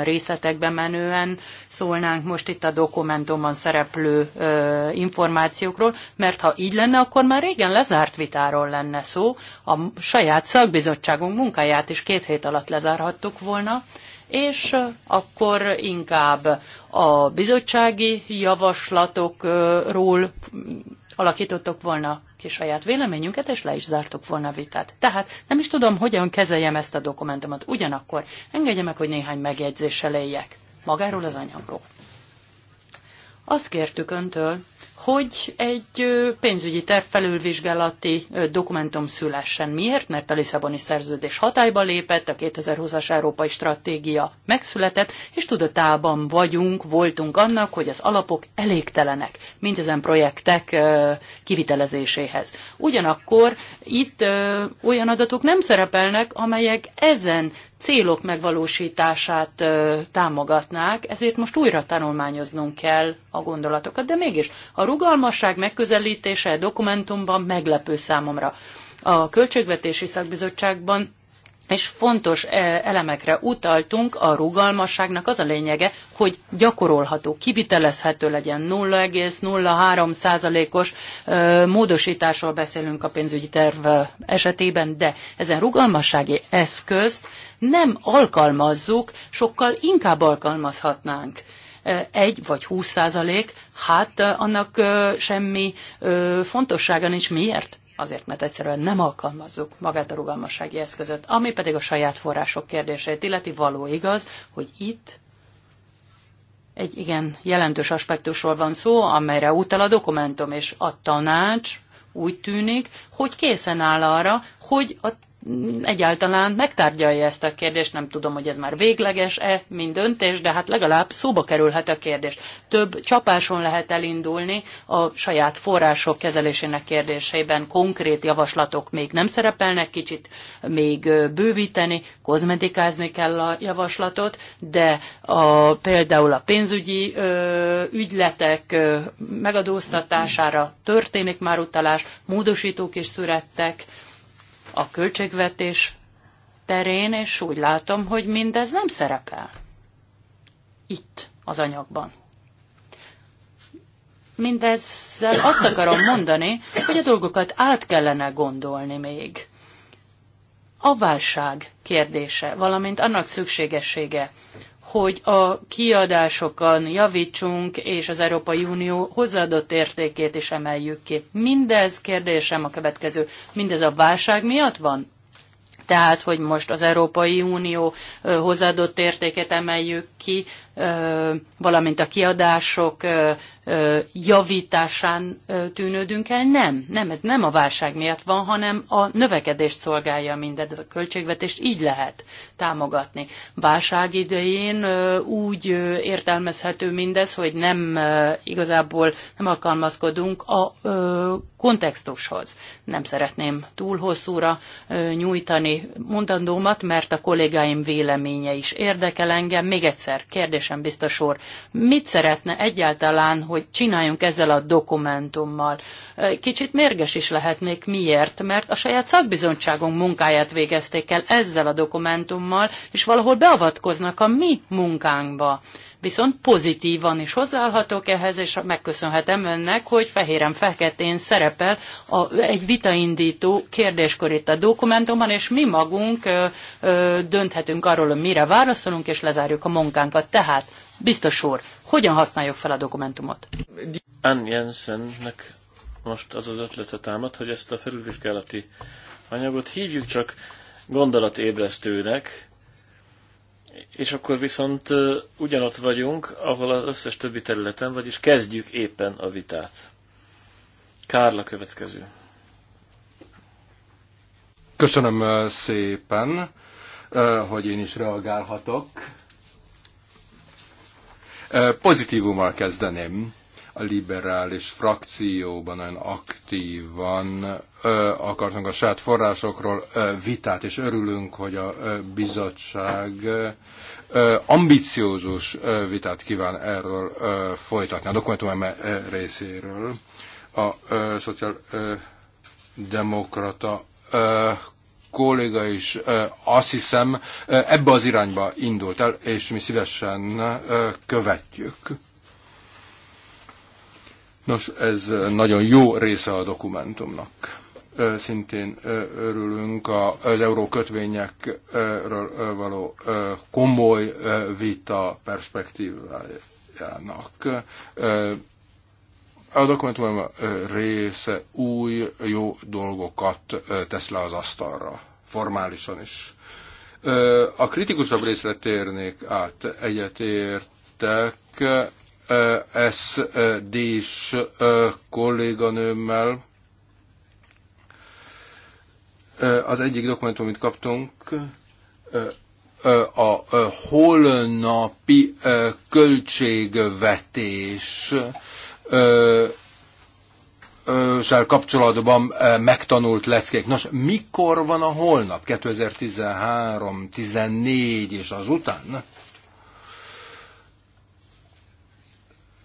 Speaker 3: részletekbe menően szólnánk most itt a dokumentumban szereplő ö, információkról, mert ha így lenne, akkor már régen lezárt vitáról lenne szó, a saját szakbizottságunk munkáját is két hét alatt lezárhattuk volna, és akkor inkább a bizottsági javaslatokról mm, alakítottok volna ki saját véleményünket, és le is zártuk volna a vitát. Tehát nem is tudom, hogyan kezeljem ezt a dokumentumot. Ugyanakkor engedje meg, hogy néhány megjegyzéssel éljek magáról az anyagról. Azt kértük öntől, hogy egy pénzügyi terv felülvizsgálati dokumentum szülessen. Miért? Mert a Lisszaboni szerződés hatályba lépett, a 2020-as Európai Stratégia megszületett, és tudatában vagyunk, voltunk annak, hogy az alapok elégtelenek mindezen projektek kivitelezéséhez. Ugyanakkor itt olyan adatok nem szerepelnek, amelyek ezen célok megvalósítását támogatnák, ezért most újra tanulmányoznunk kell a gondolatokat. De mégis a rugalmasság megközelítése a dokumentumban meglepő számomra. A Költségvetési Szakbizottságban és fontos e, elemekre utaltunk, a rugalmasságnak az a lényege, hogy gyakorolható, kivitelezhető legyen 0,03%-os e, módosításról beszélünk a pénzügyi terv e, esetében, de ezen rugalmassági eszközt nem alkalmazzuk, sokkal inkább alkalmazhatnánk. Egy vagy 20 százalék, hát annak semmi fontossága nincs. Miért? azért, mert egyszerűen nem alkalmazzuk magát a rugalmassági eszközöt, ami pedig a saját források kérdéseit illeti való igaz, hogy itt egy igen jelentős aspektusról van szó, amelyre utal a dokumentum és a tanács úgy tűnik, hogy készen áll arra, hogy a egyáltalán megtárgyalja ezt a kérdést. Nem tudom, hogy ez már végleges-e, mint döntés, de hát legalább szóba kerülhet a kérdés. Több csapáson lehet elindulni a saját források kezelésének kérdéseiben. Konkrét javaslatok még nem szerepelnek, kicsit még bővíteni, kozmetikázni kell a javaslatot, de a, például a pénzügyi ö, ügyletek ö, megadóztatására történik már utalás, módosítók is születtek, a költségvetés terén, és úgy látom, hogy mindez nem szerepel itt az anyagban. Mindezzel azt akarom mondani, hogy a dolgokat át kellene gondolni még. A válság kérdése, valamint annak szükségessége, hogy a kiadásokon javítsunk, és az Európai Unió hozzáadott értékét is emeljük ki. Mindez kérdésem a következő. Mindez a válság miatt van? Tehát, hogy most az Európai Unió hozzáadott értéket emeljük ki, valamint a kiadások javításán tűnődünk el. Nem, nem, ez nem a válság miatt van, hanem a növekedést szolgálja mindez, a költségvetést így lehet támogatni. Válság idején úgy értelmezhető mindez, hogy nem igazából nem alkalmazkodunk a kontextushoz. Nem szeretném túl hosszúra nyújtani mondandómat, mert a kollégáim véleménye is érdekel engem. Még egyszer kérdés kérdésem, biztos úr. Mit szeretne egyáltalán, hogy csináljunk ezzel a dokumentummal? Kicsit mérges is lehetnék, miért? Mert a saját szakbizottságunk munkáját végezték el ezzel a dokumentummal, és valahol beavatkoznak a mi munkánkba. Viszont pozitívan is hozzáállhatok ehhez, és megköszönhetem önnek, hogy fehéren feketén szerepel a, egy vitaindító kérdéskor itt a dokumentumban, és mi magunk ö, ö, dönthetünk arról, hogy mire válaszolunk, és lezárjuk a munkánkat. Tehát, biztos úr, hogyan használjuk fel a dokumentumot?
Speaker 1: Ann Jensennek most az az ötlete támad, hogy ezt a felülvizsgálati anyagot hívjuk csak gondolatébresztőnek, és akkor viszont ugyanott vagyunk, ahol az összes többi területen, vagyis kezdjük éppen a vitát. Kárla következő.
Speaker 2: Köszönöm szépen, hogy én is reagálhatok. Pozitívummal kezdeném a liberális frakcióban nagyon aktívan ö, akartunk a saját forrásokról ö, vitát, és örülünk, hogy a ö, bizottság ö, ambiciózus ö, vitát kíván erről ö, folytatni, a dokumentum részéről. A ö, szociáldemokrata kolléga is azt hiszem ebbe az irányba indult el, és mi szívesen követjük. Nos, ez nagyon jó része a dokumentumnak. Szintén örülünk az eurókötvényekről való komoly vita perspektívájának. A dokumentum része új, jó dolgokat tesz le az asztalra, formálisan is. A kritikusabb részre térnék át, egyetértek SD-s kolléganőmmel. Az egyik dokumentum, amit kaptunk, a holnapi költségvetés sel kapcsolatban megtanult leckék. Nos, mikor van a holnap? 2013, 14 és az után?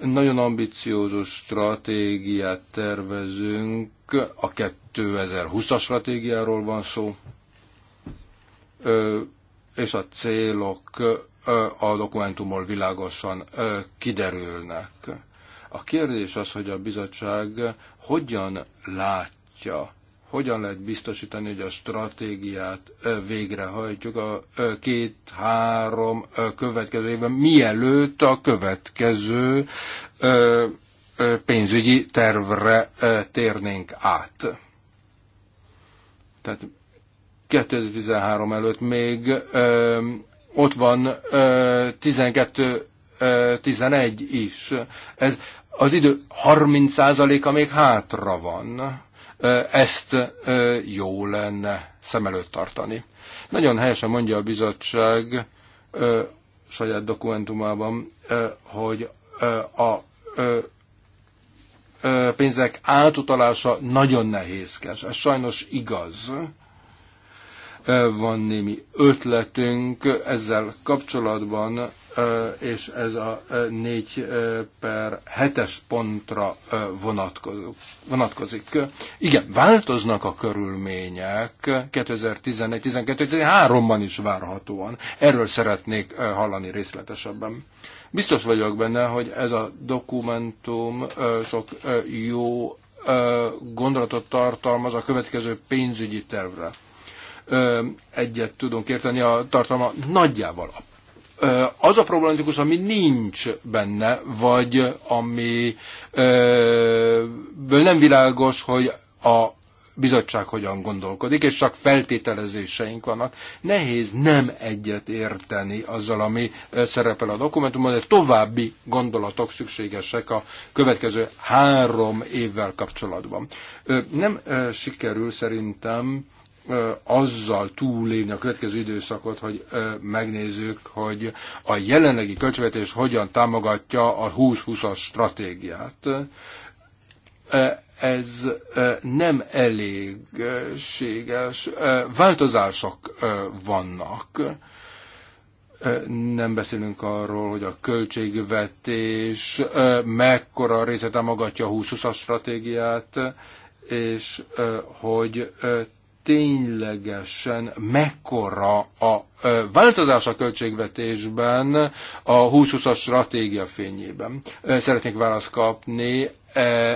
Speaker 2: Nagyon ambiciózus stratégiát tervezünk, a 2020-as stratégiáról van szó, és a célok a dokumentumból világosan kiderülnek. A kérdés az, hogy a bizottság hogyan látja hogyan lehet biztosítani, hogy a stratégiát végrehajtjuk a két-három következő évben, mielőtt a következő pénzügyi tervre térnénk át. Tehát 2013 előtt még ott van 12-11 is. Ez az idő 30%-a még hátra van ezt jó lenne szem előtt tartani. Nagyon helyesen mondja a bizottság saját dokumentumában, hogy a pénzek átutalása nagyon nehézkes. Ez sajnos igaz. Van némi ötletünk ezzel kapcsolatban, és ez a 4 per 7-es pontra vonatkozik. Igen, változnak a körülmények 2011-12-13-ban is várhatóan. Erről szeretnék hallani részletesebben. Biztos vagyok benne, hogy ez a dokumentum sok jó gondolatot tartalmaz a következő pénzügyi tervre. Egyet tudunk érteni, a tartalma nagyjával a az a problematikus, ami nincs benne, vagy ami nem világos, hogy a bizottság hogyan gondolkodik, és csak feltételezéseink vannak. Nehéz nem egyet érteni azzal, ami szerepel a dokumentumban, de további gondolatok szükségesek a következő három évvel kapcsolatban. Nem sikerül szerintem azzal túlélni a következő időszakot, hogy megnézzük, hogy a jelenlegi költségvetés hogyan támogatja a 20-20-as stratégiát. Ez nem elégséges. Változások vannak. Nem beszélünk arról, hogy a költségvetés mekkora része támogatja a 20-20-as stratégiát, és hogy ténylegesen mekkora a változás a költségvetésben a 2020-as stratégia fényében. Szeretnék választ kapni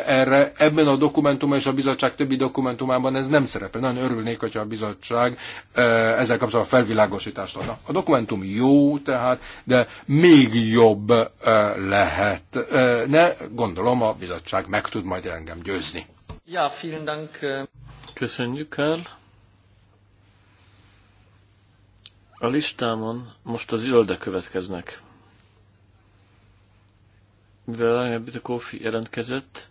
Speaker 2: erre. Ebben a dokumentumban és a bizottság többi dokumentumában ez nem szerepel. Nagyon örülnék, hogyha a bizottság ezzel kapcsolatban felvilágosítást adna. A dokumentum jó tehát, de még jobb lehet. Ne, gondolom a bizottság meg tud
Speaker 1: majd engem győzni. Ja, vielen Dank. Köszönjük, el. A listámon most a zöldek következnek. Mivel a Kofi jelentkezett,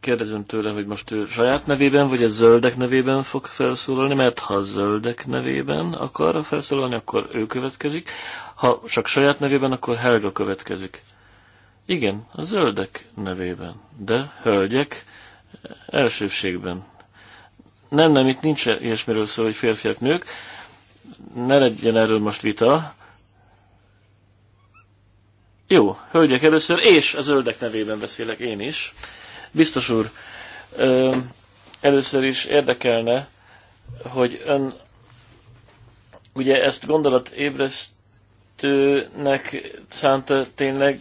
Speaker 1: kérdezem tőle, hogy most ő saját nevében, vagy a zöldek nevében fog felszólalni, mert ha a zöldek nevében akar felszólalni, akkor ő következik. Ha csak saját nevében, akkor Helga következik. Igen, a zöldek nevében, de hölgyek elsőségben. Nem, nem, itt nincs ilyesmiről szó, hogy férfiak, nők. Ne legyen erről most vita. Jó, hölgyek először, és a zöldek nevében beszélek én is. Biztos úr, ö, először is érdekelne, hogy ön ugye ezt gondolatébresztőnek szánta tényleg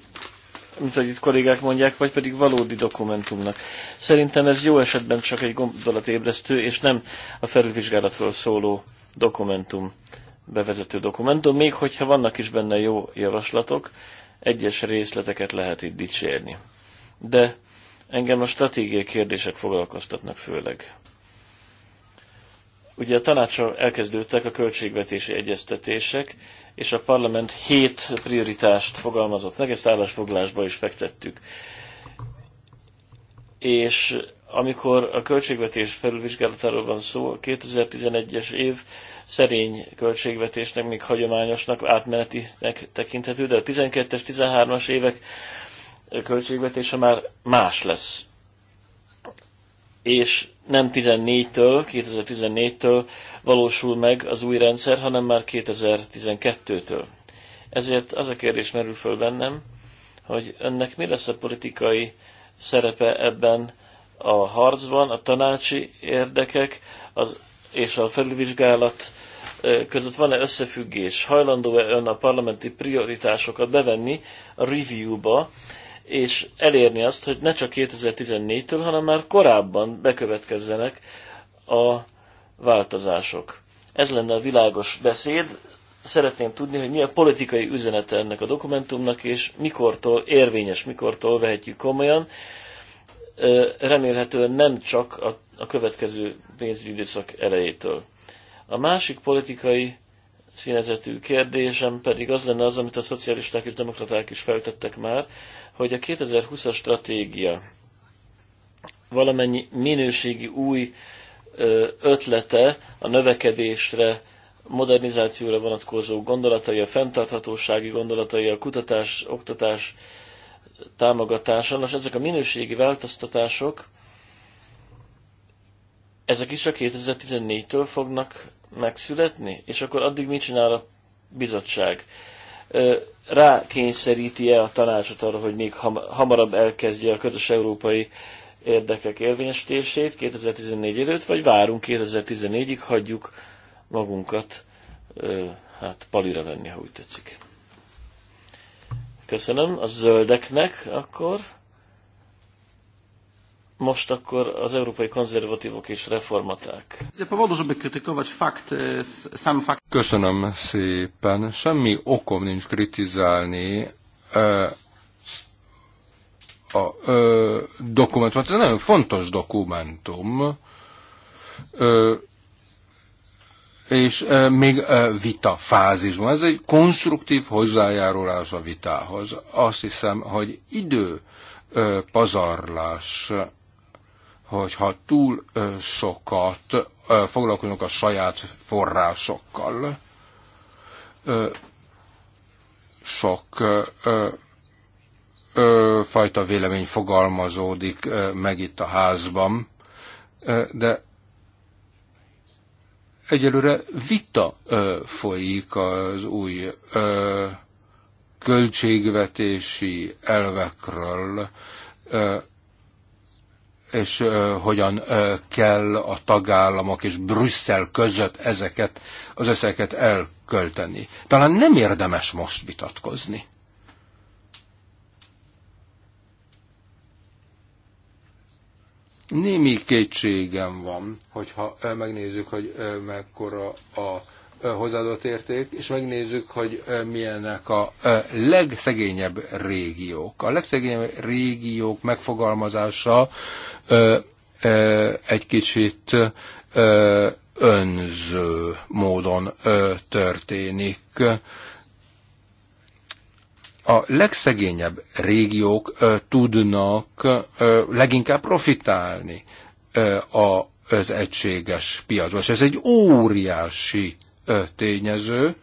Speaker 1: mint ahogy itt kollégák mondják, vagy pedig valódi dokumentumnak. Szerintem ez jó esetben csak egy gondolatébresztő, és nem a felülvizsgálatról szóló dokumentum, bevezető dokumentum, még hogyha vannak is benne jó javaslatok, egyes részleteket lehet itt dicsérni. De engem a stratégiai kérdések foglalkoztatnak főleg. Ugye a tanácsra elkezdődtek a költségvetési egyeztetések, és a parlament hét prioritást fogalmazott meg, ezt állásfoglásba is fektettük. És amikor a költségvetés felülvizsgálatáról van szó, a 2011-es év szerény költségvetésnek, még hagyományosnak, átmenetinek tekinthető, de a 12-es, 13-as évek költségvetése már más lesz. És nem 14-től, 2014-től valósul meg az új rendszer, hanem már 2012-től. Ezért az a kérdés merül föl bennem, hogy önnek mi lesz a politikai szerepe ebben a harcban, a tanácsi érdekek az, és a felülvizsgálat között van-e összefüggés? Hajlandó-e ön a parlamenti prioritásokat bevenni a review-ba, és elérni azt, hogy ne csak 2014-től, hanem már korábban bekövetkezzenek a változások. Ez lenne a világos beszéd. Szeretném tudni, hogy mi a politikai üzenete ennek a dokumentumnak, és mikortól érvényes, mikortól vehetjük komolyan. Remélhetően nem csak a, a következő pénzügyidőszak elejétől. A másik politikai színezetű kérdésem pedig az lenne az, amit a szocialisták és demokraták is feltettek már, hogy a 2020-as stratégia valamennyi minőségi új ötlete a növekedésre, modernizációra vonatkozó gondolatai, a fenntarthatósági gondolatai, a kutatás, oktatás támogatása. Nos, ezek a minőségi változtatások, ezek is a 2014-től fognak megszületni, és akkor addig mit csinál a bizottság? rákényszeríti-e a tanácsot arra, hogy még hamarabb elkezdje a közös európai érdekek érvényesítését 2014 előtt, vagy várunk 2014-ig, hagyjuk magunkat hát palira venni, ha úgy tetszik. Köszönöm a zöldeknek akkor most akkor az európai konzervatívok és reformaták.
Speaker 2: E, Köszönöm szépen. Semmi okom nincs kritizálni e, a e, dokumentumot. Ez nagyon fontos dokumentum. és még vita fázisban. Ez egy konstruktív hozzájárulás a vitához. Azt hiszem, hogy idő pazarlás hogyha túl sokat foglalkozunk a saját forrásokkal, sok fajta vélemény fogalmazódik meg itt a házban, de egyelőre vita folyik az új költségvetési elvekről, és hogyan kell a tagállamok és Brüsszel között ezeket az összeget elkölteni. Talán nem érdemes most vitatkozni. Némi kétségem van, hogyha megnézzük, hogy mekkora a hozzáadott érték, és megnézzük, hogy milyenek a legszegényebb régiók. A legszegényebb régiók megfogalmazása egy kicsit önző módon történik. A legszegényebb régiók tudnak leginkább profitálni az egységes piacba. És ez egy óriási tényező,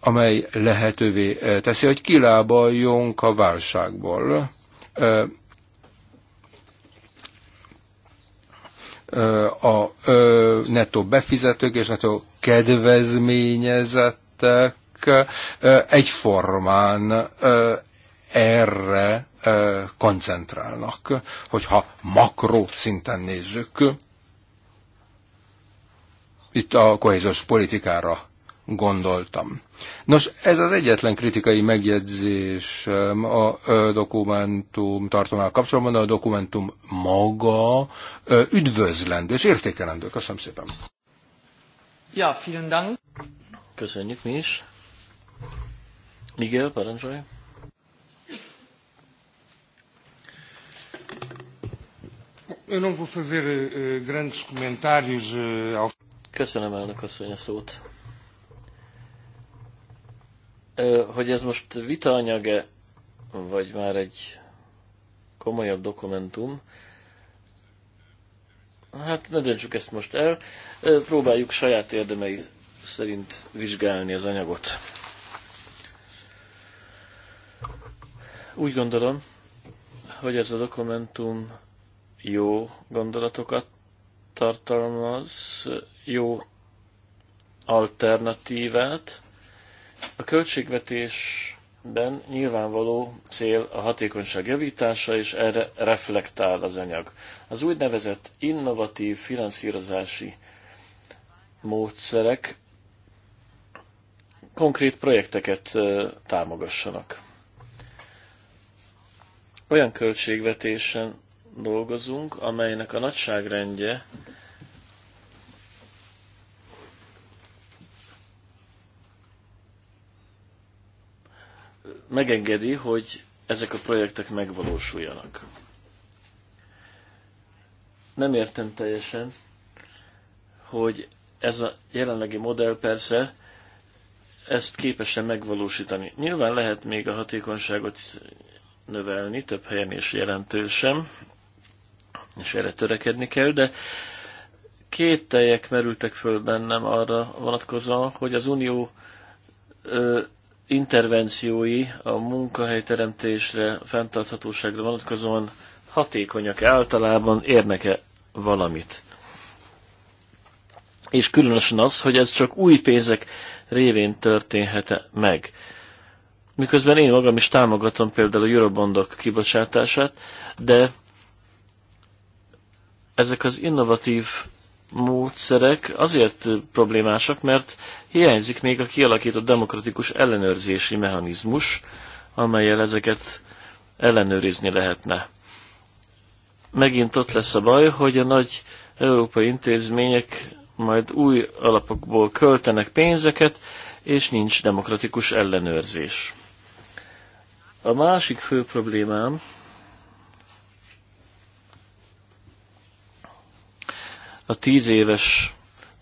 Speaker 2: amely lehetővé teszi, hogy kilábaljunk a válságból. a nettó befizetők és nettó kedvezményezettek egyformán erre koncentrálnak, hogyha makró szinten nézzük. Itt a kohézós politikára gondoltam. Nos, ez az egyetlen kritikai megjegyzés a dokumentum tartalmával kapcsolatban, de a dokumentum maga üdvözlendő és értékelendő.
Speaker 1: Köszönöm szépen. Ja, vielen Dank. Köszönjük mi is. Miguel, parancsolj. Eu não vou fazer eh, eh, grandes comentários eh, ao... Köszönöm elnök asszony a szót hogy ez most vitaanyag-e, vagy már egy komolyabb dokumentum, hát ne döntsük ezt most el, próbáljuk saját érdemei szerint vizsgálni az anyagot. Úgy gondolom, hogy ez a dokumentum jó gondolatokat tartalmaz, jó alternatívát, a költségvetésben nyilvánvaló cél a hatékonyság javítása, és erre reflektál az anyag. Az úgynevezett innovatív finanszírozási módszerek konkrét projekteket támogassanak. Olyan költségvetésen dolgozunk, amelynek a nagyságrendje megengedi, hogy ezek a projektek megvalósuljanak. Nem értem teljesen, hogy ez a jelenlegi modell persze ezt képesen megvalósítani. Nyilván lehet még a hatékonyságot növelni, több helyen is jelentősen, és erre törekedni kell, de két teljek merültek föl bennem arra vonatkozóan, hogy az Unió ö, intervenciói a munkahelyteremtésre, fenntarthatóságra vonatkozóan hatékonyak általában érnek-e valamit. És különösen az, hogy ez csak új pénzek révén történhet -e meg. Miközben én magam is támogatom például a Eurobondok kibocsátását, de ezek az innovatív módszerek azért problémásak, mert hiányzik még a kialakított demokratikus ellenőrzési mechanizmus, amelyel ezeket ellenőrizni lehetne. Megint ott lesz a baj, hogy a nagy európai intézmények majd új alapokból költenek pénzeket, és nincs demokratikus ellenőrzés. A másik fő problémám a tíz éves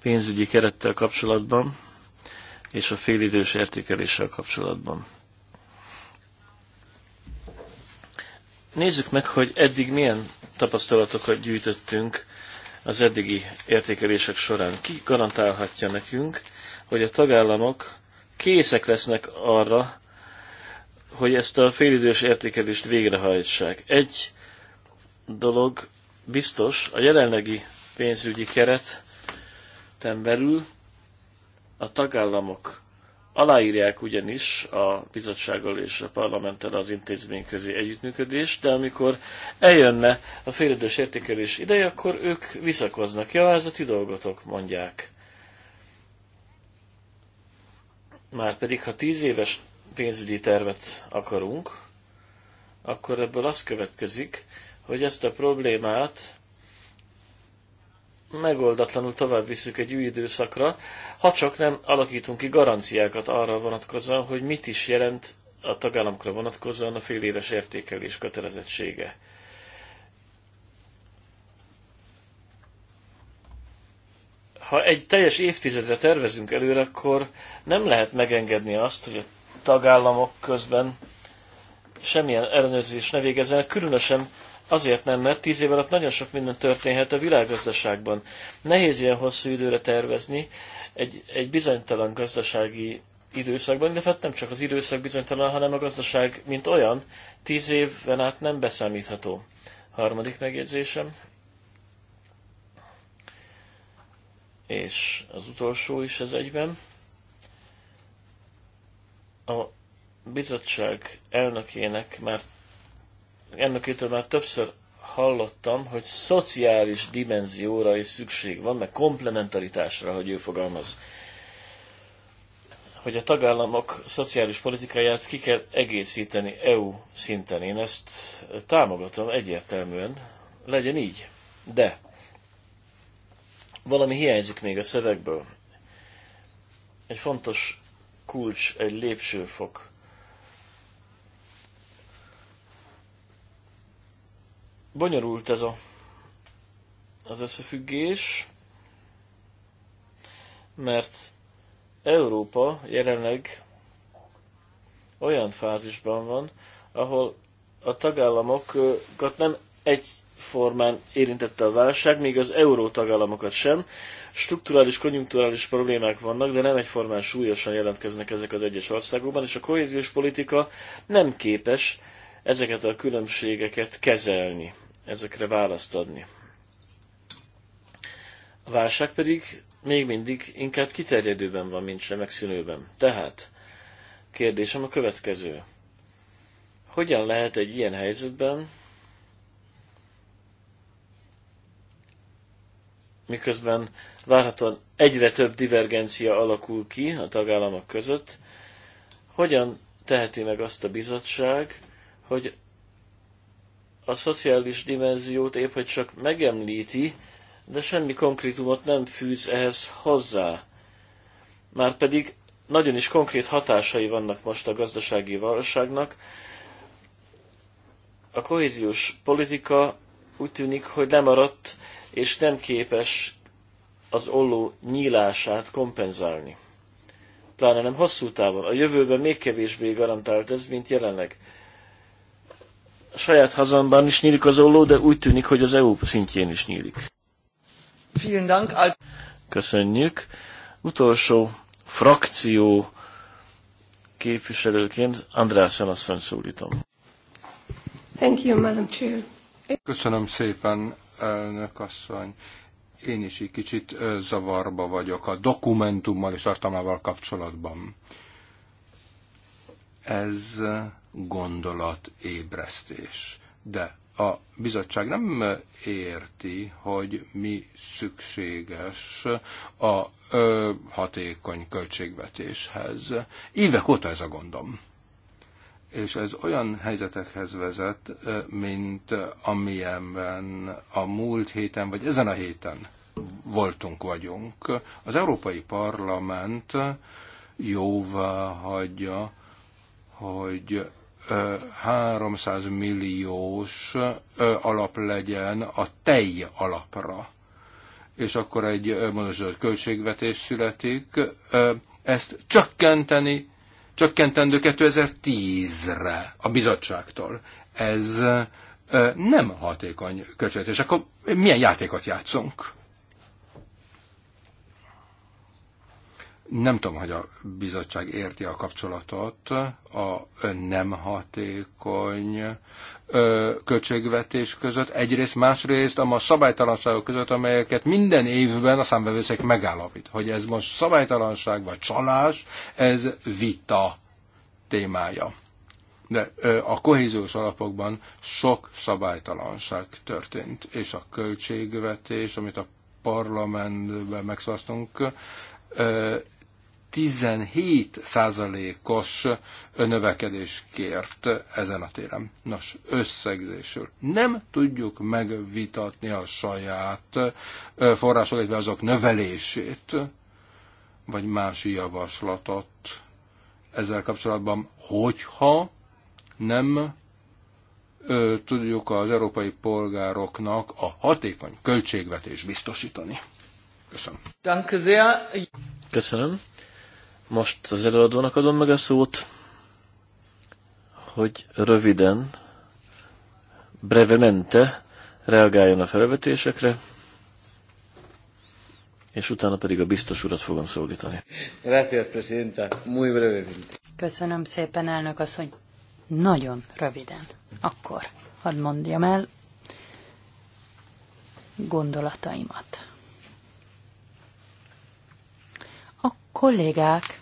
Speaker 1: pénzügyi kerettel kapcsolatban és a félidős értékeléssel kapcsolatban. Nézzük meg, hogy eddig milyen tapasztalatokat gyűjtöttünk az eddigi értékelések során. Ki garantálhatja nekünk, hogy a tagállamok készek lesznek arra, hogy ezt a félidős értékelést végrehajtsák. Egy dolog biztos, a jelenlegi pénzügyi kereten belül a tagállamok aláírják ugyanis a bizottsággal és a parlamenttel az intézményközi együttműködést, de amikor eljönne a félidős értékelés ideje, akkor ők visszakoznak. Ja, ez a ti dolgotok, mondják. Márpedig, ha tíz éves pénzügyi tervet akarunk, akkor ebből az következik, hogy ezt a problémát megoldatlanul tovább visszük egy új időszakra, ha csak nem alakítunk ki garanciákat arra vonatkozóan, hogy mit is jelent a tagállamokra vonatkozóan a fél éves értékelés kötelezettsége. Ha egy teljes évtizedre tervezünk előre, akkor nem lehet megengedni azt, hogy a tagállamok közben semmilyen ellenőrzés ne végezzenek, különösen Azért nem, mert tíz év alatt nagyon sok minden történhet a világgazdaságban. Nehéz ilyen hosszú időre tervezni egy, egy bizonytalan gazdasági időszakban, de hát nem csak az időszak bizonytalan, hanem a gazdaság, mint olyan, tíz évben át nem beszámítható. Harmadik megjegyzésem, és az utolsó is ez egyben. A bizottság elnökének már elnökétől már többször hallottam, hogy szociális dimenzióra is szükség van, meg komplementaritásra, hogy ő fogalmaz. Hogy a tagállamok szociális politikáját ki kell egészíteni EU szinten. Én ezt támogatom egyértelműen, legyen így. De valami hiányzik még a szövegből. Egy fontos kulcs, egy lépcsőfok Bonyolult ez a, az összefüggés, mert Európa jelenleg olyan fázisban van, ahol a tagállamokat nem egyformán érintette a válság, még az euró tagállamokat sem. Strukturális, konjunkturális problémák vannak, de nem egyformán súlyosan jelentkeznek ezek az egyes országokban, és a kohéziós politika nem képes ezeket a különbségeket kezelni, ezekre választ adni. A válság pedig még mindig inkább kiterjedőben van, mint sem megszűnőben. Tehát kérdésem a következő. Hogyan lehet egy ilyen helyzetben, miközben várhatóan egyre több divergencia alakul ki a tagállamok között, hogyan teheti meg azt a bizottság, hogy a szociális dimenziót épp hogy csak megemlíti, de semmi konkrétumot nem fűz ehhez hozzá. Márpedig nagyon is konkrét hatásai vannak most a gazdasági válságnak. A kohéziós politika úgy tűnik, hogy maradt, és nem képes az olló nyílását kompenzálni. Pláne nem hosszú távon. A jövőben még kevésbé garantált ez, mint jelenleg saját hazámban is nyílik az olló, de úgy tűnik, hogy az EU szintjén is nyílik. Köszönjük. Utolsó frakció képviselőként Andrásen asszony szólítom.
Speaker 2: Thank you, Madam Chair.
Speaker 1: Köszönöm szépen, elnök asszony. Én is egy kicsit
Speaker 2: zavarba vagyok a dokumentummal és tartalmával kapcsolatban. Ez gondolatébresztés. De a bizottság nem érti, hogy mi szükséges a ö, hatékony költségvetéshez. Évek óta ez a gondom. És ez olyan helyzetekhez vezet, mint amilyenben a múlt héten, vagy ezen a héten voltunk, vagyunk. Az Európai Parlament jóvá hagyja hogy 300 milliós alap legyen a tej alapra. És akkor egy módosított költségvetés születik. Ezt csökkenteni, csökkentendő 2010-re a bizottságtól. Ez nem hatékony költségvetés. Akkor milyen játékot játszunk? Nem tudom, hogy a bizottság érti a kapcsolatot a nem hatékony költségvetés között, egyrészt, másrészt a ma szabálytalanságok között, amelyeket minden évben a számbevőszék megállapít. Hogy ez most szabálytalanság vagy csalás, ez vita témája. De a kohéziós alapokban sok szabálytalanság történt, és a költségvetés, amit a parlamentben megszavaztunk, 17 százalékos növekedés kért ezen a téren. Nos, összegzésül. Nem tudjuk megvitatni a saját forrásokat, vagy azok növelését, vagy más javaslatot ezzel kapcsolatban, hogyha nem ö, tudjuk az európai polgároknak a hatékony költségvetés biztosítani.
Speaker 1: Köszönöm. Danke sehr. Köszönöm. Most az előadónak adom meg a szót, hogy röviden, brevemente reagáljon a felvetésekre, és utána pedig a biztos urat fogom szólítani.
Speaker 3: Köszönöm szépen, elnök asszony. Nagyon röviden. Akkor hadd mondjam el gondolataimat. kollégák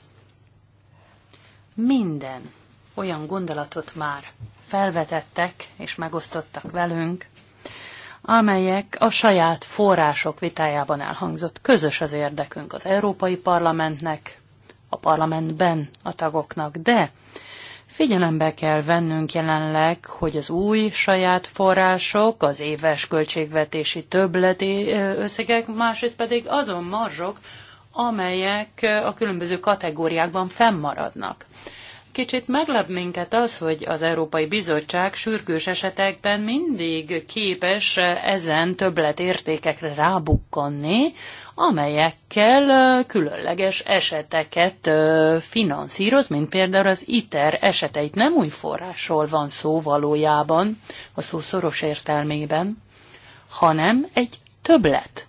Speaker 3: minden olyan gondolatot már felvetettek és megosztottak velünk, amelyek a saját források vitájában elhangzott. Közös az érdekünk az Európai Parlamentnek, a parlamentben a tagoknak, de Figyelembe kell vennünk jelenleg, hogy az új saját források, az éves költségvetési többleti összegek, másrészt pedig azon marzsok, amelyek a különböző kategóriákban fennmaradnak. Kicsit meglep minket az, hogy az Európai Bizottság sürgős esetekben mindig képes ezen többletértékekre rábukkanni, amelyekkel különleges eseteket finanszíroz, mint például az ITER eseteit. Nem új forrásról van szó valójában, a szó szoros értelmében, hanem egy többlet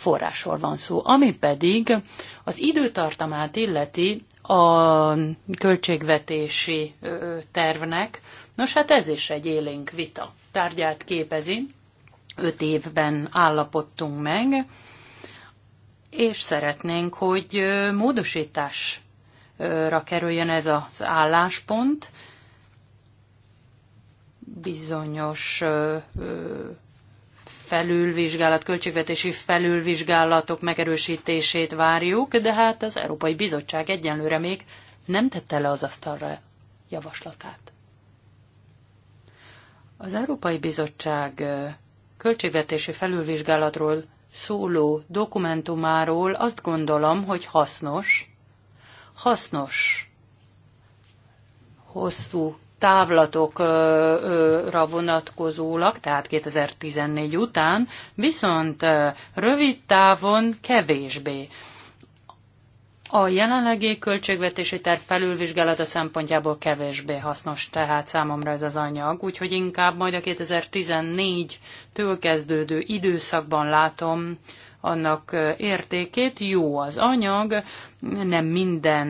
Speaker 3: forrásról van szó. Ami pedig az időtartamát illeti a költségvetési tervnek, nos hát ez is egy élénk vita tárgyát képezi, öt évben állapodtunk meg, és szeretnénk, hogy módosításra kerüljön ez az álláspont, bizonyos felülvizsgálat, költségvetési felülvizsgálatok megerősítését várjuk, de hát az Európai Bizottság egyenlőre még nem tette le az asztalra javaslatát. Az Európai Bizottság költségvetési felülvizsgálatról szóló dokumentumáról azt gondolom, hogy hasznos, hasznos, hosszú távlatokra vonatkozólag, tehát 2014 után, viszont rövid távon kevésbé. A jelenlegi költségvetési terv felülvizsgálata szempontjából kevésbé hasznos tehát számomra ez az anyag, úgyhogy inkább majd a 2014-től kezdődő időszakban látom annak értékét. Jó az anyag, nem minden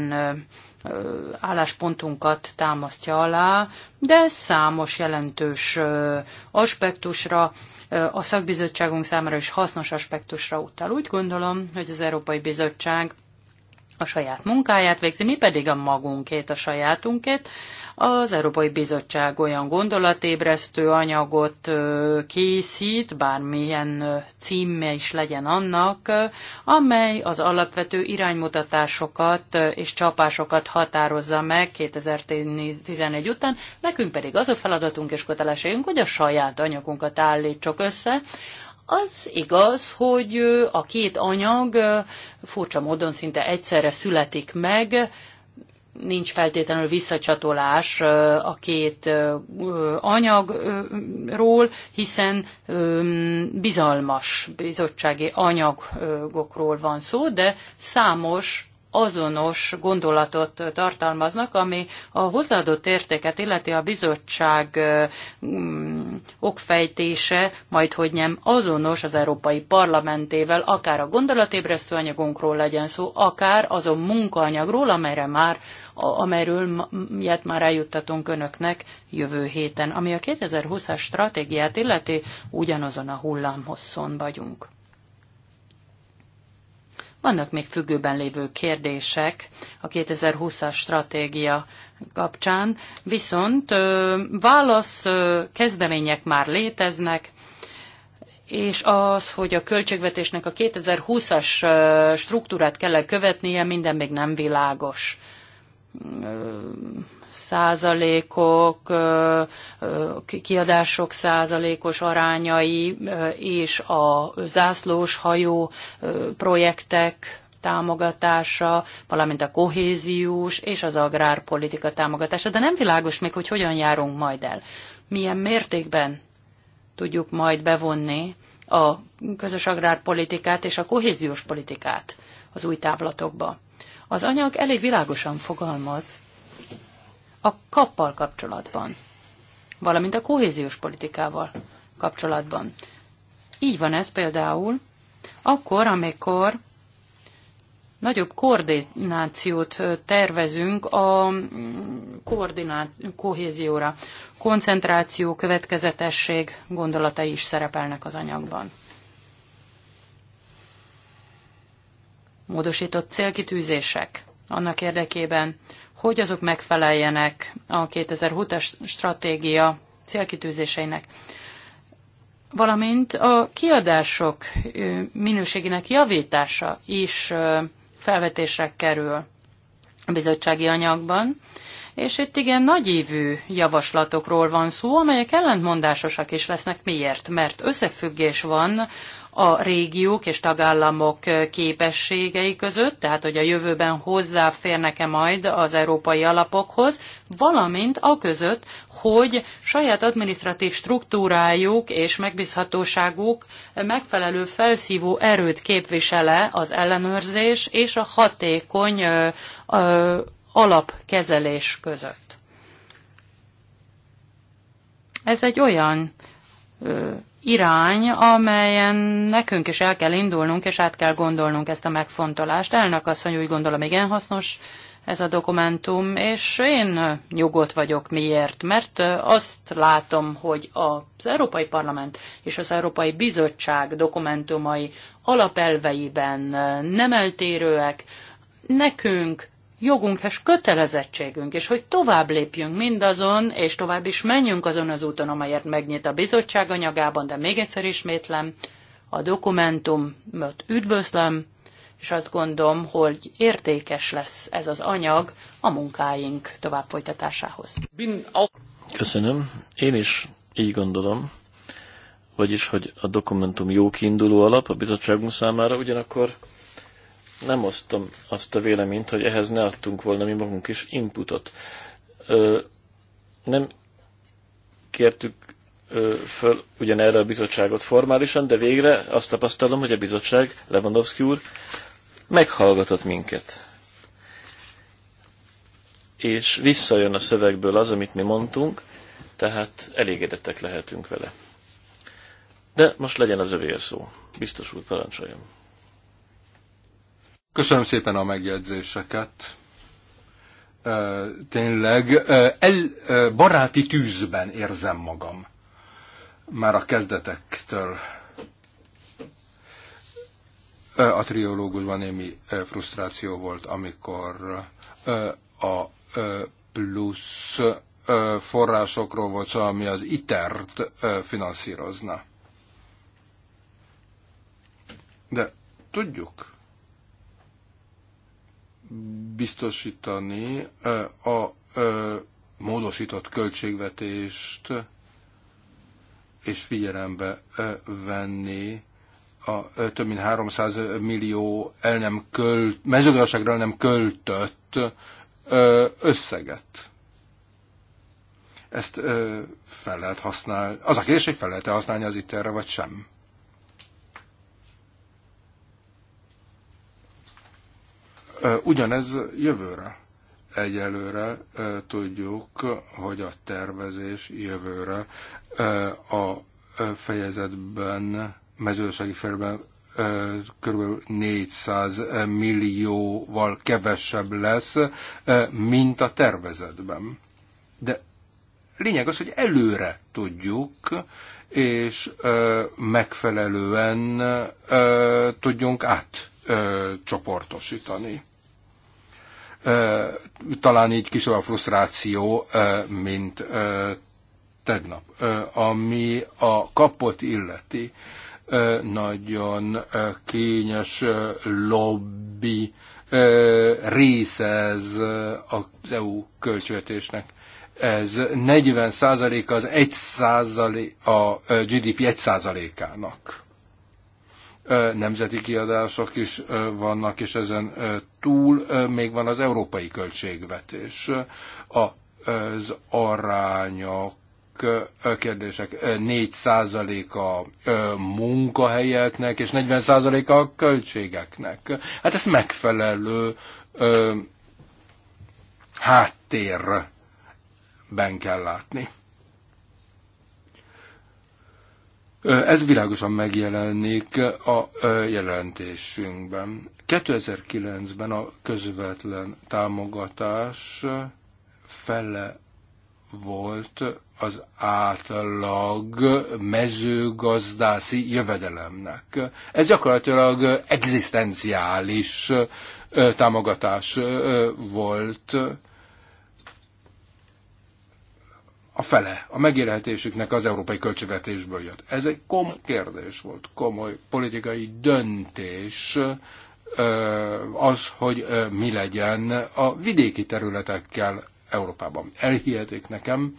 Speaker 3: álláspontunkat támasztja alá, de számos jelentős aspektusra, a szakbizottságunk számára is hasznos aspektusra utal. Úgy gondolom, hogy az Európai Bizottság a saját munkáját végzi, mi pedig a magunkét, a sajátunkét. Az Európai Bizottság olyan gondolatébresztő anyagot készít, bármilyen címe is legyen annak, amely az alapvető iránymutatásokat és csapásokat határozza meg 2011 után, nekünk pedig az a feladatunk és kötelességünk, hogy a saját anyagunkat állítsuk össze, az igaz, hogy a két anyag furcsa módon szinte egyszerre születik meg, nincs feltétlenül visszacsatolás a két anyagról, hiszen bizalmas bizottsági anyagokról van szó, de számos azonos gondolatot tartalmaznak, ami a hozzáadott értéket illeti a bizottság mm, okfejtése, majd hogy nem azonos az Európai Parlamentével, akár a gondolatébresztő anyagunkról legyen szó, akár azon munkaanyagról, amelyre már, amelyről ilyet már eljuttatunk önöknek jövő héten. Ami a 2020-as stratégiát illeti, ugyanazon a hullámhosszon vagyunk. Vannak még függőben lévő kérdések a 2020-as stratégia kapcsán, viszont válasz kezdemények már léteznek, és az, hogy a költségvetésnek a 2020-as struktúrát kell -e követnie, minden még nem világos százalékok, kiadások százalékos arányai és a zászlós hajó projektek támogatása, valamint a kohéziós és az agrárpolitika támogatása, de nem világos még, hogy hogyan járunk majd el. Milyen mértékben tudjuk majd bevonni a közös agrárpolitikát és a kohéziós politikát az új távlatokba. Az anyag elég világosan fogalmaz a kappal kapcsolatban, valamint a kohéziós politikával kapcsolatban. Így van ez például akkor, amikor nagyobb koordinációt tervezünk a mm, koordinát, kohézióra. Koncentráció, következetesség gondolatai is szerepelnek az anyagban. Módosított célkitűzések annak érdekében, hogy azok megfeleljenek a 2020-as stratégia célkitűzéseinek valamint a kiadások minőségének javítása is felvetésre kerül a bizottsági anyagban, és itt igen nagyívű javaslatokról van szó, amelyek ellentmondásosak is lesznek. Miért? Mert összefüggés van a régiók és tagállamok képességei között, tehát hogy a jövőben hozzáférnek-e majd az európai alapokhoz, valamint a között, hogy saját administratív struktúrájuk és megbízhatóságuk megfelelő felszívó erőt képvisele az ellenőrzés és a hatékony alapkezelés között. Ez egy olyan irány, amelyen nekünk is el kell indulnunk, és át kell gondolnunk ezt a megfontolást. Elnök asszony úgy gondolom igen hasznos ez a dokumentum, és én nyugodt vagyok miért, mert azt látom, hogy az Európai Parlament és az Európai Bizottság dokumentumai alapelveiben nem eltérőek, nekünk jogunk és kötelezettségünk, és hogy tovább lépjünk mindazon, és tovább is menjünk azon az úton, amelyet megnyit a bizottság anyagában, de még egyszer ismétlem, a dokumentumot üdvözlöm, és azt gondolom, hogy értékes lesz ez az anyag a munkáink tovább folytatásához.
Speaker 1: Köszönöm. Én is így gondolom, vagyis, hogy a dokumentum jó kiinduló alap a bizottságunk számára, ugyanakkor nem osztom azt a véleményt, hogy ehhez ne adtunk volna mi magunk is inputot. Ö, nem kértük ö, föl ugyanerre a bizottságot formálisan, de végre azt tapasztalom, hogy a bizottság, Lewandowski úr, meghallgatott minket. És visszajön a szövegből az, amit mi mondtunk, tehát elégedettek lehetünk vele. De most legyen az övé a szó. Biztos úr, parancsoljon.
Speaker 2: Köszönöm szépen a megjegyzéseket. Tényleg el, baráti tűzben érzem magam. Már a kezdetektől a triológusban némi frusztráció volt, amikor a plusz forrásokról volt szó, ami az ITER-t finanszírozna. De tudjuk, biztosítani a módosított költségvetést, és figyelembe venni a több mint 300 millió el nem költ, mezőgazdaságra el nem költött összeget. Ezt fel lehet használni. Az a kérdés, hogy fel lehet -e használni az itt erre, vagy sem. Ugyanez jövőre. Egyelőre tudjuk, hogy a tervezés jövőre a fejezetben, mezőgazdasági felben kb. 400 millióval kevesebb lesz, mint a tervezetben. De lényeg az, hogy előre tudjuk, és megfelelően tudjunk átcsoportosítani. Talán így kisebb a frusztráció, mint tegnap. Ami a kapot illeti, nagyon kényes lobby része ez az EU költségvetésnek ez 40 százaléka az 1 százalék, a GDP 1 százalékának nemzeti kiadások is vannak, és ezen túl még van az európai költségvetés. Az arányok kérdések. 4 a munkahelyeknek, és 40 a költségeknek. Hát ez megfelelő háttérben kell látni. Ez világosan megjelenik a jelentésünkben. 2009-ben a közvetlen támogatás fele volt az átlag mezőgazdászi jövedelemnek. Ez gyakorlatilag egzisztenciális támogatás volt a fele a megélhetésüknek az európai költségvetésből jött. Ez egy komoly kérdés volt, komoly politikai döntés az, hogy mi legyen a vidéki területekkel Európában. Elhihetik nekem,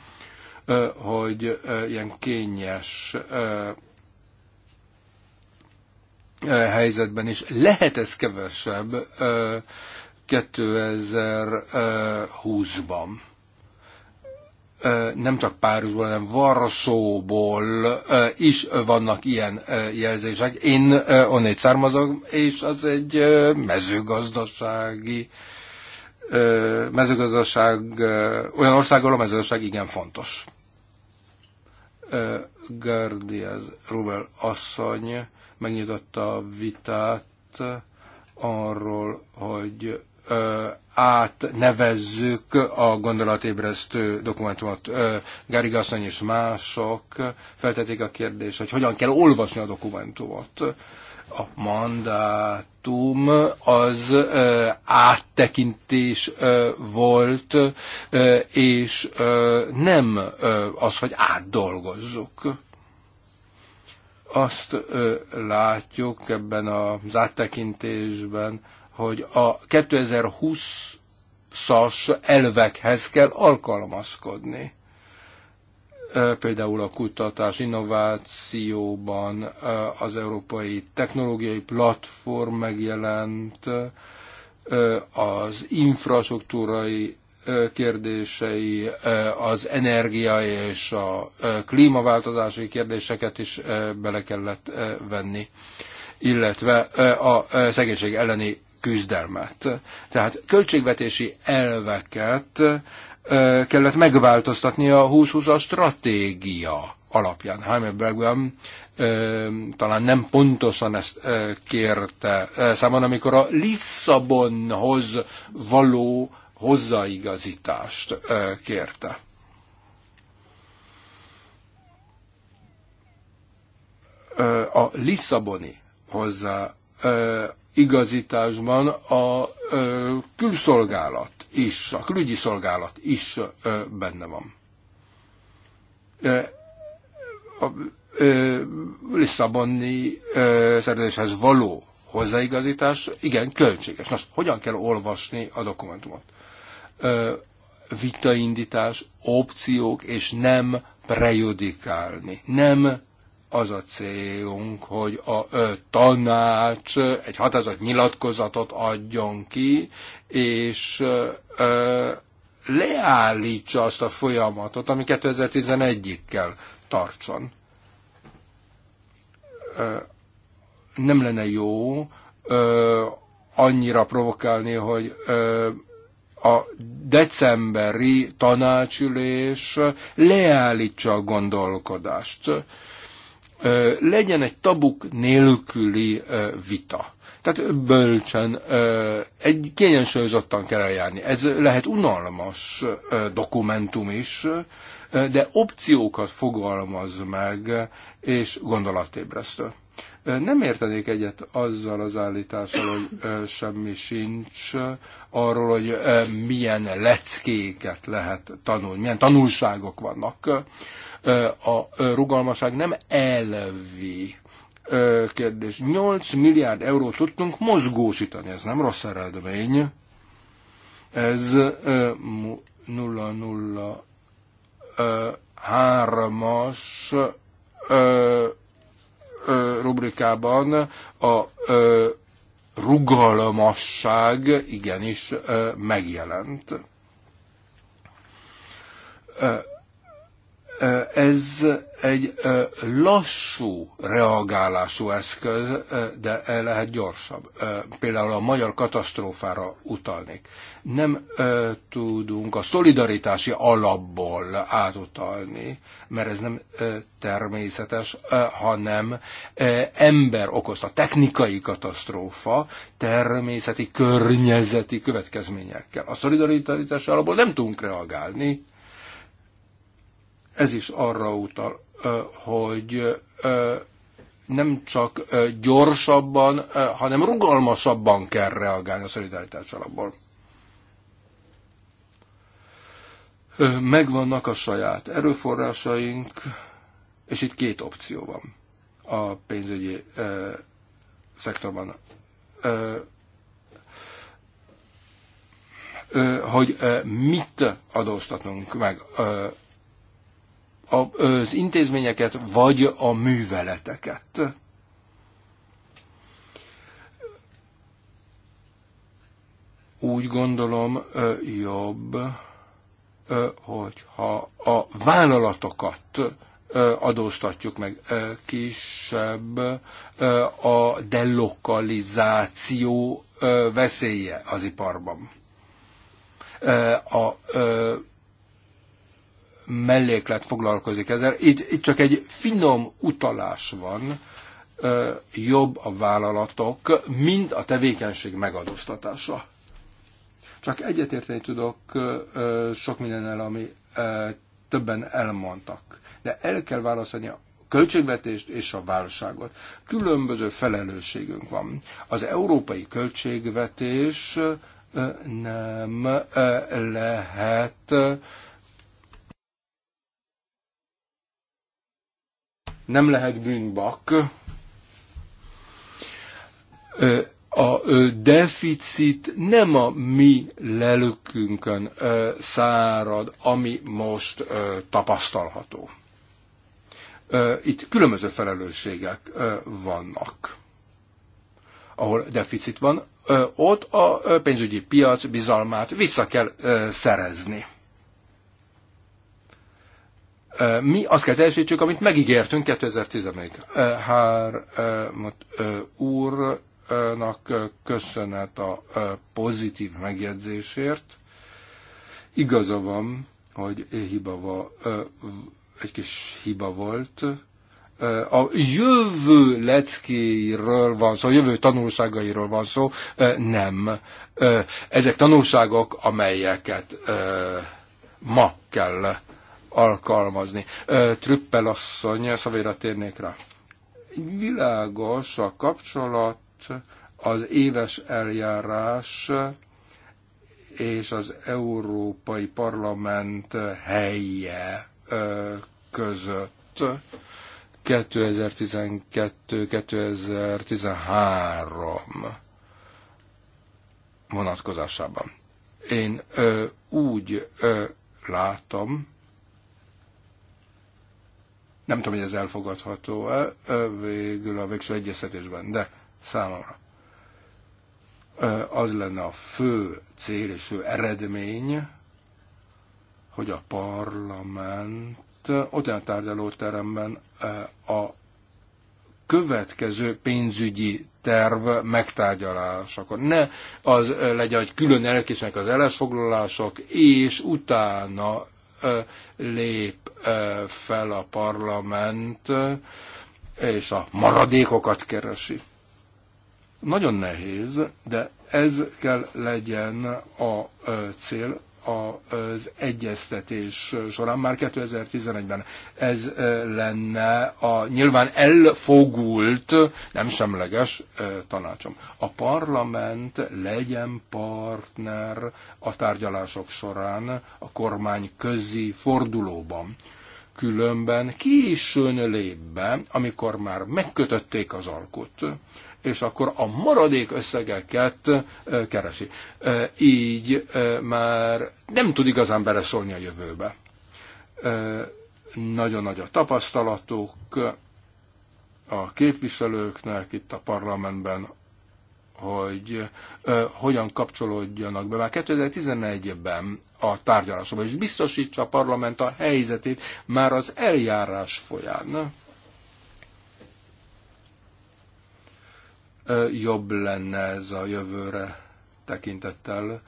Speaker 2: hogy ilyen kényes helyzetben is lehet ez kevesebb 2020-ban nem csak Párizsból, hanem Varsóból is vannak ilyen jelzések. Én onnét származok, és az egy mezőgazdasági mezőgazdaság, olyan országról a mezőgazdaság igen fontos. az Rubel asszony megnyitotta a vitát arról, hogy átnevezzük a gondolatébresztő dokumentumot. Gary Gasson és mások feltették a kérdést, hogy hogyan kell olvasni a dokumentumot. A mandátum az áttekintés volt, és nem az, hogy átdolgozzuk azt ö, látjuk ebben az áttekintésben, hogy a 2020-as elvekhez kell alkalmazkodni. Például a kutatás, innovációban az Európai Technológiai Platform megjelent, az infrastruktúrai kérdései, az energia és a klímaváltozási kérdéseket is bele kellett venni, illetve a szegénység elleni küzdelmet. Tehát költségvetési elveket kellett megváltoztatni a 2020-as stratégia alapján. Jaime Bergman talán nem pontosan ezt kérte számon, amikor a Lisszabonhoz való hozzáigazítást kérte. A Lisszaboni hozzá igazításban a külszolgálat is, a külügyi szolgálat is benne van. A Lisszaboni szerződéshez való hozzáigazítás igen költséges. Nos, hogyan kell olvasni a dokumentumot? Vitaindítás, opciók, és nem prejudikálni, nem az a célunk, hogy a tanács egy határozott nyilatkozatot adjon ki, és leállítsa azt a folyamatot, ami 2011-ig kell tartson. Nem lenne jó annyira provokálni, hogy a decemberi tanácsülés leállítsa a gondolkodást legyen egy tabuk nélküli vita. Tehát bölcsen, egy kiegyensúlyozottan kell eljárni. Ez lehet unalmas dokumentum is, de opciókat fogalmaz meg, és gondolatébresztő. Nem értenék egyet azzal az állítással, hogy semmi sincs arról, hogy milyen leckéket lehet tanulni, milyen tanulságok vannak. A rugalmaság nem elvi kérdés. 8 milliárd eurót tudtunk mozgósítani, ez nem rossz eredmény. Ez 003-as rubrikában a rugalmasság igenis megjelent. Ez egy lassú reagálású eszköz, de el lehet gyorsabb. Például a magyar katasztrófára utalnék. Nem tudunk a szolidaritási alapból átutalni, mert ez nem természetes, hanem ember okozta technikai katasztrófa, természeti, környezeti következményekkel. A szolidaritási alapból nem tudunk reagálni, ez is arra utal, hogy nem csak gyorsabban, hanem rugalmasabban kell reagálni a szolidaritás alapból. Megvannak a saját erőforrásaink, és itt két opció van a pénzügyi szektorban. hogy mit adóztatunk meg az intézményeket vagy a műveleteket. Úgy gondolom jobb, hogyha a vállalatokat adóztatjuk meg kisebb a delokalizáció veszélye az iparban. A melléklet foglalkozik ezzel. Itt, itt csak egy finom utalás van, jobb a vállalatok, mint a tevékenység megadóztatása. Csak egyetérteni tudok sok mindennel, ami többen elmondtak. De el kell válaszolni a költségvetést és a válságot. Különböző felelősségünk van. Az európai költségvetés nem lehet nem lehet bűnbak. A deficit nem a mi lelökünkön szárad, ami most tapasztalható. Itt különböző felelősségek vannak. Ahol deficit van, ott a pénzügyi piac bizalmát vissza kell szerezni mi azt kell teljesítsük, amit megígértünk 2010-ig. Hár úrnak köszönet a pozitív megjegyzésért. Igaza van, hogy hiba va, egy kis hiba volt. A jövő leckéiről van szó, a jövő tanulságairól van szó, nem. Ezek tanulságok, amelyeket ma kell alkalmazni. Trüppel asszony, szavéra térnék rá. Világos a kapcsolat, az éves eljárás és az Európai Parlament helye között 2012-2013 vonatkozásában. Én ö, úgy ö, látom, nem tudom, hogy ez elfogadható-e végül a végső egyeztetésben, de számomra. Az lenne a fő cél és fő eredmény, hogy a parlament ott a tárgyalóteremben a következő pénzügyi terv megtárgyalásakor. Ne az legyen, hogy külön elkésznek az elesfoglalások, és utána lép fel a parlament, és a maradékokat keresi. Nagyon nehéz, de ez kell legyen a cél, az egyeztetés során, már 2011-ben. Ez lenne a nyilván elfogult, nem semleges tanácsom. A parlament legyen partner a tárgyalások során a kormány közi fordulóban. Különben későn lép be, amikor már megkötötték az alkot és akkor a maradék összegeket keresi. Így már nem tud igazán beleszólni a jövőbe. Nagyon nagy a tapasztalatuk a képviselőknek itt a parlamentben, hogy hogyan kapcsolódjanak be már 2011-ben a tárgyalásokba, és biztosítsa a parlament a helyzetét már az eljárás folyán. jobb lenne ez a jövőre tekintettel,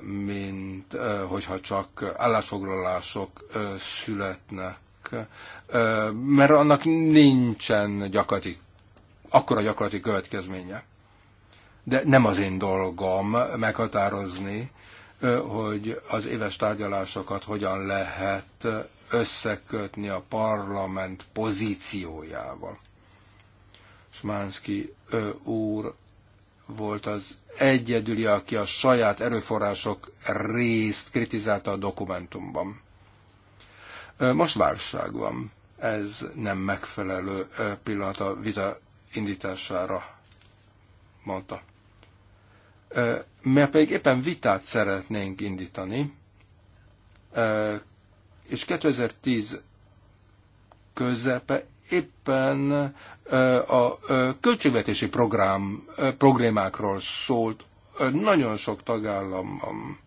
Speaker 2: mint hogyha csak állásfoglalások születnek, mert annak nincsen gyakorlati, akkora gyakorlati következménye. De nem az én dolgom meghatározni, hogy az éves tárgyalásokat hogyan lehet összekötni a parlament pozíciójával. Smánszki úr volt az egyedüli, aki a saját erőforrások részt kritizálta a dokumentumban. Most válság van. Ez nem megfelelő pillanat a vita indítására, mondta. Mert pedig éppen vitát szeretnénk indítani, és 2010 közepe éppen a költségvetési program problémákról szólt nagyon sok tagállamban,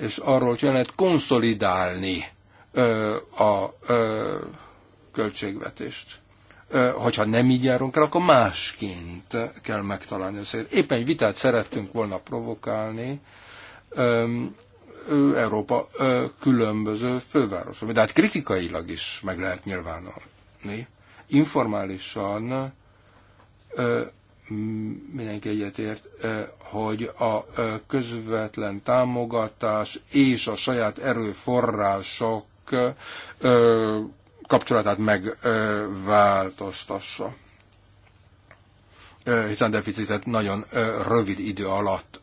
Speaker 2: és arról, hogy lehet konszolidálni a költségvetést. Hogyha nem így járunk el, akkor másként kell megtalálni összeget. Éppen egy vitát szerettünk volna provokálni Európa különböző fővárosok. de hát kritikailag is meg lehet nyilvánulni informálisan mindenki egyetért, hogy a közvetlen támogatás és a saját erőforrások kapcsolatát megváltoztassa. Hiszen deficitet nagyon rövid idő alatt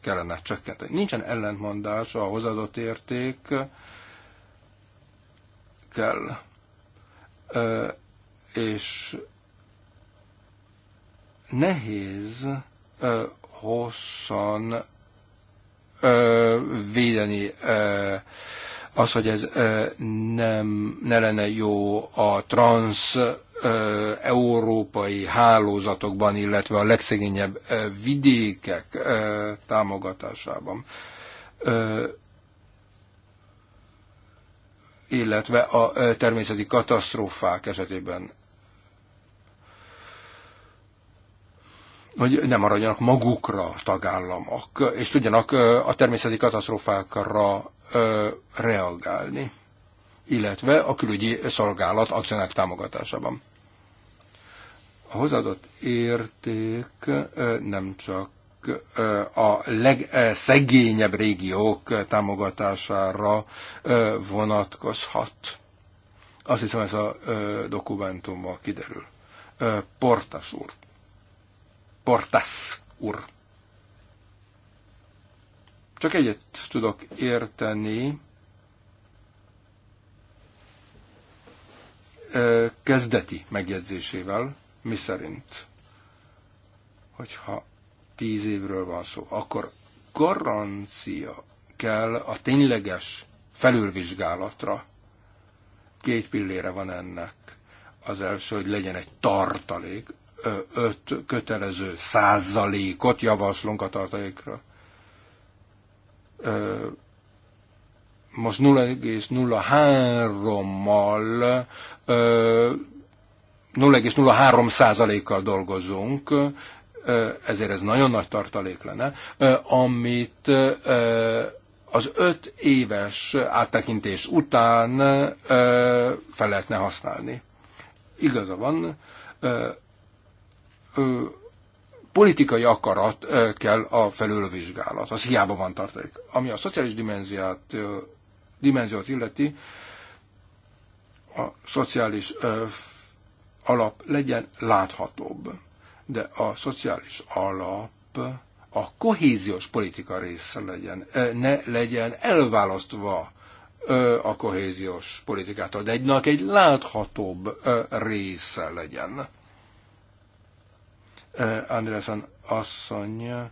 Speaker 2: kellene csökkenteni. Nincsen ellentmondás a hozadott érték kell és nehéz ö, hosszan ö, védeni ö, az, hogy ez ö, nem, ne lenne jó a transz ö, európai hálózatokban, illetve a legszegényebb ö, vidékek ö, támogatásában. Ö, illetve a természeti katasztrófák esetében hogy nem maradjanak magukra a tagállamok, és tudjanak a természeti katasztrófákra reagálni, illetve a külügyi szolgálat akcionák támogatásában. A hozadott érték nem csak a legszegényebb régiók támogatására vonatkozhat. Azt hiszem ez a dokumentumban kiderül. Portas úr. Portas úr. Csak egyet tudok érteni. Kezdeti megjegyzésével, miszerint, hogyha tíz évről van szó, akkor garancia kell a tényleges felülvizsgálatra. Két pillére van ennek. Az első, hogy legyen egy tartalék, öt kötelező százalékot javaslunk a tartalékra. Most 0,03-mal 0,03 százalékkal dolgozunk, ezért ez nagyon nagy tartalék lenne, amit az öt éves áttekintés után fel lehetne használni. Igaza van, politikai akarat kell a felülvizsgálat, az hiába van tartalék. Ami a szociális dimenziát, dimenziót illeti, a szociális alap legyen láthatóbb, de a szociális alap a kohéziós politika része legyen, ne legyen elválasztva a kohéziós politikától, de egynak egy láthatóbb része legyen. Eh, Andreasen asszony eh,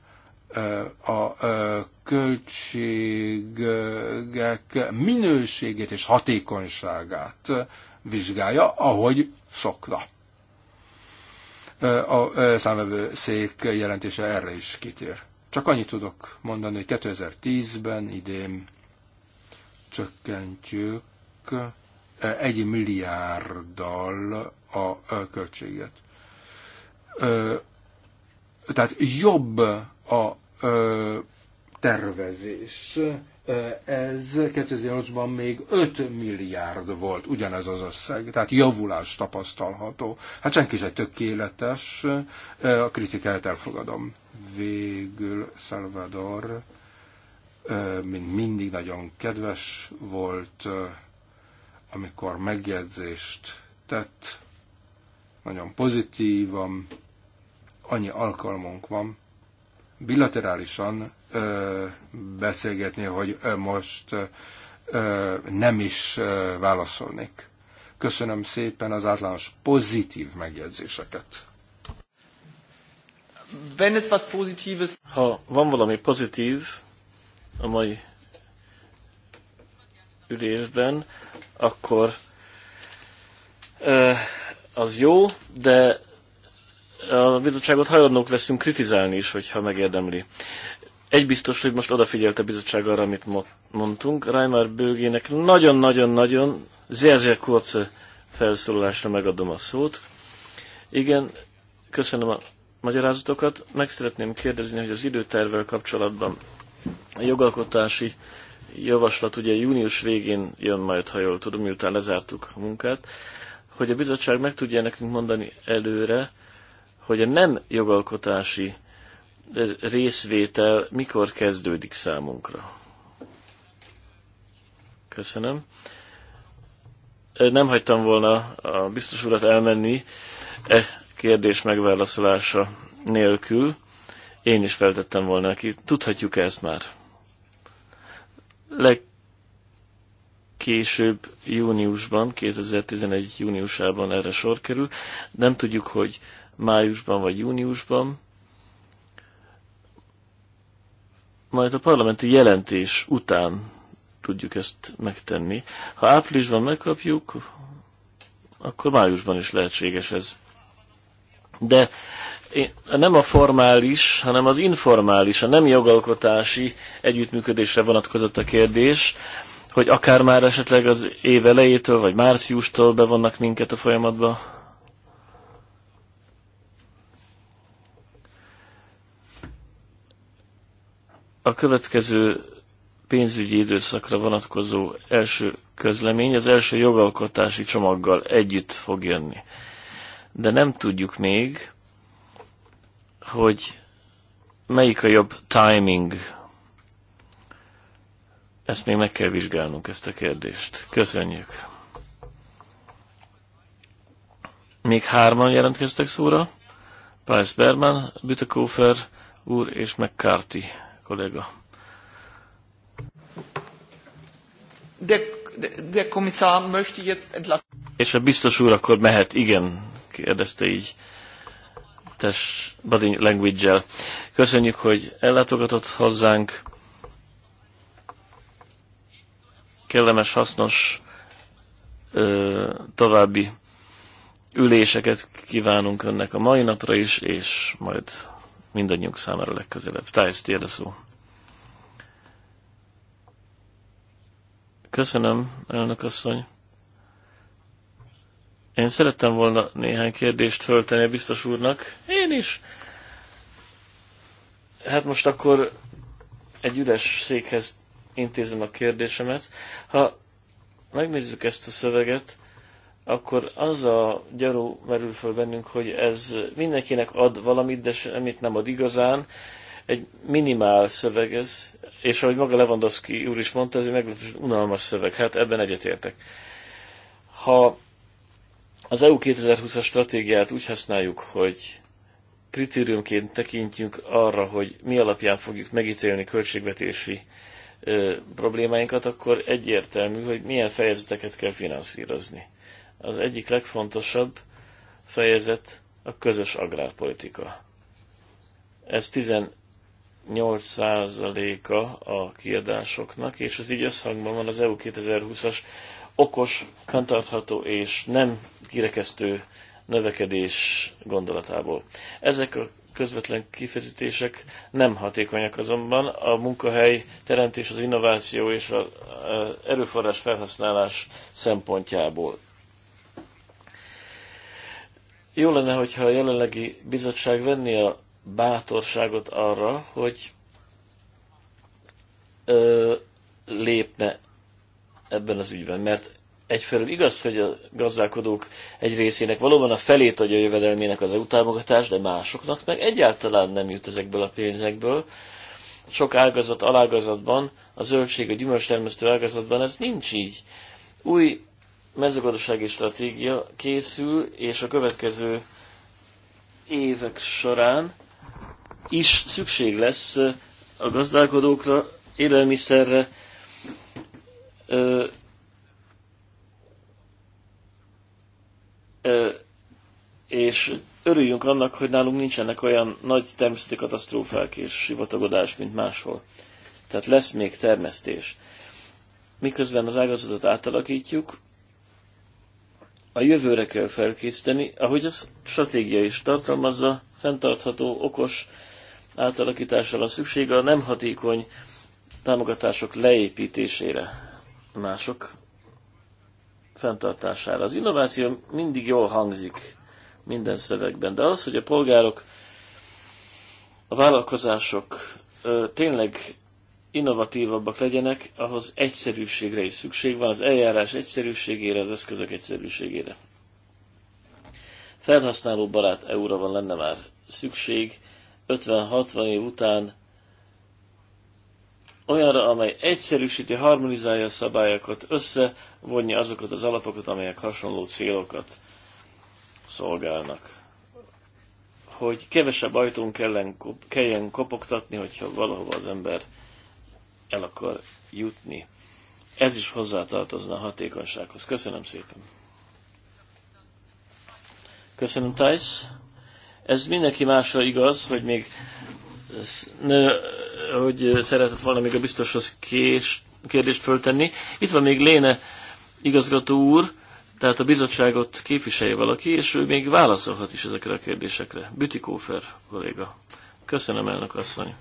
Speaker 2: a eh, költségek minőségét és hatékonyságát vizsgálja, ahogy szokta. A szék jelentése erre is kitér. Csak annyit tudok mondani, hogy 2010-ben idén csökkentjük egy milliárddal a költséget tehát jobb a ö, tervezés. Ez 2008-ban még 5 milliárd volt, ugyanez az összeg, tehát javulás tapasztalható. Hát senki se tökéletes, a kritikát elfogadom. Végül Salvador, mint mindig nagyon kedves volt, amikor megjegyzést tett, nagyon pozitívan, annyi alkalmunk van bilaterálisan ö, beszélgetni, hogy ö, most ö, nem is ö, válaszolnék. Köszönöm szépen az általános
Speaker 1: pozitív megjegyzéseket. Wenn es was Positives... Ha van valami pozitív a mai ülésben, akkor az jó, de a bizottságot hajlandók leszünk kritizálni is, hogyha megérdemli. Egy biztos, hogy most odafigyelt a bizottság arra, amit mondtunk. Reimer Bőgének nagyon-nagyon-nagyon Zerzer Kurce felszólalásra megadom a szót. Igen, köszönöm a magyarázatokat. Meg szeretném kérdezni, hogy az időtervvel kapcsolatban a jogalkotási javaslat ugye június végén jön majd, ha jól tudom, miután lezártuk a munkát, hogy a bizottság meg tudja nekünk mondani előre, hogy a nem jogalkotási eh, részvétel mikor kezdődik számunkra. Köszönöm. Eh, nem hagytam volna a biztos urat elmenni e kérdés megválaszolása nélkül. Én is feltettem volna neki. Tudhatjuk -e ezt már? Legkésőbb júniusban, 2011 júniusában erre sor kerül. Nem tudjuk, hogy májusban vagy júniusban. Majd a parlamenti jelentés után tudjuk ezt megtenni. Ha áprilisban megkapjuk, akkor májusban is lehetséges ez. De nem a formális, hanem az informális, a nem jogalkotási együttműködésre vonatkozott a kérdés, hogy akár már esetleg az év elejétől, vagy márciustól bevonnak minket a folyamatba. a következő pénzügyi időszakra vonatkozó első közlemény az első jogalkotási csomaggal együtt fog jönni. De nem tudjuk még, hogy melyik a jobb timing. Ezt még meg kell vizsgálnunk, ezt a kérdést. Köszönjük. Még hárman jelentkeztek szóra. Pajsz Berman, Bütekófer úr és McCarthy kolega. De, de, de komisár möchte jetzt entlassen. És a biztos úr akkor mehet, igen, kérdezte így test body language-el. Köszönjük, hogy ellátogatott hozzánk. Kellemes, hasznos ö, további üléseket kívánunk önnek a mai napra is, és majd mindannyiunk számára legközelebb. Tájsz, tiéd a szó. Köszönöm, elnök asszony. Én szerettem volna néhány kérdést föltenni a biztos úrnak. Én is. Hát most akkor egy üres székhez intézem a kérdésemet. Ha megnézzük ezt a szöveget, akkor az a gyaró merül föl bennünk, hogy ez mindenkinek ad valamit, de semmit nem ad igazán. Egy minimál szöveg ez, és ahogy maga Lewandowski úr is mondta, ez egy meglehetősen unalmas szöveg. Hát ebben egyetértek. Ha az EU 2020-as stratégiát úgy használjuk, hogy kritériumként tekintjük arra, hogy mi alapján fogjuk megítélni költségvetési ö, problémáinkat, akkor egyértelmű, hogy milyen fejezeteket kell finanszírozni az egyik legfontosabb fejezet a közös agrárpolitika. Ez 18%-a a kiadásoknak, és ez így összhangban van az EU 2020-as okos, fenntartható és nem kirekesztő növekedés gondolatából. Ezek a közvetlen kifejezések nem hatékonyak azonban, a munkahely teremtés, az innováció és az erőforrás felhasználás szempontjából. Jó lenne, hogyha a jelenlegi bizottság venni a bátorságot arra, hogy ö, lépne ebben az ügyben, mert egyfelől igaz, hogy a gazdálkodók egy részének valóban a felét adja a jövedelmének az EU támogatás, de másoknak meg egyáltalán nem jut ezekből a pénzekből. Sok ágazat, alágazatban, a zöldség, a gyümölcstermesztő ágazatban ez nincs így. Új mezőgazdasági stratégia készül, és a következő évek során is szükség lesz a gazdálkodókra, élelmiszerre, ö, ö, és örüljünk annak, hogy nálunk nincsenek olyan nagy természeti katasztrófák és sivatagodás, mint máshol. Tehát lesz még termesztés. Miközben az ágazatot átalakítjuk, a jövőre kell felkészíteni, ahogy az stratégia is tartalmazza, fenntartható, okos átalakításra a szükség a nem hatékony támogatások leépítésére, mások fenntartására. Az innováció mindig jól hangzik minden szövegben, de az, hogy a polgárok, a vállalkozások tényleg innovatívabbak legyenek, ahhoz egyszerűségre is szükség van, az eljárás egyszerűségére, az eszközök egyszerűségére. Felhasználó barát euróra van lenne már szükség, 50-60 év után olyanra, amely egyszerűsíti, harmonizálja a szabályokat, összevonja azokat az alapokat, amelyek hasonló célokat szolgálnak. Hogy kevesebb ajtón kelljen kopogtatni, hogyha valahova az ember el akar jutni. Ez is hozzátartozna a hatékonysághoz. Köszönöm szépen. Köszönöm, Tajsz. Ez mindenki másra igaz, hogy még ne, hogy szeretett volna még a biztoshoz kés, kérdést föltenni. Itt van még Léne igazgató úr, tehát a bizottságot képviselje valaki, és ő még válaszolhat is ezekre a kérdésekre. Bütikófer kolléga. Köszönöm, elnök asszony.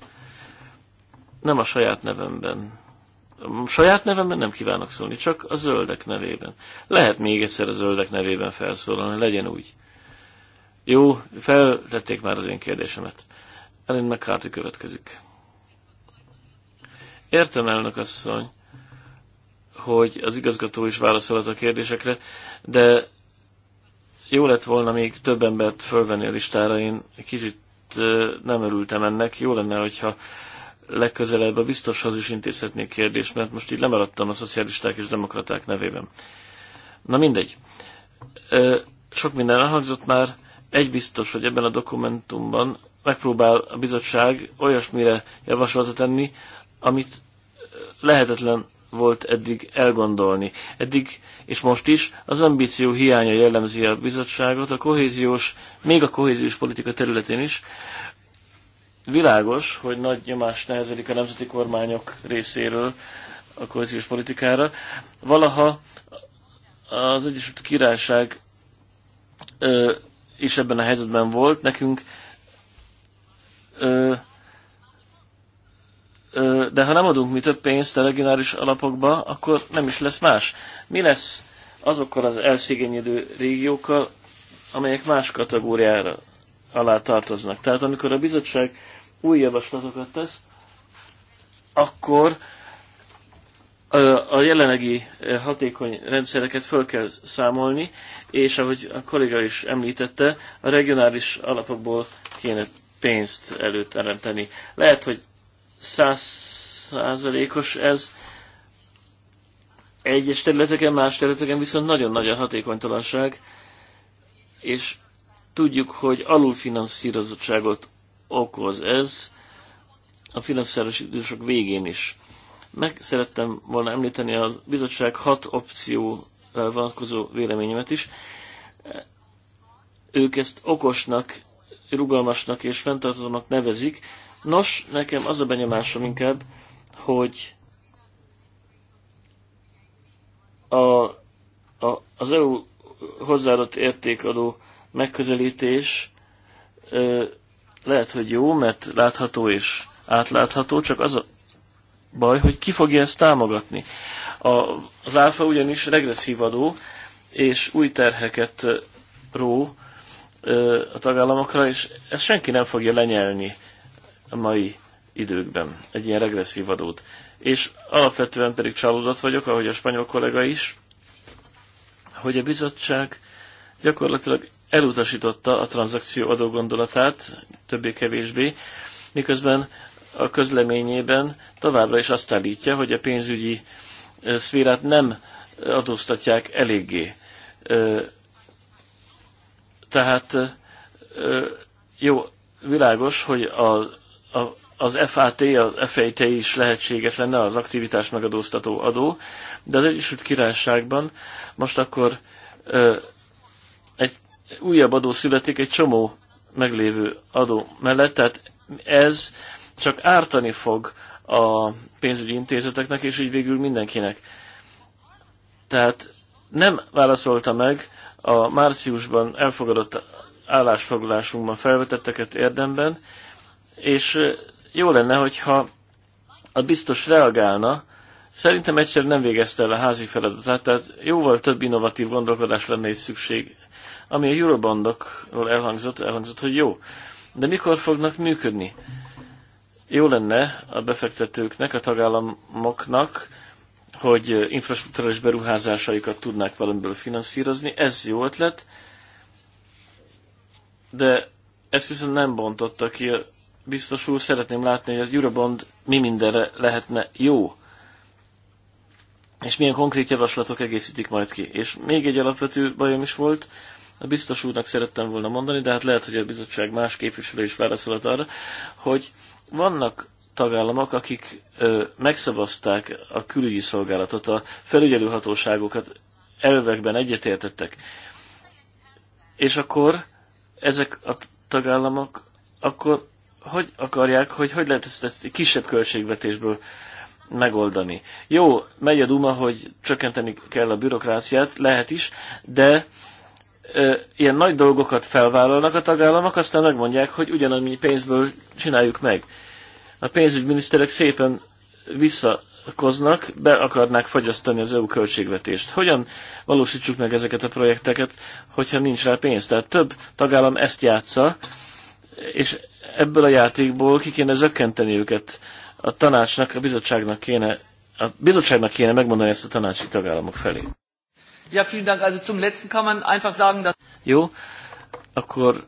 Speaker 1: Nem a saját nevemben. A saját nevemben nem kívánok szólni, csak a zöldek nevében. Lehet még egyszer a zöldek nevében felszólalni, legyen úgy. Jó, feltették már az én kérdésemet. Ellen McCarthy következik. Értem, elnök asszony, hogy az igazgató is válaszolhat a kérdésekre, de jó lett volna még több embert fölvenni a listára, én kicsit nem örültem ennek. Jó lenne, hogyha legközelebb a biztoshoz is intézhetnék kérdést, mert most így lemaradtam a szocialisták és demokraták nevében. Na mindegy. Sok minden elhangzott már. Egy biztos, hogy ebben a dokumentumban megpróbál a bizottság olyasmire javaslatot tenni, amit lehetetlen volt eddig elgondolni. Eddig és most is az ambíció hiánya jellemzi a bizottságot, a kohéziós, még a kohéziós politika területén is, Világos, hogy nagy nyomás nehezedik a nemzeti kormányok részéről a koalíciós politikára. Valaha az Egyesült Királyság ö, is ebben a helyzetben volt. Nekünk ö, ö, de ha nem adunk mi több pénzt a regionális alapokba, akkor nem is lesz más. Mi lesz azokkal az elszigényedő régiókkal, amelyek más kategóriára alá tartoznak. Tehát amikor a bizottság új javaslatokat tesz, akkor a jelenlegi hatékony rendszereket föl kell számolni, és ahogy a kolléga is említette, a regionális alapokból kéne pénzt előteremteni. Lehet, hogy százszázalékos ez egyes területeken, más területeken viszont nagyon nagy a hatékonytalanság, és Tudjuk, hogy alulfinanszírozottságot okoz ez a finanszíros idősok végén is. Meg szerettem volna említeni a bizottság hat opció vonatkozó véleményemet is. Ők ezt okosnak, rugalmasnak és fenntartatónak nevezik. Nos, nekem az a benyomásom inkább, hogy a, a, az EU hozzáadott értékadó megközelítés lehet, hogy jó, mert látható és átlátható, csak az a baj, hogy ki fogja ezt támogatni. A, az áfa ugyanis regresszív adó, és új terheket ró a tagállamokra, és ezt senki nem fogja lenyelni a mai időkben, egy ilyen regresszív adót. És alapvetően pedig csalódott vagyok, ahogy a spanyol kollega is, hogy a bizottság gyakorlatilag elutasította a tranzakció adó gondolatát, többé-kevésbé, miközben a közleményében továbbra is azt állítja, hogy a pénzügyi eh, szférát nem adóztatják eléggé. Tehát jó, világos, hogy a, a, az FAT, az FAT is lehetséges lenne, az aktivitás megadóztató adó, de az Egyesült Királyságban most akkor egy újabb adó születik egy csomó meglévő adó mellett, tehát ez csak ártani fog a pénzügyi intézeteknek, és így végül mindenkinek. Tehát nem válaszolta meg a márciusban elfogadott állásfoglalásunkban felvetetteket érdemben, és jó lenne, hogyha a biztos reagálna, szerintem egyszer nem végezte el a házi feladatát, tehát jóval több innovatív gondolkodás lenne itt szükség ami a Eurobandokról elhangzott, elhangzott, hogy jó. De mikor fognak működni? Jó lenne a befektetőknek, a tagállamoknak, hogy infrastruktúrás beruházásaikat tudnák valamiből finanszírozni. Ez jó ötlet, de ezt viszont nem bontotta ki biztos úr. Szeretném látni, hogy az Eurobond mi mindenre lehetne jó, és milyen konkrét javaslatok egészítik majd ki. És még egy alapvető bajom is volt, a biztos úrnak szerettem volna mondani, de hát lehet, hogy a bizottság más képviselő is válaszolhat arra, hogy vannak tagállamok, akik ö, megszavazták a külügyi szolgálatot, a felügyelőhatóságokat elvekben egyetértettek. És akkor ezek a tagállamok akkor hogy akarják, hogy hogy lehet ezt, ezt kisebb költségvetésből megoldani. Jó, megy a duma, hogy csökkenteni kell a bürokráciát, lehet is, de ilyen nagy dolgokat felvállalnak a tagállamok, aztán megmondják, hogy ugyanannyi pénzből csináljuk meg. A pénzügyminiszterek szépen visszakoznak, be akarnák fagyasztani az EU költségvetést. Hogyan valósítsuk meg ezeket a projekteket, hogyha nincs rá pénz? Tehát több tagállam ezt játsza, és ebből a játékból ki kéne zökkenteni őket. A tanácsnak, a bizottságnak kéne, a bizottságnak kéne megmondani ezt a tanácsi tagállamok felé. Ja, vielen Dank. Also zum letzten kann man einfach sagen, dass... Jó, akkor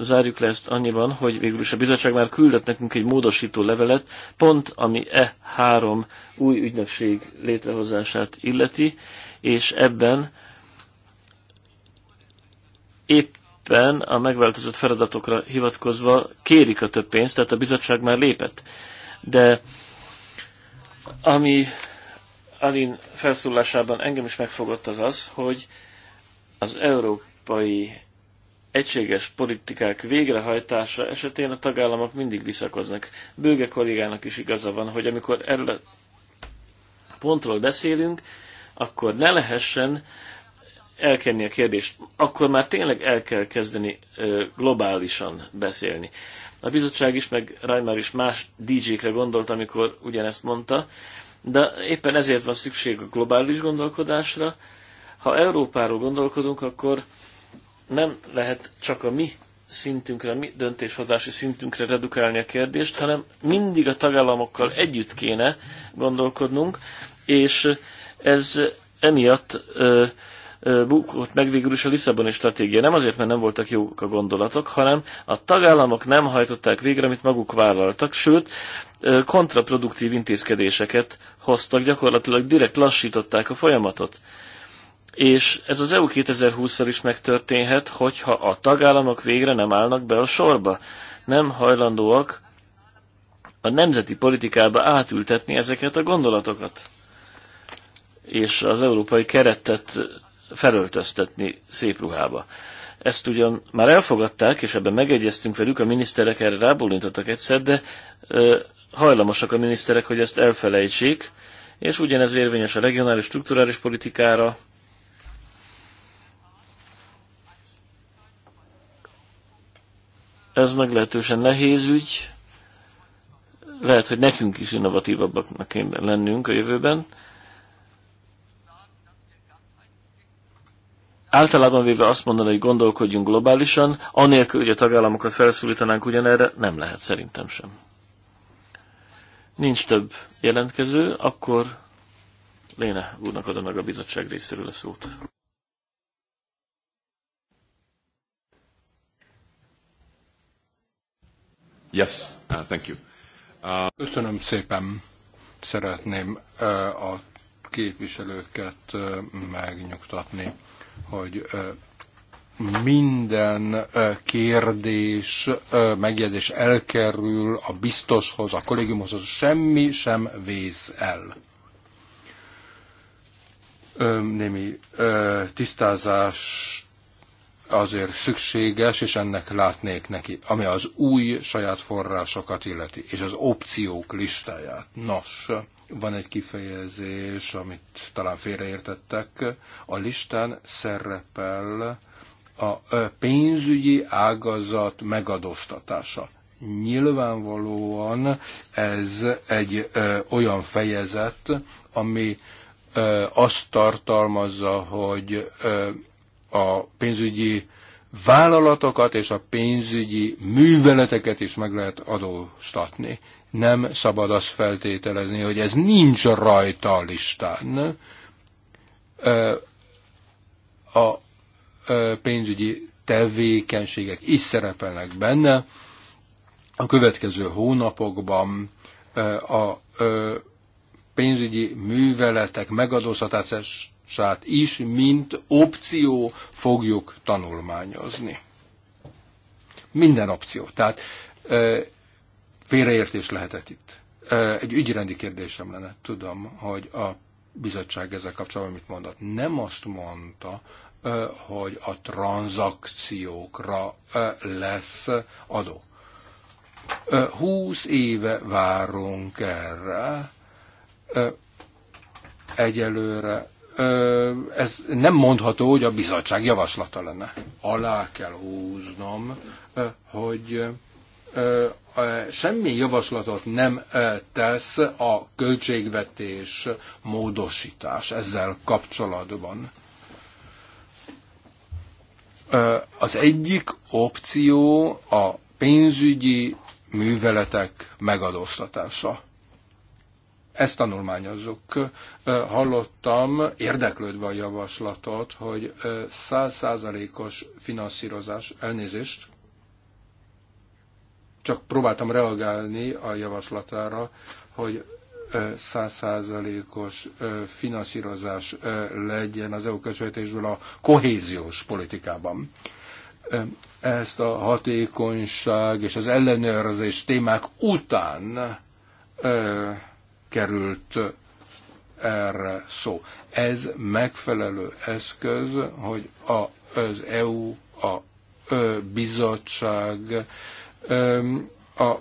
Speaker 1: zárjuk le ezt annyiban, hogy végül is a bizottság már küldött nekünk egy módosító levelet, pont ami e három új ügynökség létrehozását illeti, és ebben éppen a megváltozott feladatokra hivatkozva kérik a több pénzt, tehát a bizottság már lépett. De ami Alin felszólásában engem is megfogott az az, hogy az európai egységes politikák végrehajtása esetén a tagállamok mindig visszakoznak. Bőge kollégának is igaza van, hogy amikor erről a pontról beszélünk, akkor ne lehessen elkenni a kérdést. Akkor már tényleg el kell kezdeni globálisan beszélni. A bizottság is, meg Reimer is más DJ-kre gondolt, amikor ugyanezt mondta, de éppen ezért van szükség a globális gondolkodásra. Ha Európáról gondolkodunk, akkor nem lehet csak a mi szintünkre, mi döntéshozási szintünkre redukálni a kérdést, hanem mindig a tagállamokkal együtt kéne gondolkodnunk, és ez emiatt ö, ö, bukott meg végül is a Lisszaboni stratégia. Nem azért, mert nem voltak jók a gondolatok, hanem a tagállamok nem hajtották végre, amit maguk vállaltak, sőt, kontraproduktív intézkedéseket hoztak, gyakorlatilag direkt lassították a folyamatot. És ez az EU 2020-szal is megtörténhet, hogyha a tagállamok végre nem állnak be a sorba, nem hajlandóak a nemzeti politikába átültetni ezeket a gondolatokat, és az európai keretet felöltöztetni szép ruhába. Ezt ugyan már elfogadták, és ebben megegyeztünk velük, a miniszterek erre rábólintottak egyszer, de hajlamosak a miniszterek, hogy ezt elfelejtsék, és ugyanez érvényes a regionális strukturális politikára. Ez meglehetősen nehéz ügy. Lehet, hogy nekünk is innovatívabbaknak kéne lennünk a jövőben. Általában véve azt mondani, hogy gondolkodjunk globálisan, anélkül, hogy a tagállamokat felszólítanánk ugyanerre, nem lehet szerintem sem nincs több jelentkező, akkor Léne úrnak adom meg a bizottság részéről a szót. Yes,
Speaker 2: uh, thank you. Uh... Köszönöm szépen. Szeretném uh, a képviselőket uh, megnyugtatni, hogy uh, minden kérdés, megjegyzés elkerül a biztoshoz, a kollégiumhoz, semmi sem vész el. Némi tisztázás azért szükséges, és ennek látnék neki, ami az új saját forrásokat illeti, és az opciók listáját. Nos, van egy kifejezés, amit talán félreértettek. A listán szerepel a pénzügyi ágazat megadóztatása. Nyilvánvalóan ez egy ö, olyan fejezet, ami ö, azt tartalmazza, hogy ö, a pénzügyi vállalatokat és a pénzügyi műveleteket is meg lehet adóztatni. Nem szabad azt feltételezni, hogy ez nincs rajta a listán. A pénzügyi tevékenységek is szerepelnek benne. A következő hónapokban a pénzügyi műveletek megadóztatását is, mint opció fogjuk tanulmányozni. Minden opció. Tehát félreértés lehetett itt. Egy ügyrendi kérdésem lenne, tudom, hogy a bizottság ezzel kapcsolatban mit mondott. Nem azt mondta, hogy a tranzakciókra lesz adó. 20 éve várunk erre. Egyelőre ez nem mondható, hogy a bizottság javaslata lenne. Alá kell húznom, hogy semmi javaslatot nem tesz a költségvetés módosítás ezzel kapcsolatban. Az egyik opció a pénzügyi műveletek megadóztatása. Ezt tanulmányozzuk. Hallottam érdeklődve a javaslatot, hogy százszázalékos finanszírozás, elnézést, csak próbáltam reagálni a javaslatára, hogy százszázalékos finanszírozás legyen az EU költségvetésből a kohéziós politikában. Ezt a hatékonyság és az ellenőrzés témák után került erre szó. Ez megfelelő eszköz, hogy a, az EU, a bizottság, a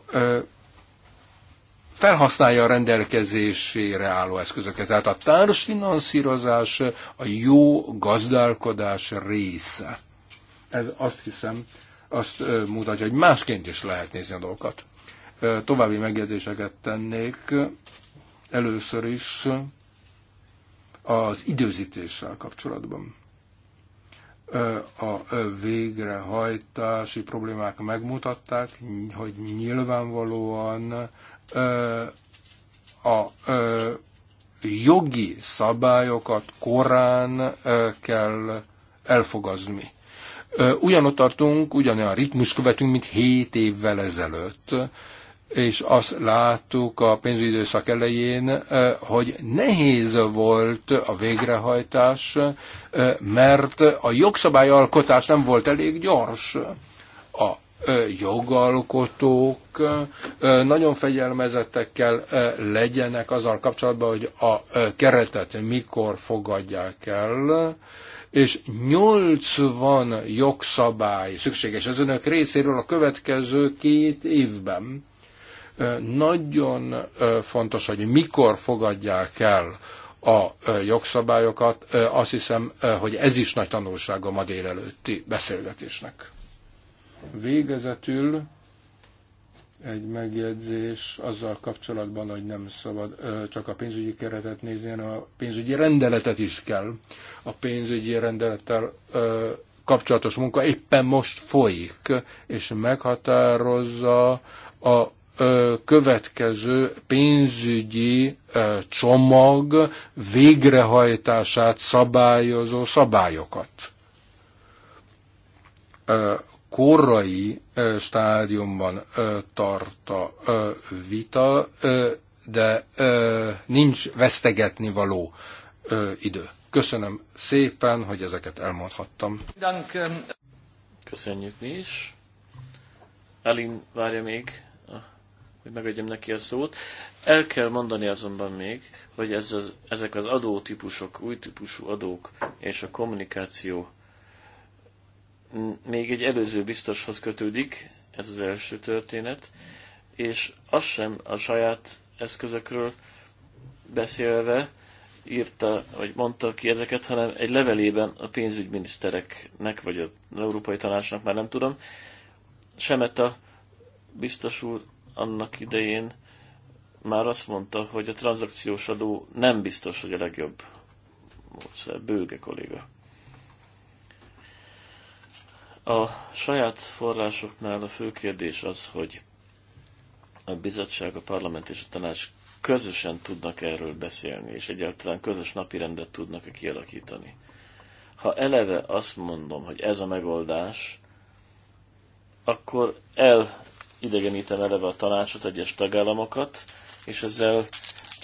Speaker 2: felhasználja a rendelkezésére álló eszközöket. Tehát a társfinanszírozás a jó gazdálkodás része. Ez azt hiszem, azt mutatja, hogy másként is lehet nézni a dolgokat. További megjegyzéseket tennék. Először is az időzítéssel kapcsolatban. A végrehajtási problémák megmutatták, hogy nyilvánvalóan a jogi szabályokat korán kell elfogazni. Ugyanott tartunk, ugyanolyan ritmus követünk, mint 7 évvel ezelőtt, és azt láttuk a pénzügyi időszak elején, hogy nehéz volt a végrehajtás, mert a jogszabályalkotás nem volt elég gyors. A jogalkotók nagyon fegyelmezettek kell legyenek azzal kapcsolatban, hogy a keretet mikor fogadják el, és 80 jogszabály szükséges az önök részéről a következő két évben. Nagyon fontos, hogy mikor fogadják el a jogszabályokat. Azt hiszem, hogy ez is nagy a ma délelőtti beszélgetésnek. Végezetül egy megjegyzés azzal kapcsolatban, hogy nem szabad csak a pénzügyi keretet nézni, hanem a pénzügyi rendeletet is kell. A pénzügyi rendelettel kapcsolatos munka éppen most folyik, és meghatározza a következő pénzügyi csomag végrehajtását szabályozó szabályokat korai stádiumban tart a vita, de nincs vesztegetni való idő. Köszönöm szépen, hogy ezeket elmondhattam.
Speaker 1: Köszönjük mi is. Elin várja még, hogy megadjam neki a szót. El kell mondani azonban még, hogy ez az, ezek az adótípusok, új típusú adók és a kommunikáció még egy előző biztoshoz kötődik, ez az első történet, és az sem a saját eszközökről beszélve írta, vagy mondta ki ezeket, hanem egy levelében a pénzügyminisztereknek, vagy az Európai Tanácsnak, már nem tudom, a biztos úr annak idején már azt mondta, hogy a tranzakciós adó nem biztos, hogy a legjobb módszer. Bőge kolléga. A saját forrásoknál a fő kérdés az, hogy a bizottság, a parlament és a tanács közösen tudnak erről beszélni, és egyáltalán közös napirendet tudnak-e kialakítani. Ha eleve azt mondom, hogy ez a megoldás, akkor elidegenítem eleve a tanácsot, egyes tagállamokat, és ezzel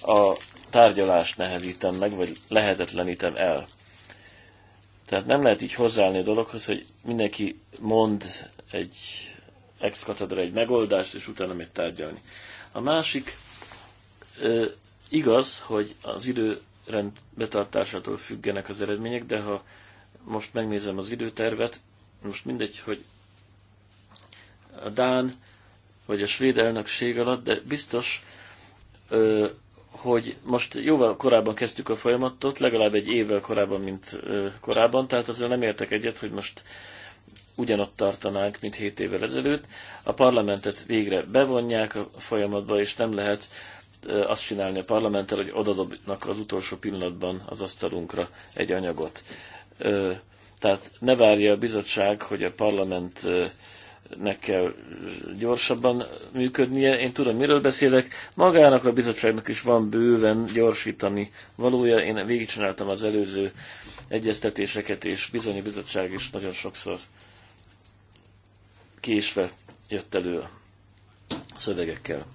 Speaker 1: a tárgyalást nehezítem meg, vagy lehetetlenítem el. Tehát nem lehet így hozzáállni a dologhoz, hogy mindenki mond egy ex egy megoldást, és utána még tárgyalni. A másik ö, igaz, hogy az időrend betartásától függenek az eredmények, de ha most megnézem az időtervet, most mindegy, hogy a Dán vagy a svéd elnökség alatt, de biztos ö, hogy most jóval korábban kezdtük a folyamatot, legalább egy évvel korábban, mint korábban, tehát azért nem értek egyet, hogy most ugyanott tartanánk, mint 7 évvel ezelőtt. A parlamentet végre bevonják a folyamatba, és nem lehet azt csinálni a parlamenttel, hogy odadobnak az utolsó pillanatban az asztalunkra egy anyagot. Tehát ne várja a bizottság, hogy a parlament nek kell gyorsabban működnie. Én tudom, miről beszélek. Magának a bizottságnak is van bőven gyorsítani valója. Én végigcsináltam az előző egyeztetéseket, és bizony a bizottság is nagyon sokszor késve jött elő a szövegekkel.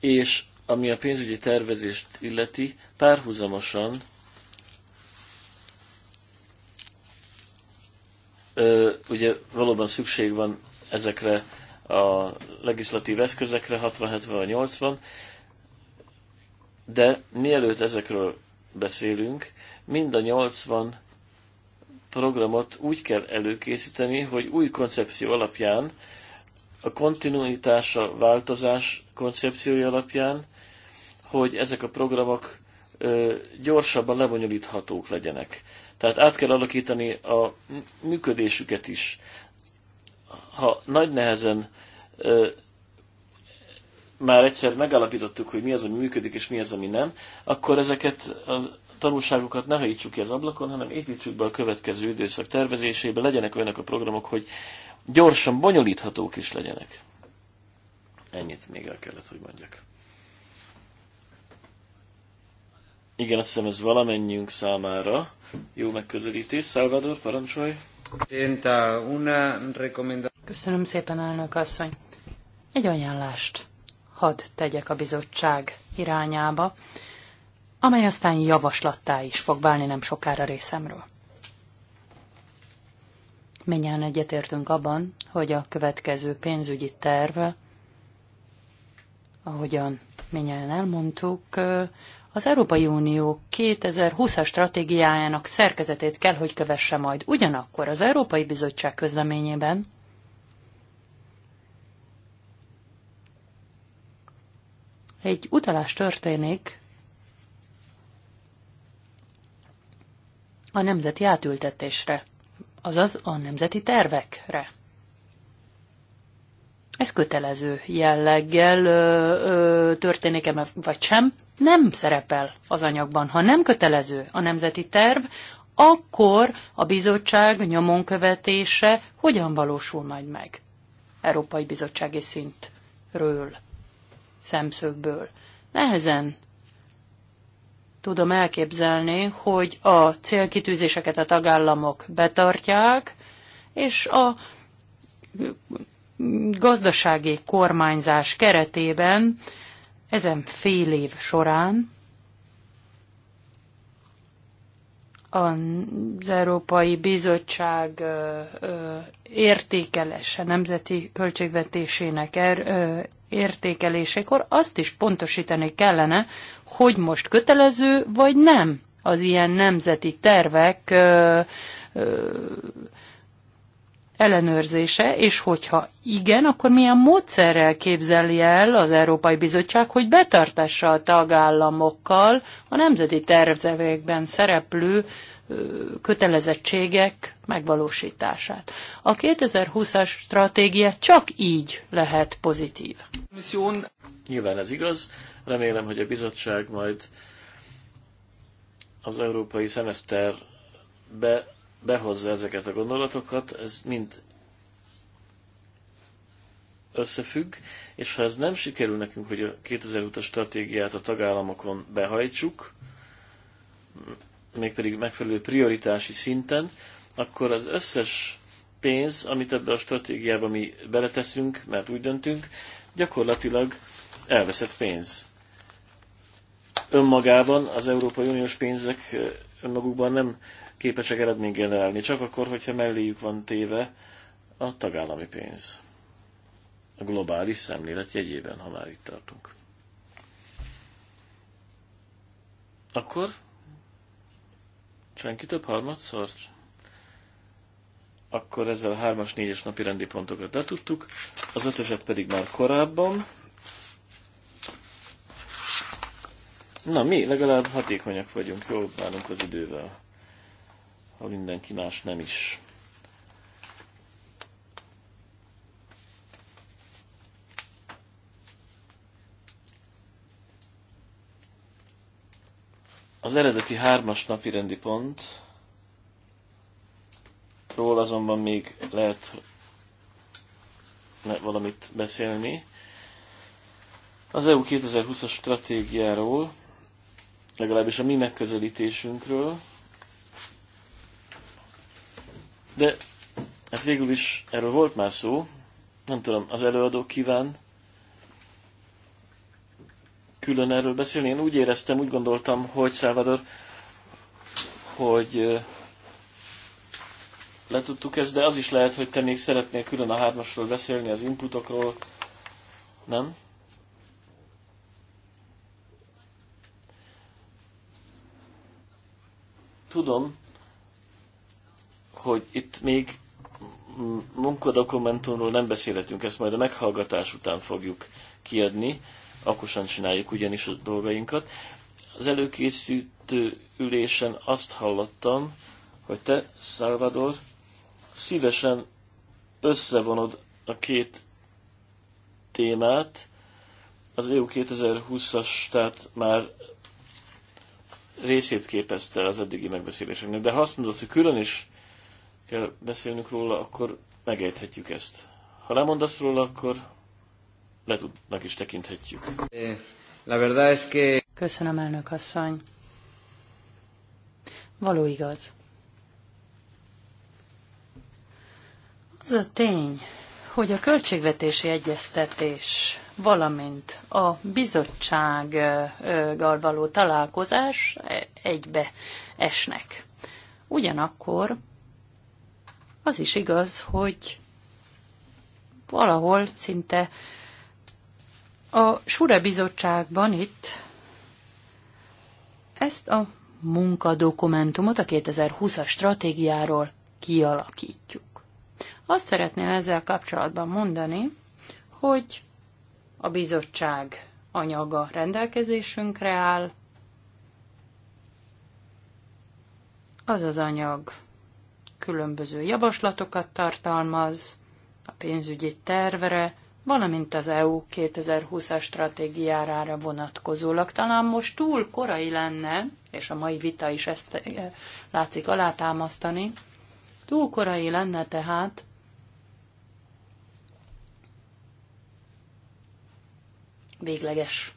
Speaker 1: És ami a pénzügyi tervezést illeti, párhuzamosan ö, ugye valóban szükség van ezekre a legislatív eszközekre, 60, 70 vagy 80, de mielőtt ezekről beszélünk, mind a 80 programot úgy kell előkészíteni, hogy új koncepció alapján, a kontinuitás, a változás koncepciója alapján, hogy ezek a programok gyorsabban lebonyolíthatók legyenek. Tehát át kell alakítani a működésüket is ha nagy nehezen ö, már egyszer megalapítottuk, hogy mi az, ami működik, és mi az, ami nem, akkor ezeket a tanulságokat ne hajítsuk ki az ablakon, hanem építsük be a következő időszak tervezésébe, legyenek olyanok a programok, hogy gyorsan bonyolíthatók is legyenek. Ennyit még el kellett, hogy mondjak. Igen, azt hiszem ez valamennyiünk számára jó megközelítés. Salvador, parancsolj!
Speaker 3: Köszönöm szépen, elnök asszony. Egy ajánlást hadd tegyek a bizottság irányába, amely aztán javaslattá is fog válni nem sokára részemről. Mindjárt egyetértünk abban, hogy a következő pénzügyi terv, ahogyan mindjárt elmondtuk, az Európai Unió 2020-as stratégiájának szerkezetét kell, hogy kövesse majd. Ugyanakkor az Európai Bizottság közleményében egy utalás történik a nemzeti átültetésre, azaz a nemzeti tervekre. Ez kötelező jelleggel ö, ö, történik-e vagy sem, nem szerepel az anyagban. Ha nem kötelező a nemzeti terv, akkor a bizottság nyomon követése hogyan valósul majd meg? Európai Bizottsági szintről, szemszögből. Nehezen tudom elképzelni, hogy a célkitűzéseket a tagállamok betartják, és a gazdasági kormányzás keretében ezen fél év során az Európai Bizottság értékelése, nemzeti költségvetésének er, értékelésekor azt is pontosítani kellene, hogy most kötelező vagy nem az ilyen nemzeti tervek ellenőrzése, és hogyha igen, akkor milyen módszerrel képzeli el az Európai Bizottság, hogy betartassa a tagállamokkal a nemzeti tervezőkben szereplő kötelezettségek megvalósítását. A 2020-as stratégia csak így lehet pozitív.
Speaker 1: Nyilván ez igaz. Remélem, hogy a bizottság majd az európai szemeszterbe behozza ezeket a gondolatokat, ez mind összefügg, és ha ez nem sikerül nekünk, hogy a 2020-as stratégiát a tagállamokon behajtsuk, mégpedig megfelelő prioritási szinten, akkor az összes pénz, amit ebbe a stratégiába mi beleteszünk, mert úgy döntünk, gyakorlatilag elveszett pénz. Önmagában az Európai Uniós pénzek önmagukban nem képesek eredmény generálni, csak akkor, hogyha melléjük van téve a tagállami pénz. A globális szemlélet jegyében, ha már itt tartunk. Akkor senki több harmadszor? Akkor ezzel a hármas, négyes napi rendi pontokat letudtuk, az ötöset pedig már korábban. Na mi, legalább hatékonyak vagyunk, jól bánunk az idővel ha mindenki más nem is. Az eredeti hármas napi rendi pont ról azonban még lehet valamit beszélni. Az EU 2020-as stratégiáról, legalábbis a mi megközelítésünkről, de hát végül is erről volt már szó. Nem tudom, az előadó kíván külön erről beszélni. Én úgy éreztem, úgy gondoltam, hogy szávador, hogy le tudtuk ezt, de az is lehet, hogy te még szeretnél külön a hármasról beszélni, az inputokról, nem? Tudom, hogy itt még munkadokumentumról nem beszélhetünk, ezt majd a meghallgatás után fogjuk kiadni, akosan csináljuk ugyanis a dolgainkat. Az előkészítő ülésen azt hallottam, hogy te, Salvador, szívesen összevonod a két témát, az EU 2020-as, tehát már részét képezte az eddigi megbeszéléseknek, de ha azt mondod, hogy külön is kell beszélnünk róla, akkor megejthetjük ezt. Ha lemondasz róla, akkor le tudnak is tekinthetjük. Eh, la verdad es que...
Speaker 3: Köszönöm, elnök asszony. Való igaz. Az a tény, hogy a költségvetési egyeztetés, valamint a bizottsággal való találkozás egybe esnek. Ugyanakkor az is igaz, hogy valahol szinte a Sure Bizottságban itt ezt a munkadokumentumot a 2020-as stratégiáról kialakítjuk. Azt szeretném ezzel kapcsolatban mondani, hogy a bizottság anyaga rendelkezésünkre áll, az az anyag, különböző javaslatokat tartalmaz a pénzügyi tervre, valamint az EU 2020-as stratégiárára vonatkozólag. Talán most túl korai lenne, és a mai vita is ezt eh, látszik alátámasztani, túl korai lenne tehát végleges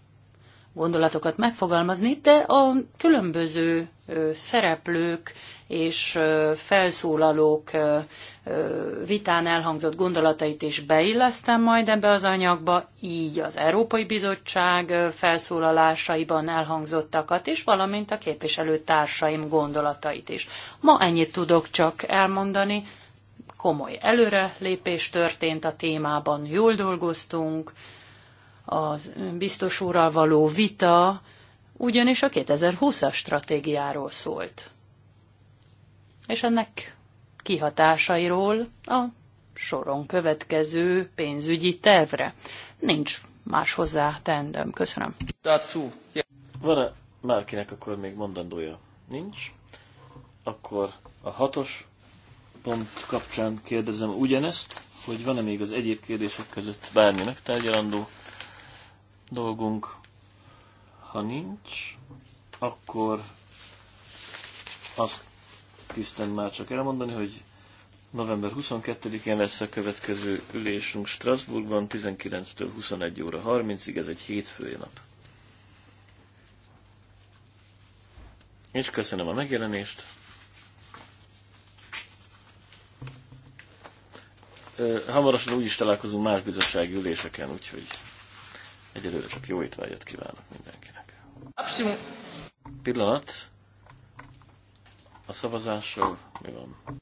Speaker 3: gondolatokat megfogalmazni, de a különböző szereplők és felszólalók vitán elhangzott gondolatait is beillesztem majd ebbe az anyagba, így az Európai Bizottság felszólalásaiban elhangzottakat is, valamint a képviselőtársaim gondolatait is. Ma ennyit tudok csak elmondani. Komoly előre lépés történt a témában, jól dolgoztunk, az biztos úrral való vita, ugyanis a 2020-as stratégiáról szólt és ennek kihatásairól a soron következő pénzügyi tervre. Nincs más hozzá teendőm. Köszönöm.
Speaker 1: Van-e bárkinek akkor még mondandója? Nincs. Akkor a hatos pont kapcsán kérdezem ugyanezt, hogy van-e még az egyéb kérdések között bármi megtárgyalandó dolgunk. Ha nincs, akkor azt Krisztán már csak elmondani, hogy november 22-én lesz a következő ülésünk Strasbourgban, 19-től 21 óra 30-ig, ez egy hétfői nap. És köszönöm a megjelenést. Hamarosan úgy is találkozunk más bizottsági üléseken, úgyhogy egyelőre csak jó étvágyat kívánok mindenkinek. Abszolút. Pillanat a szavazásról mi van?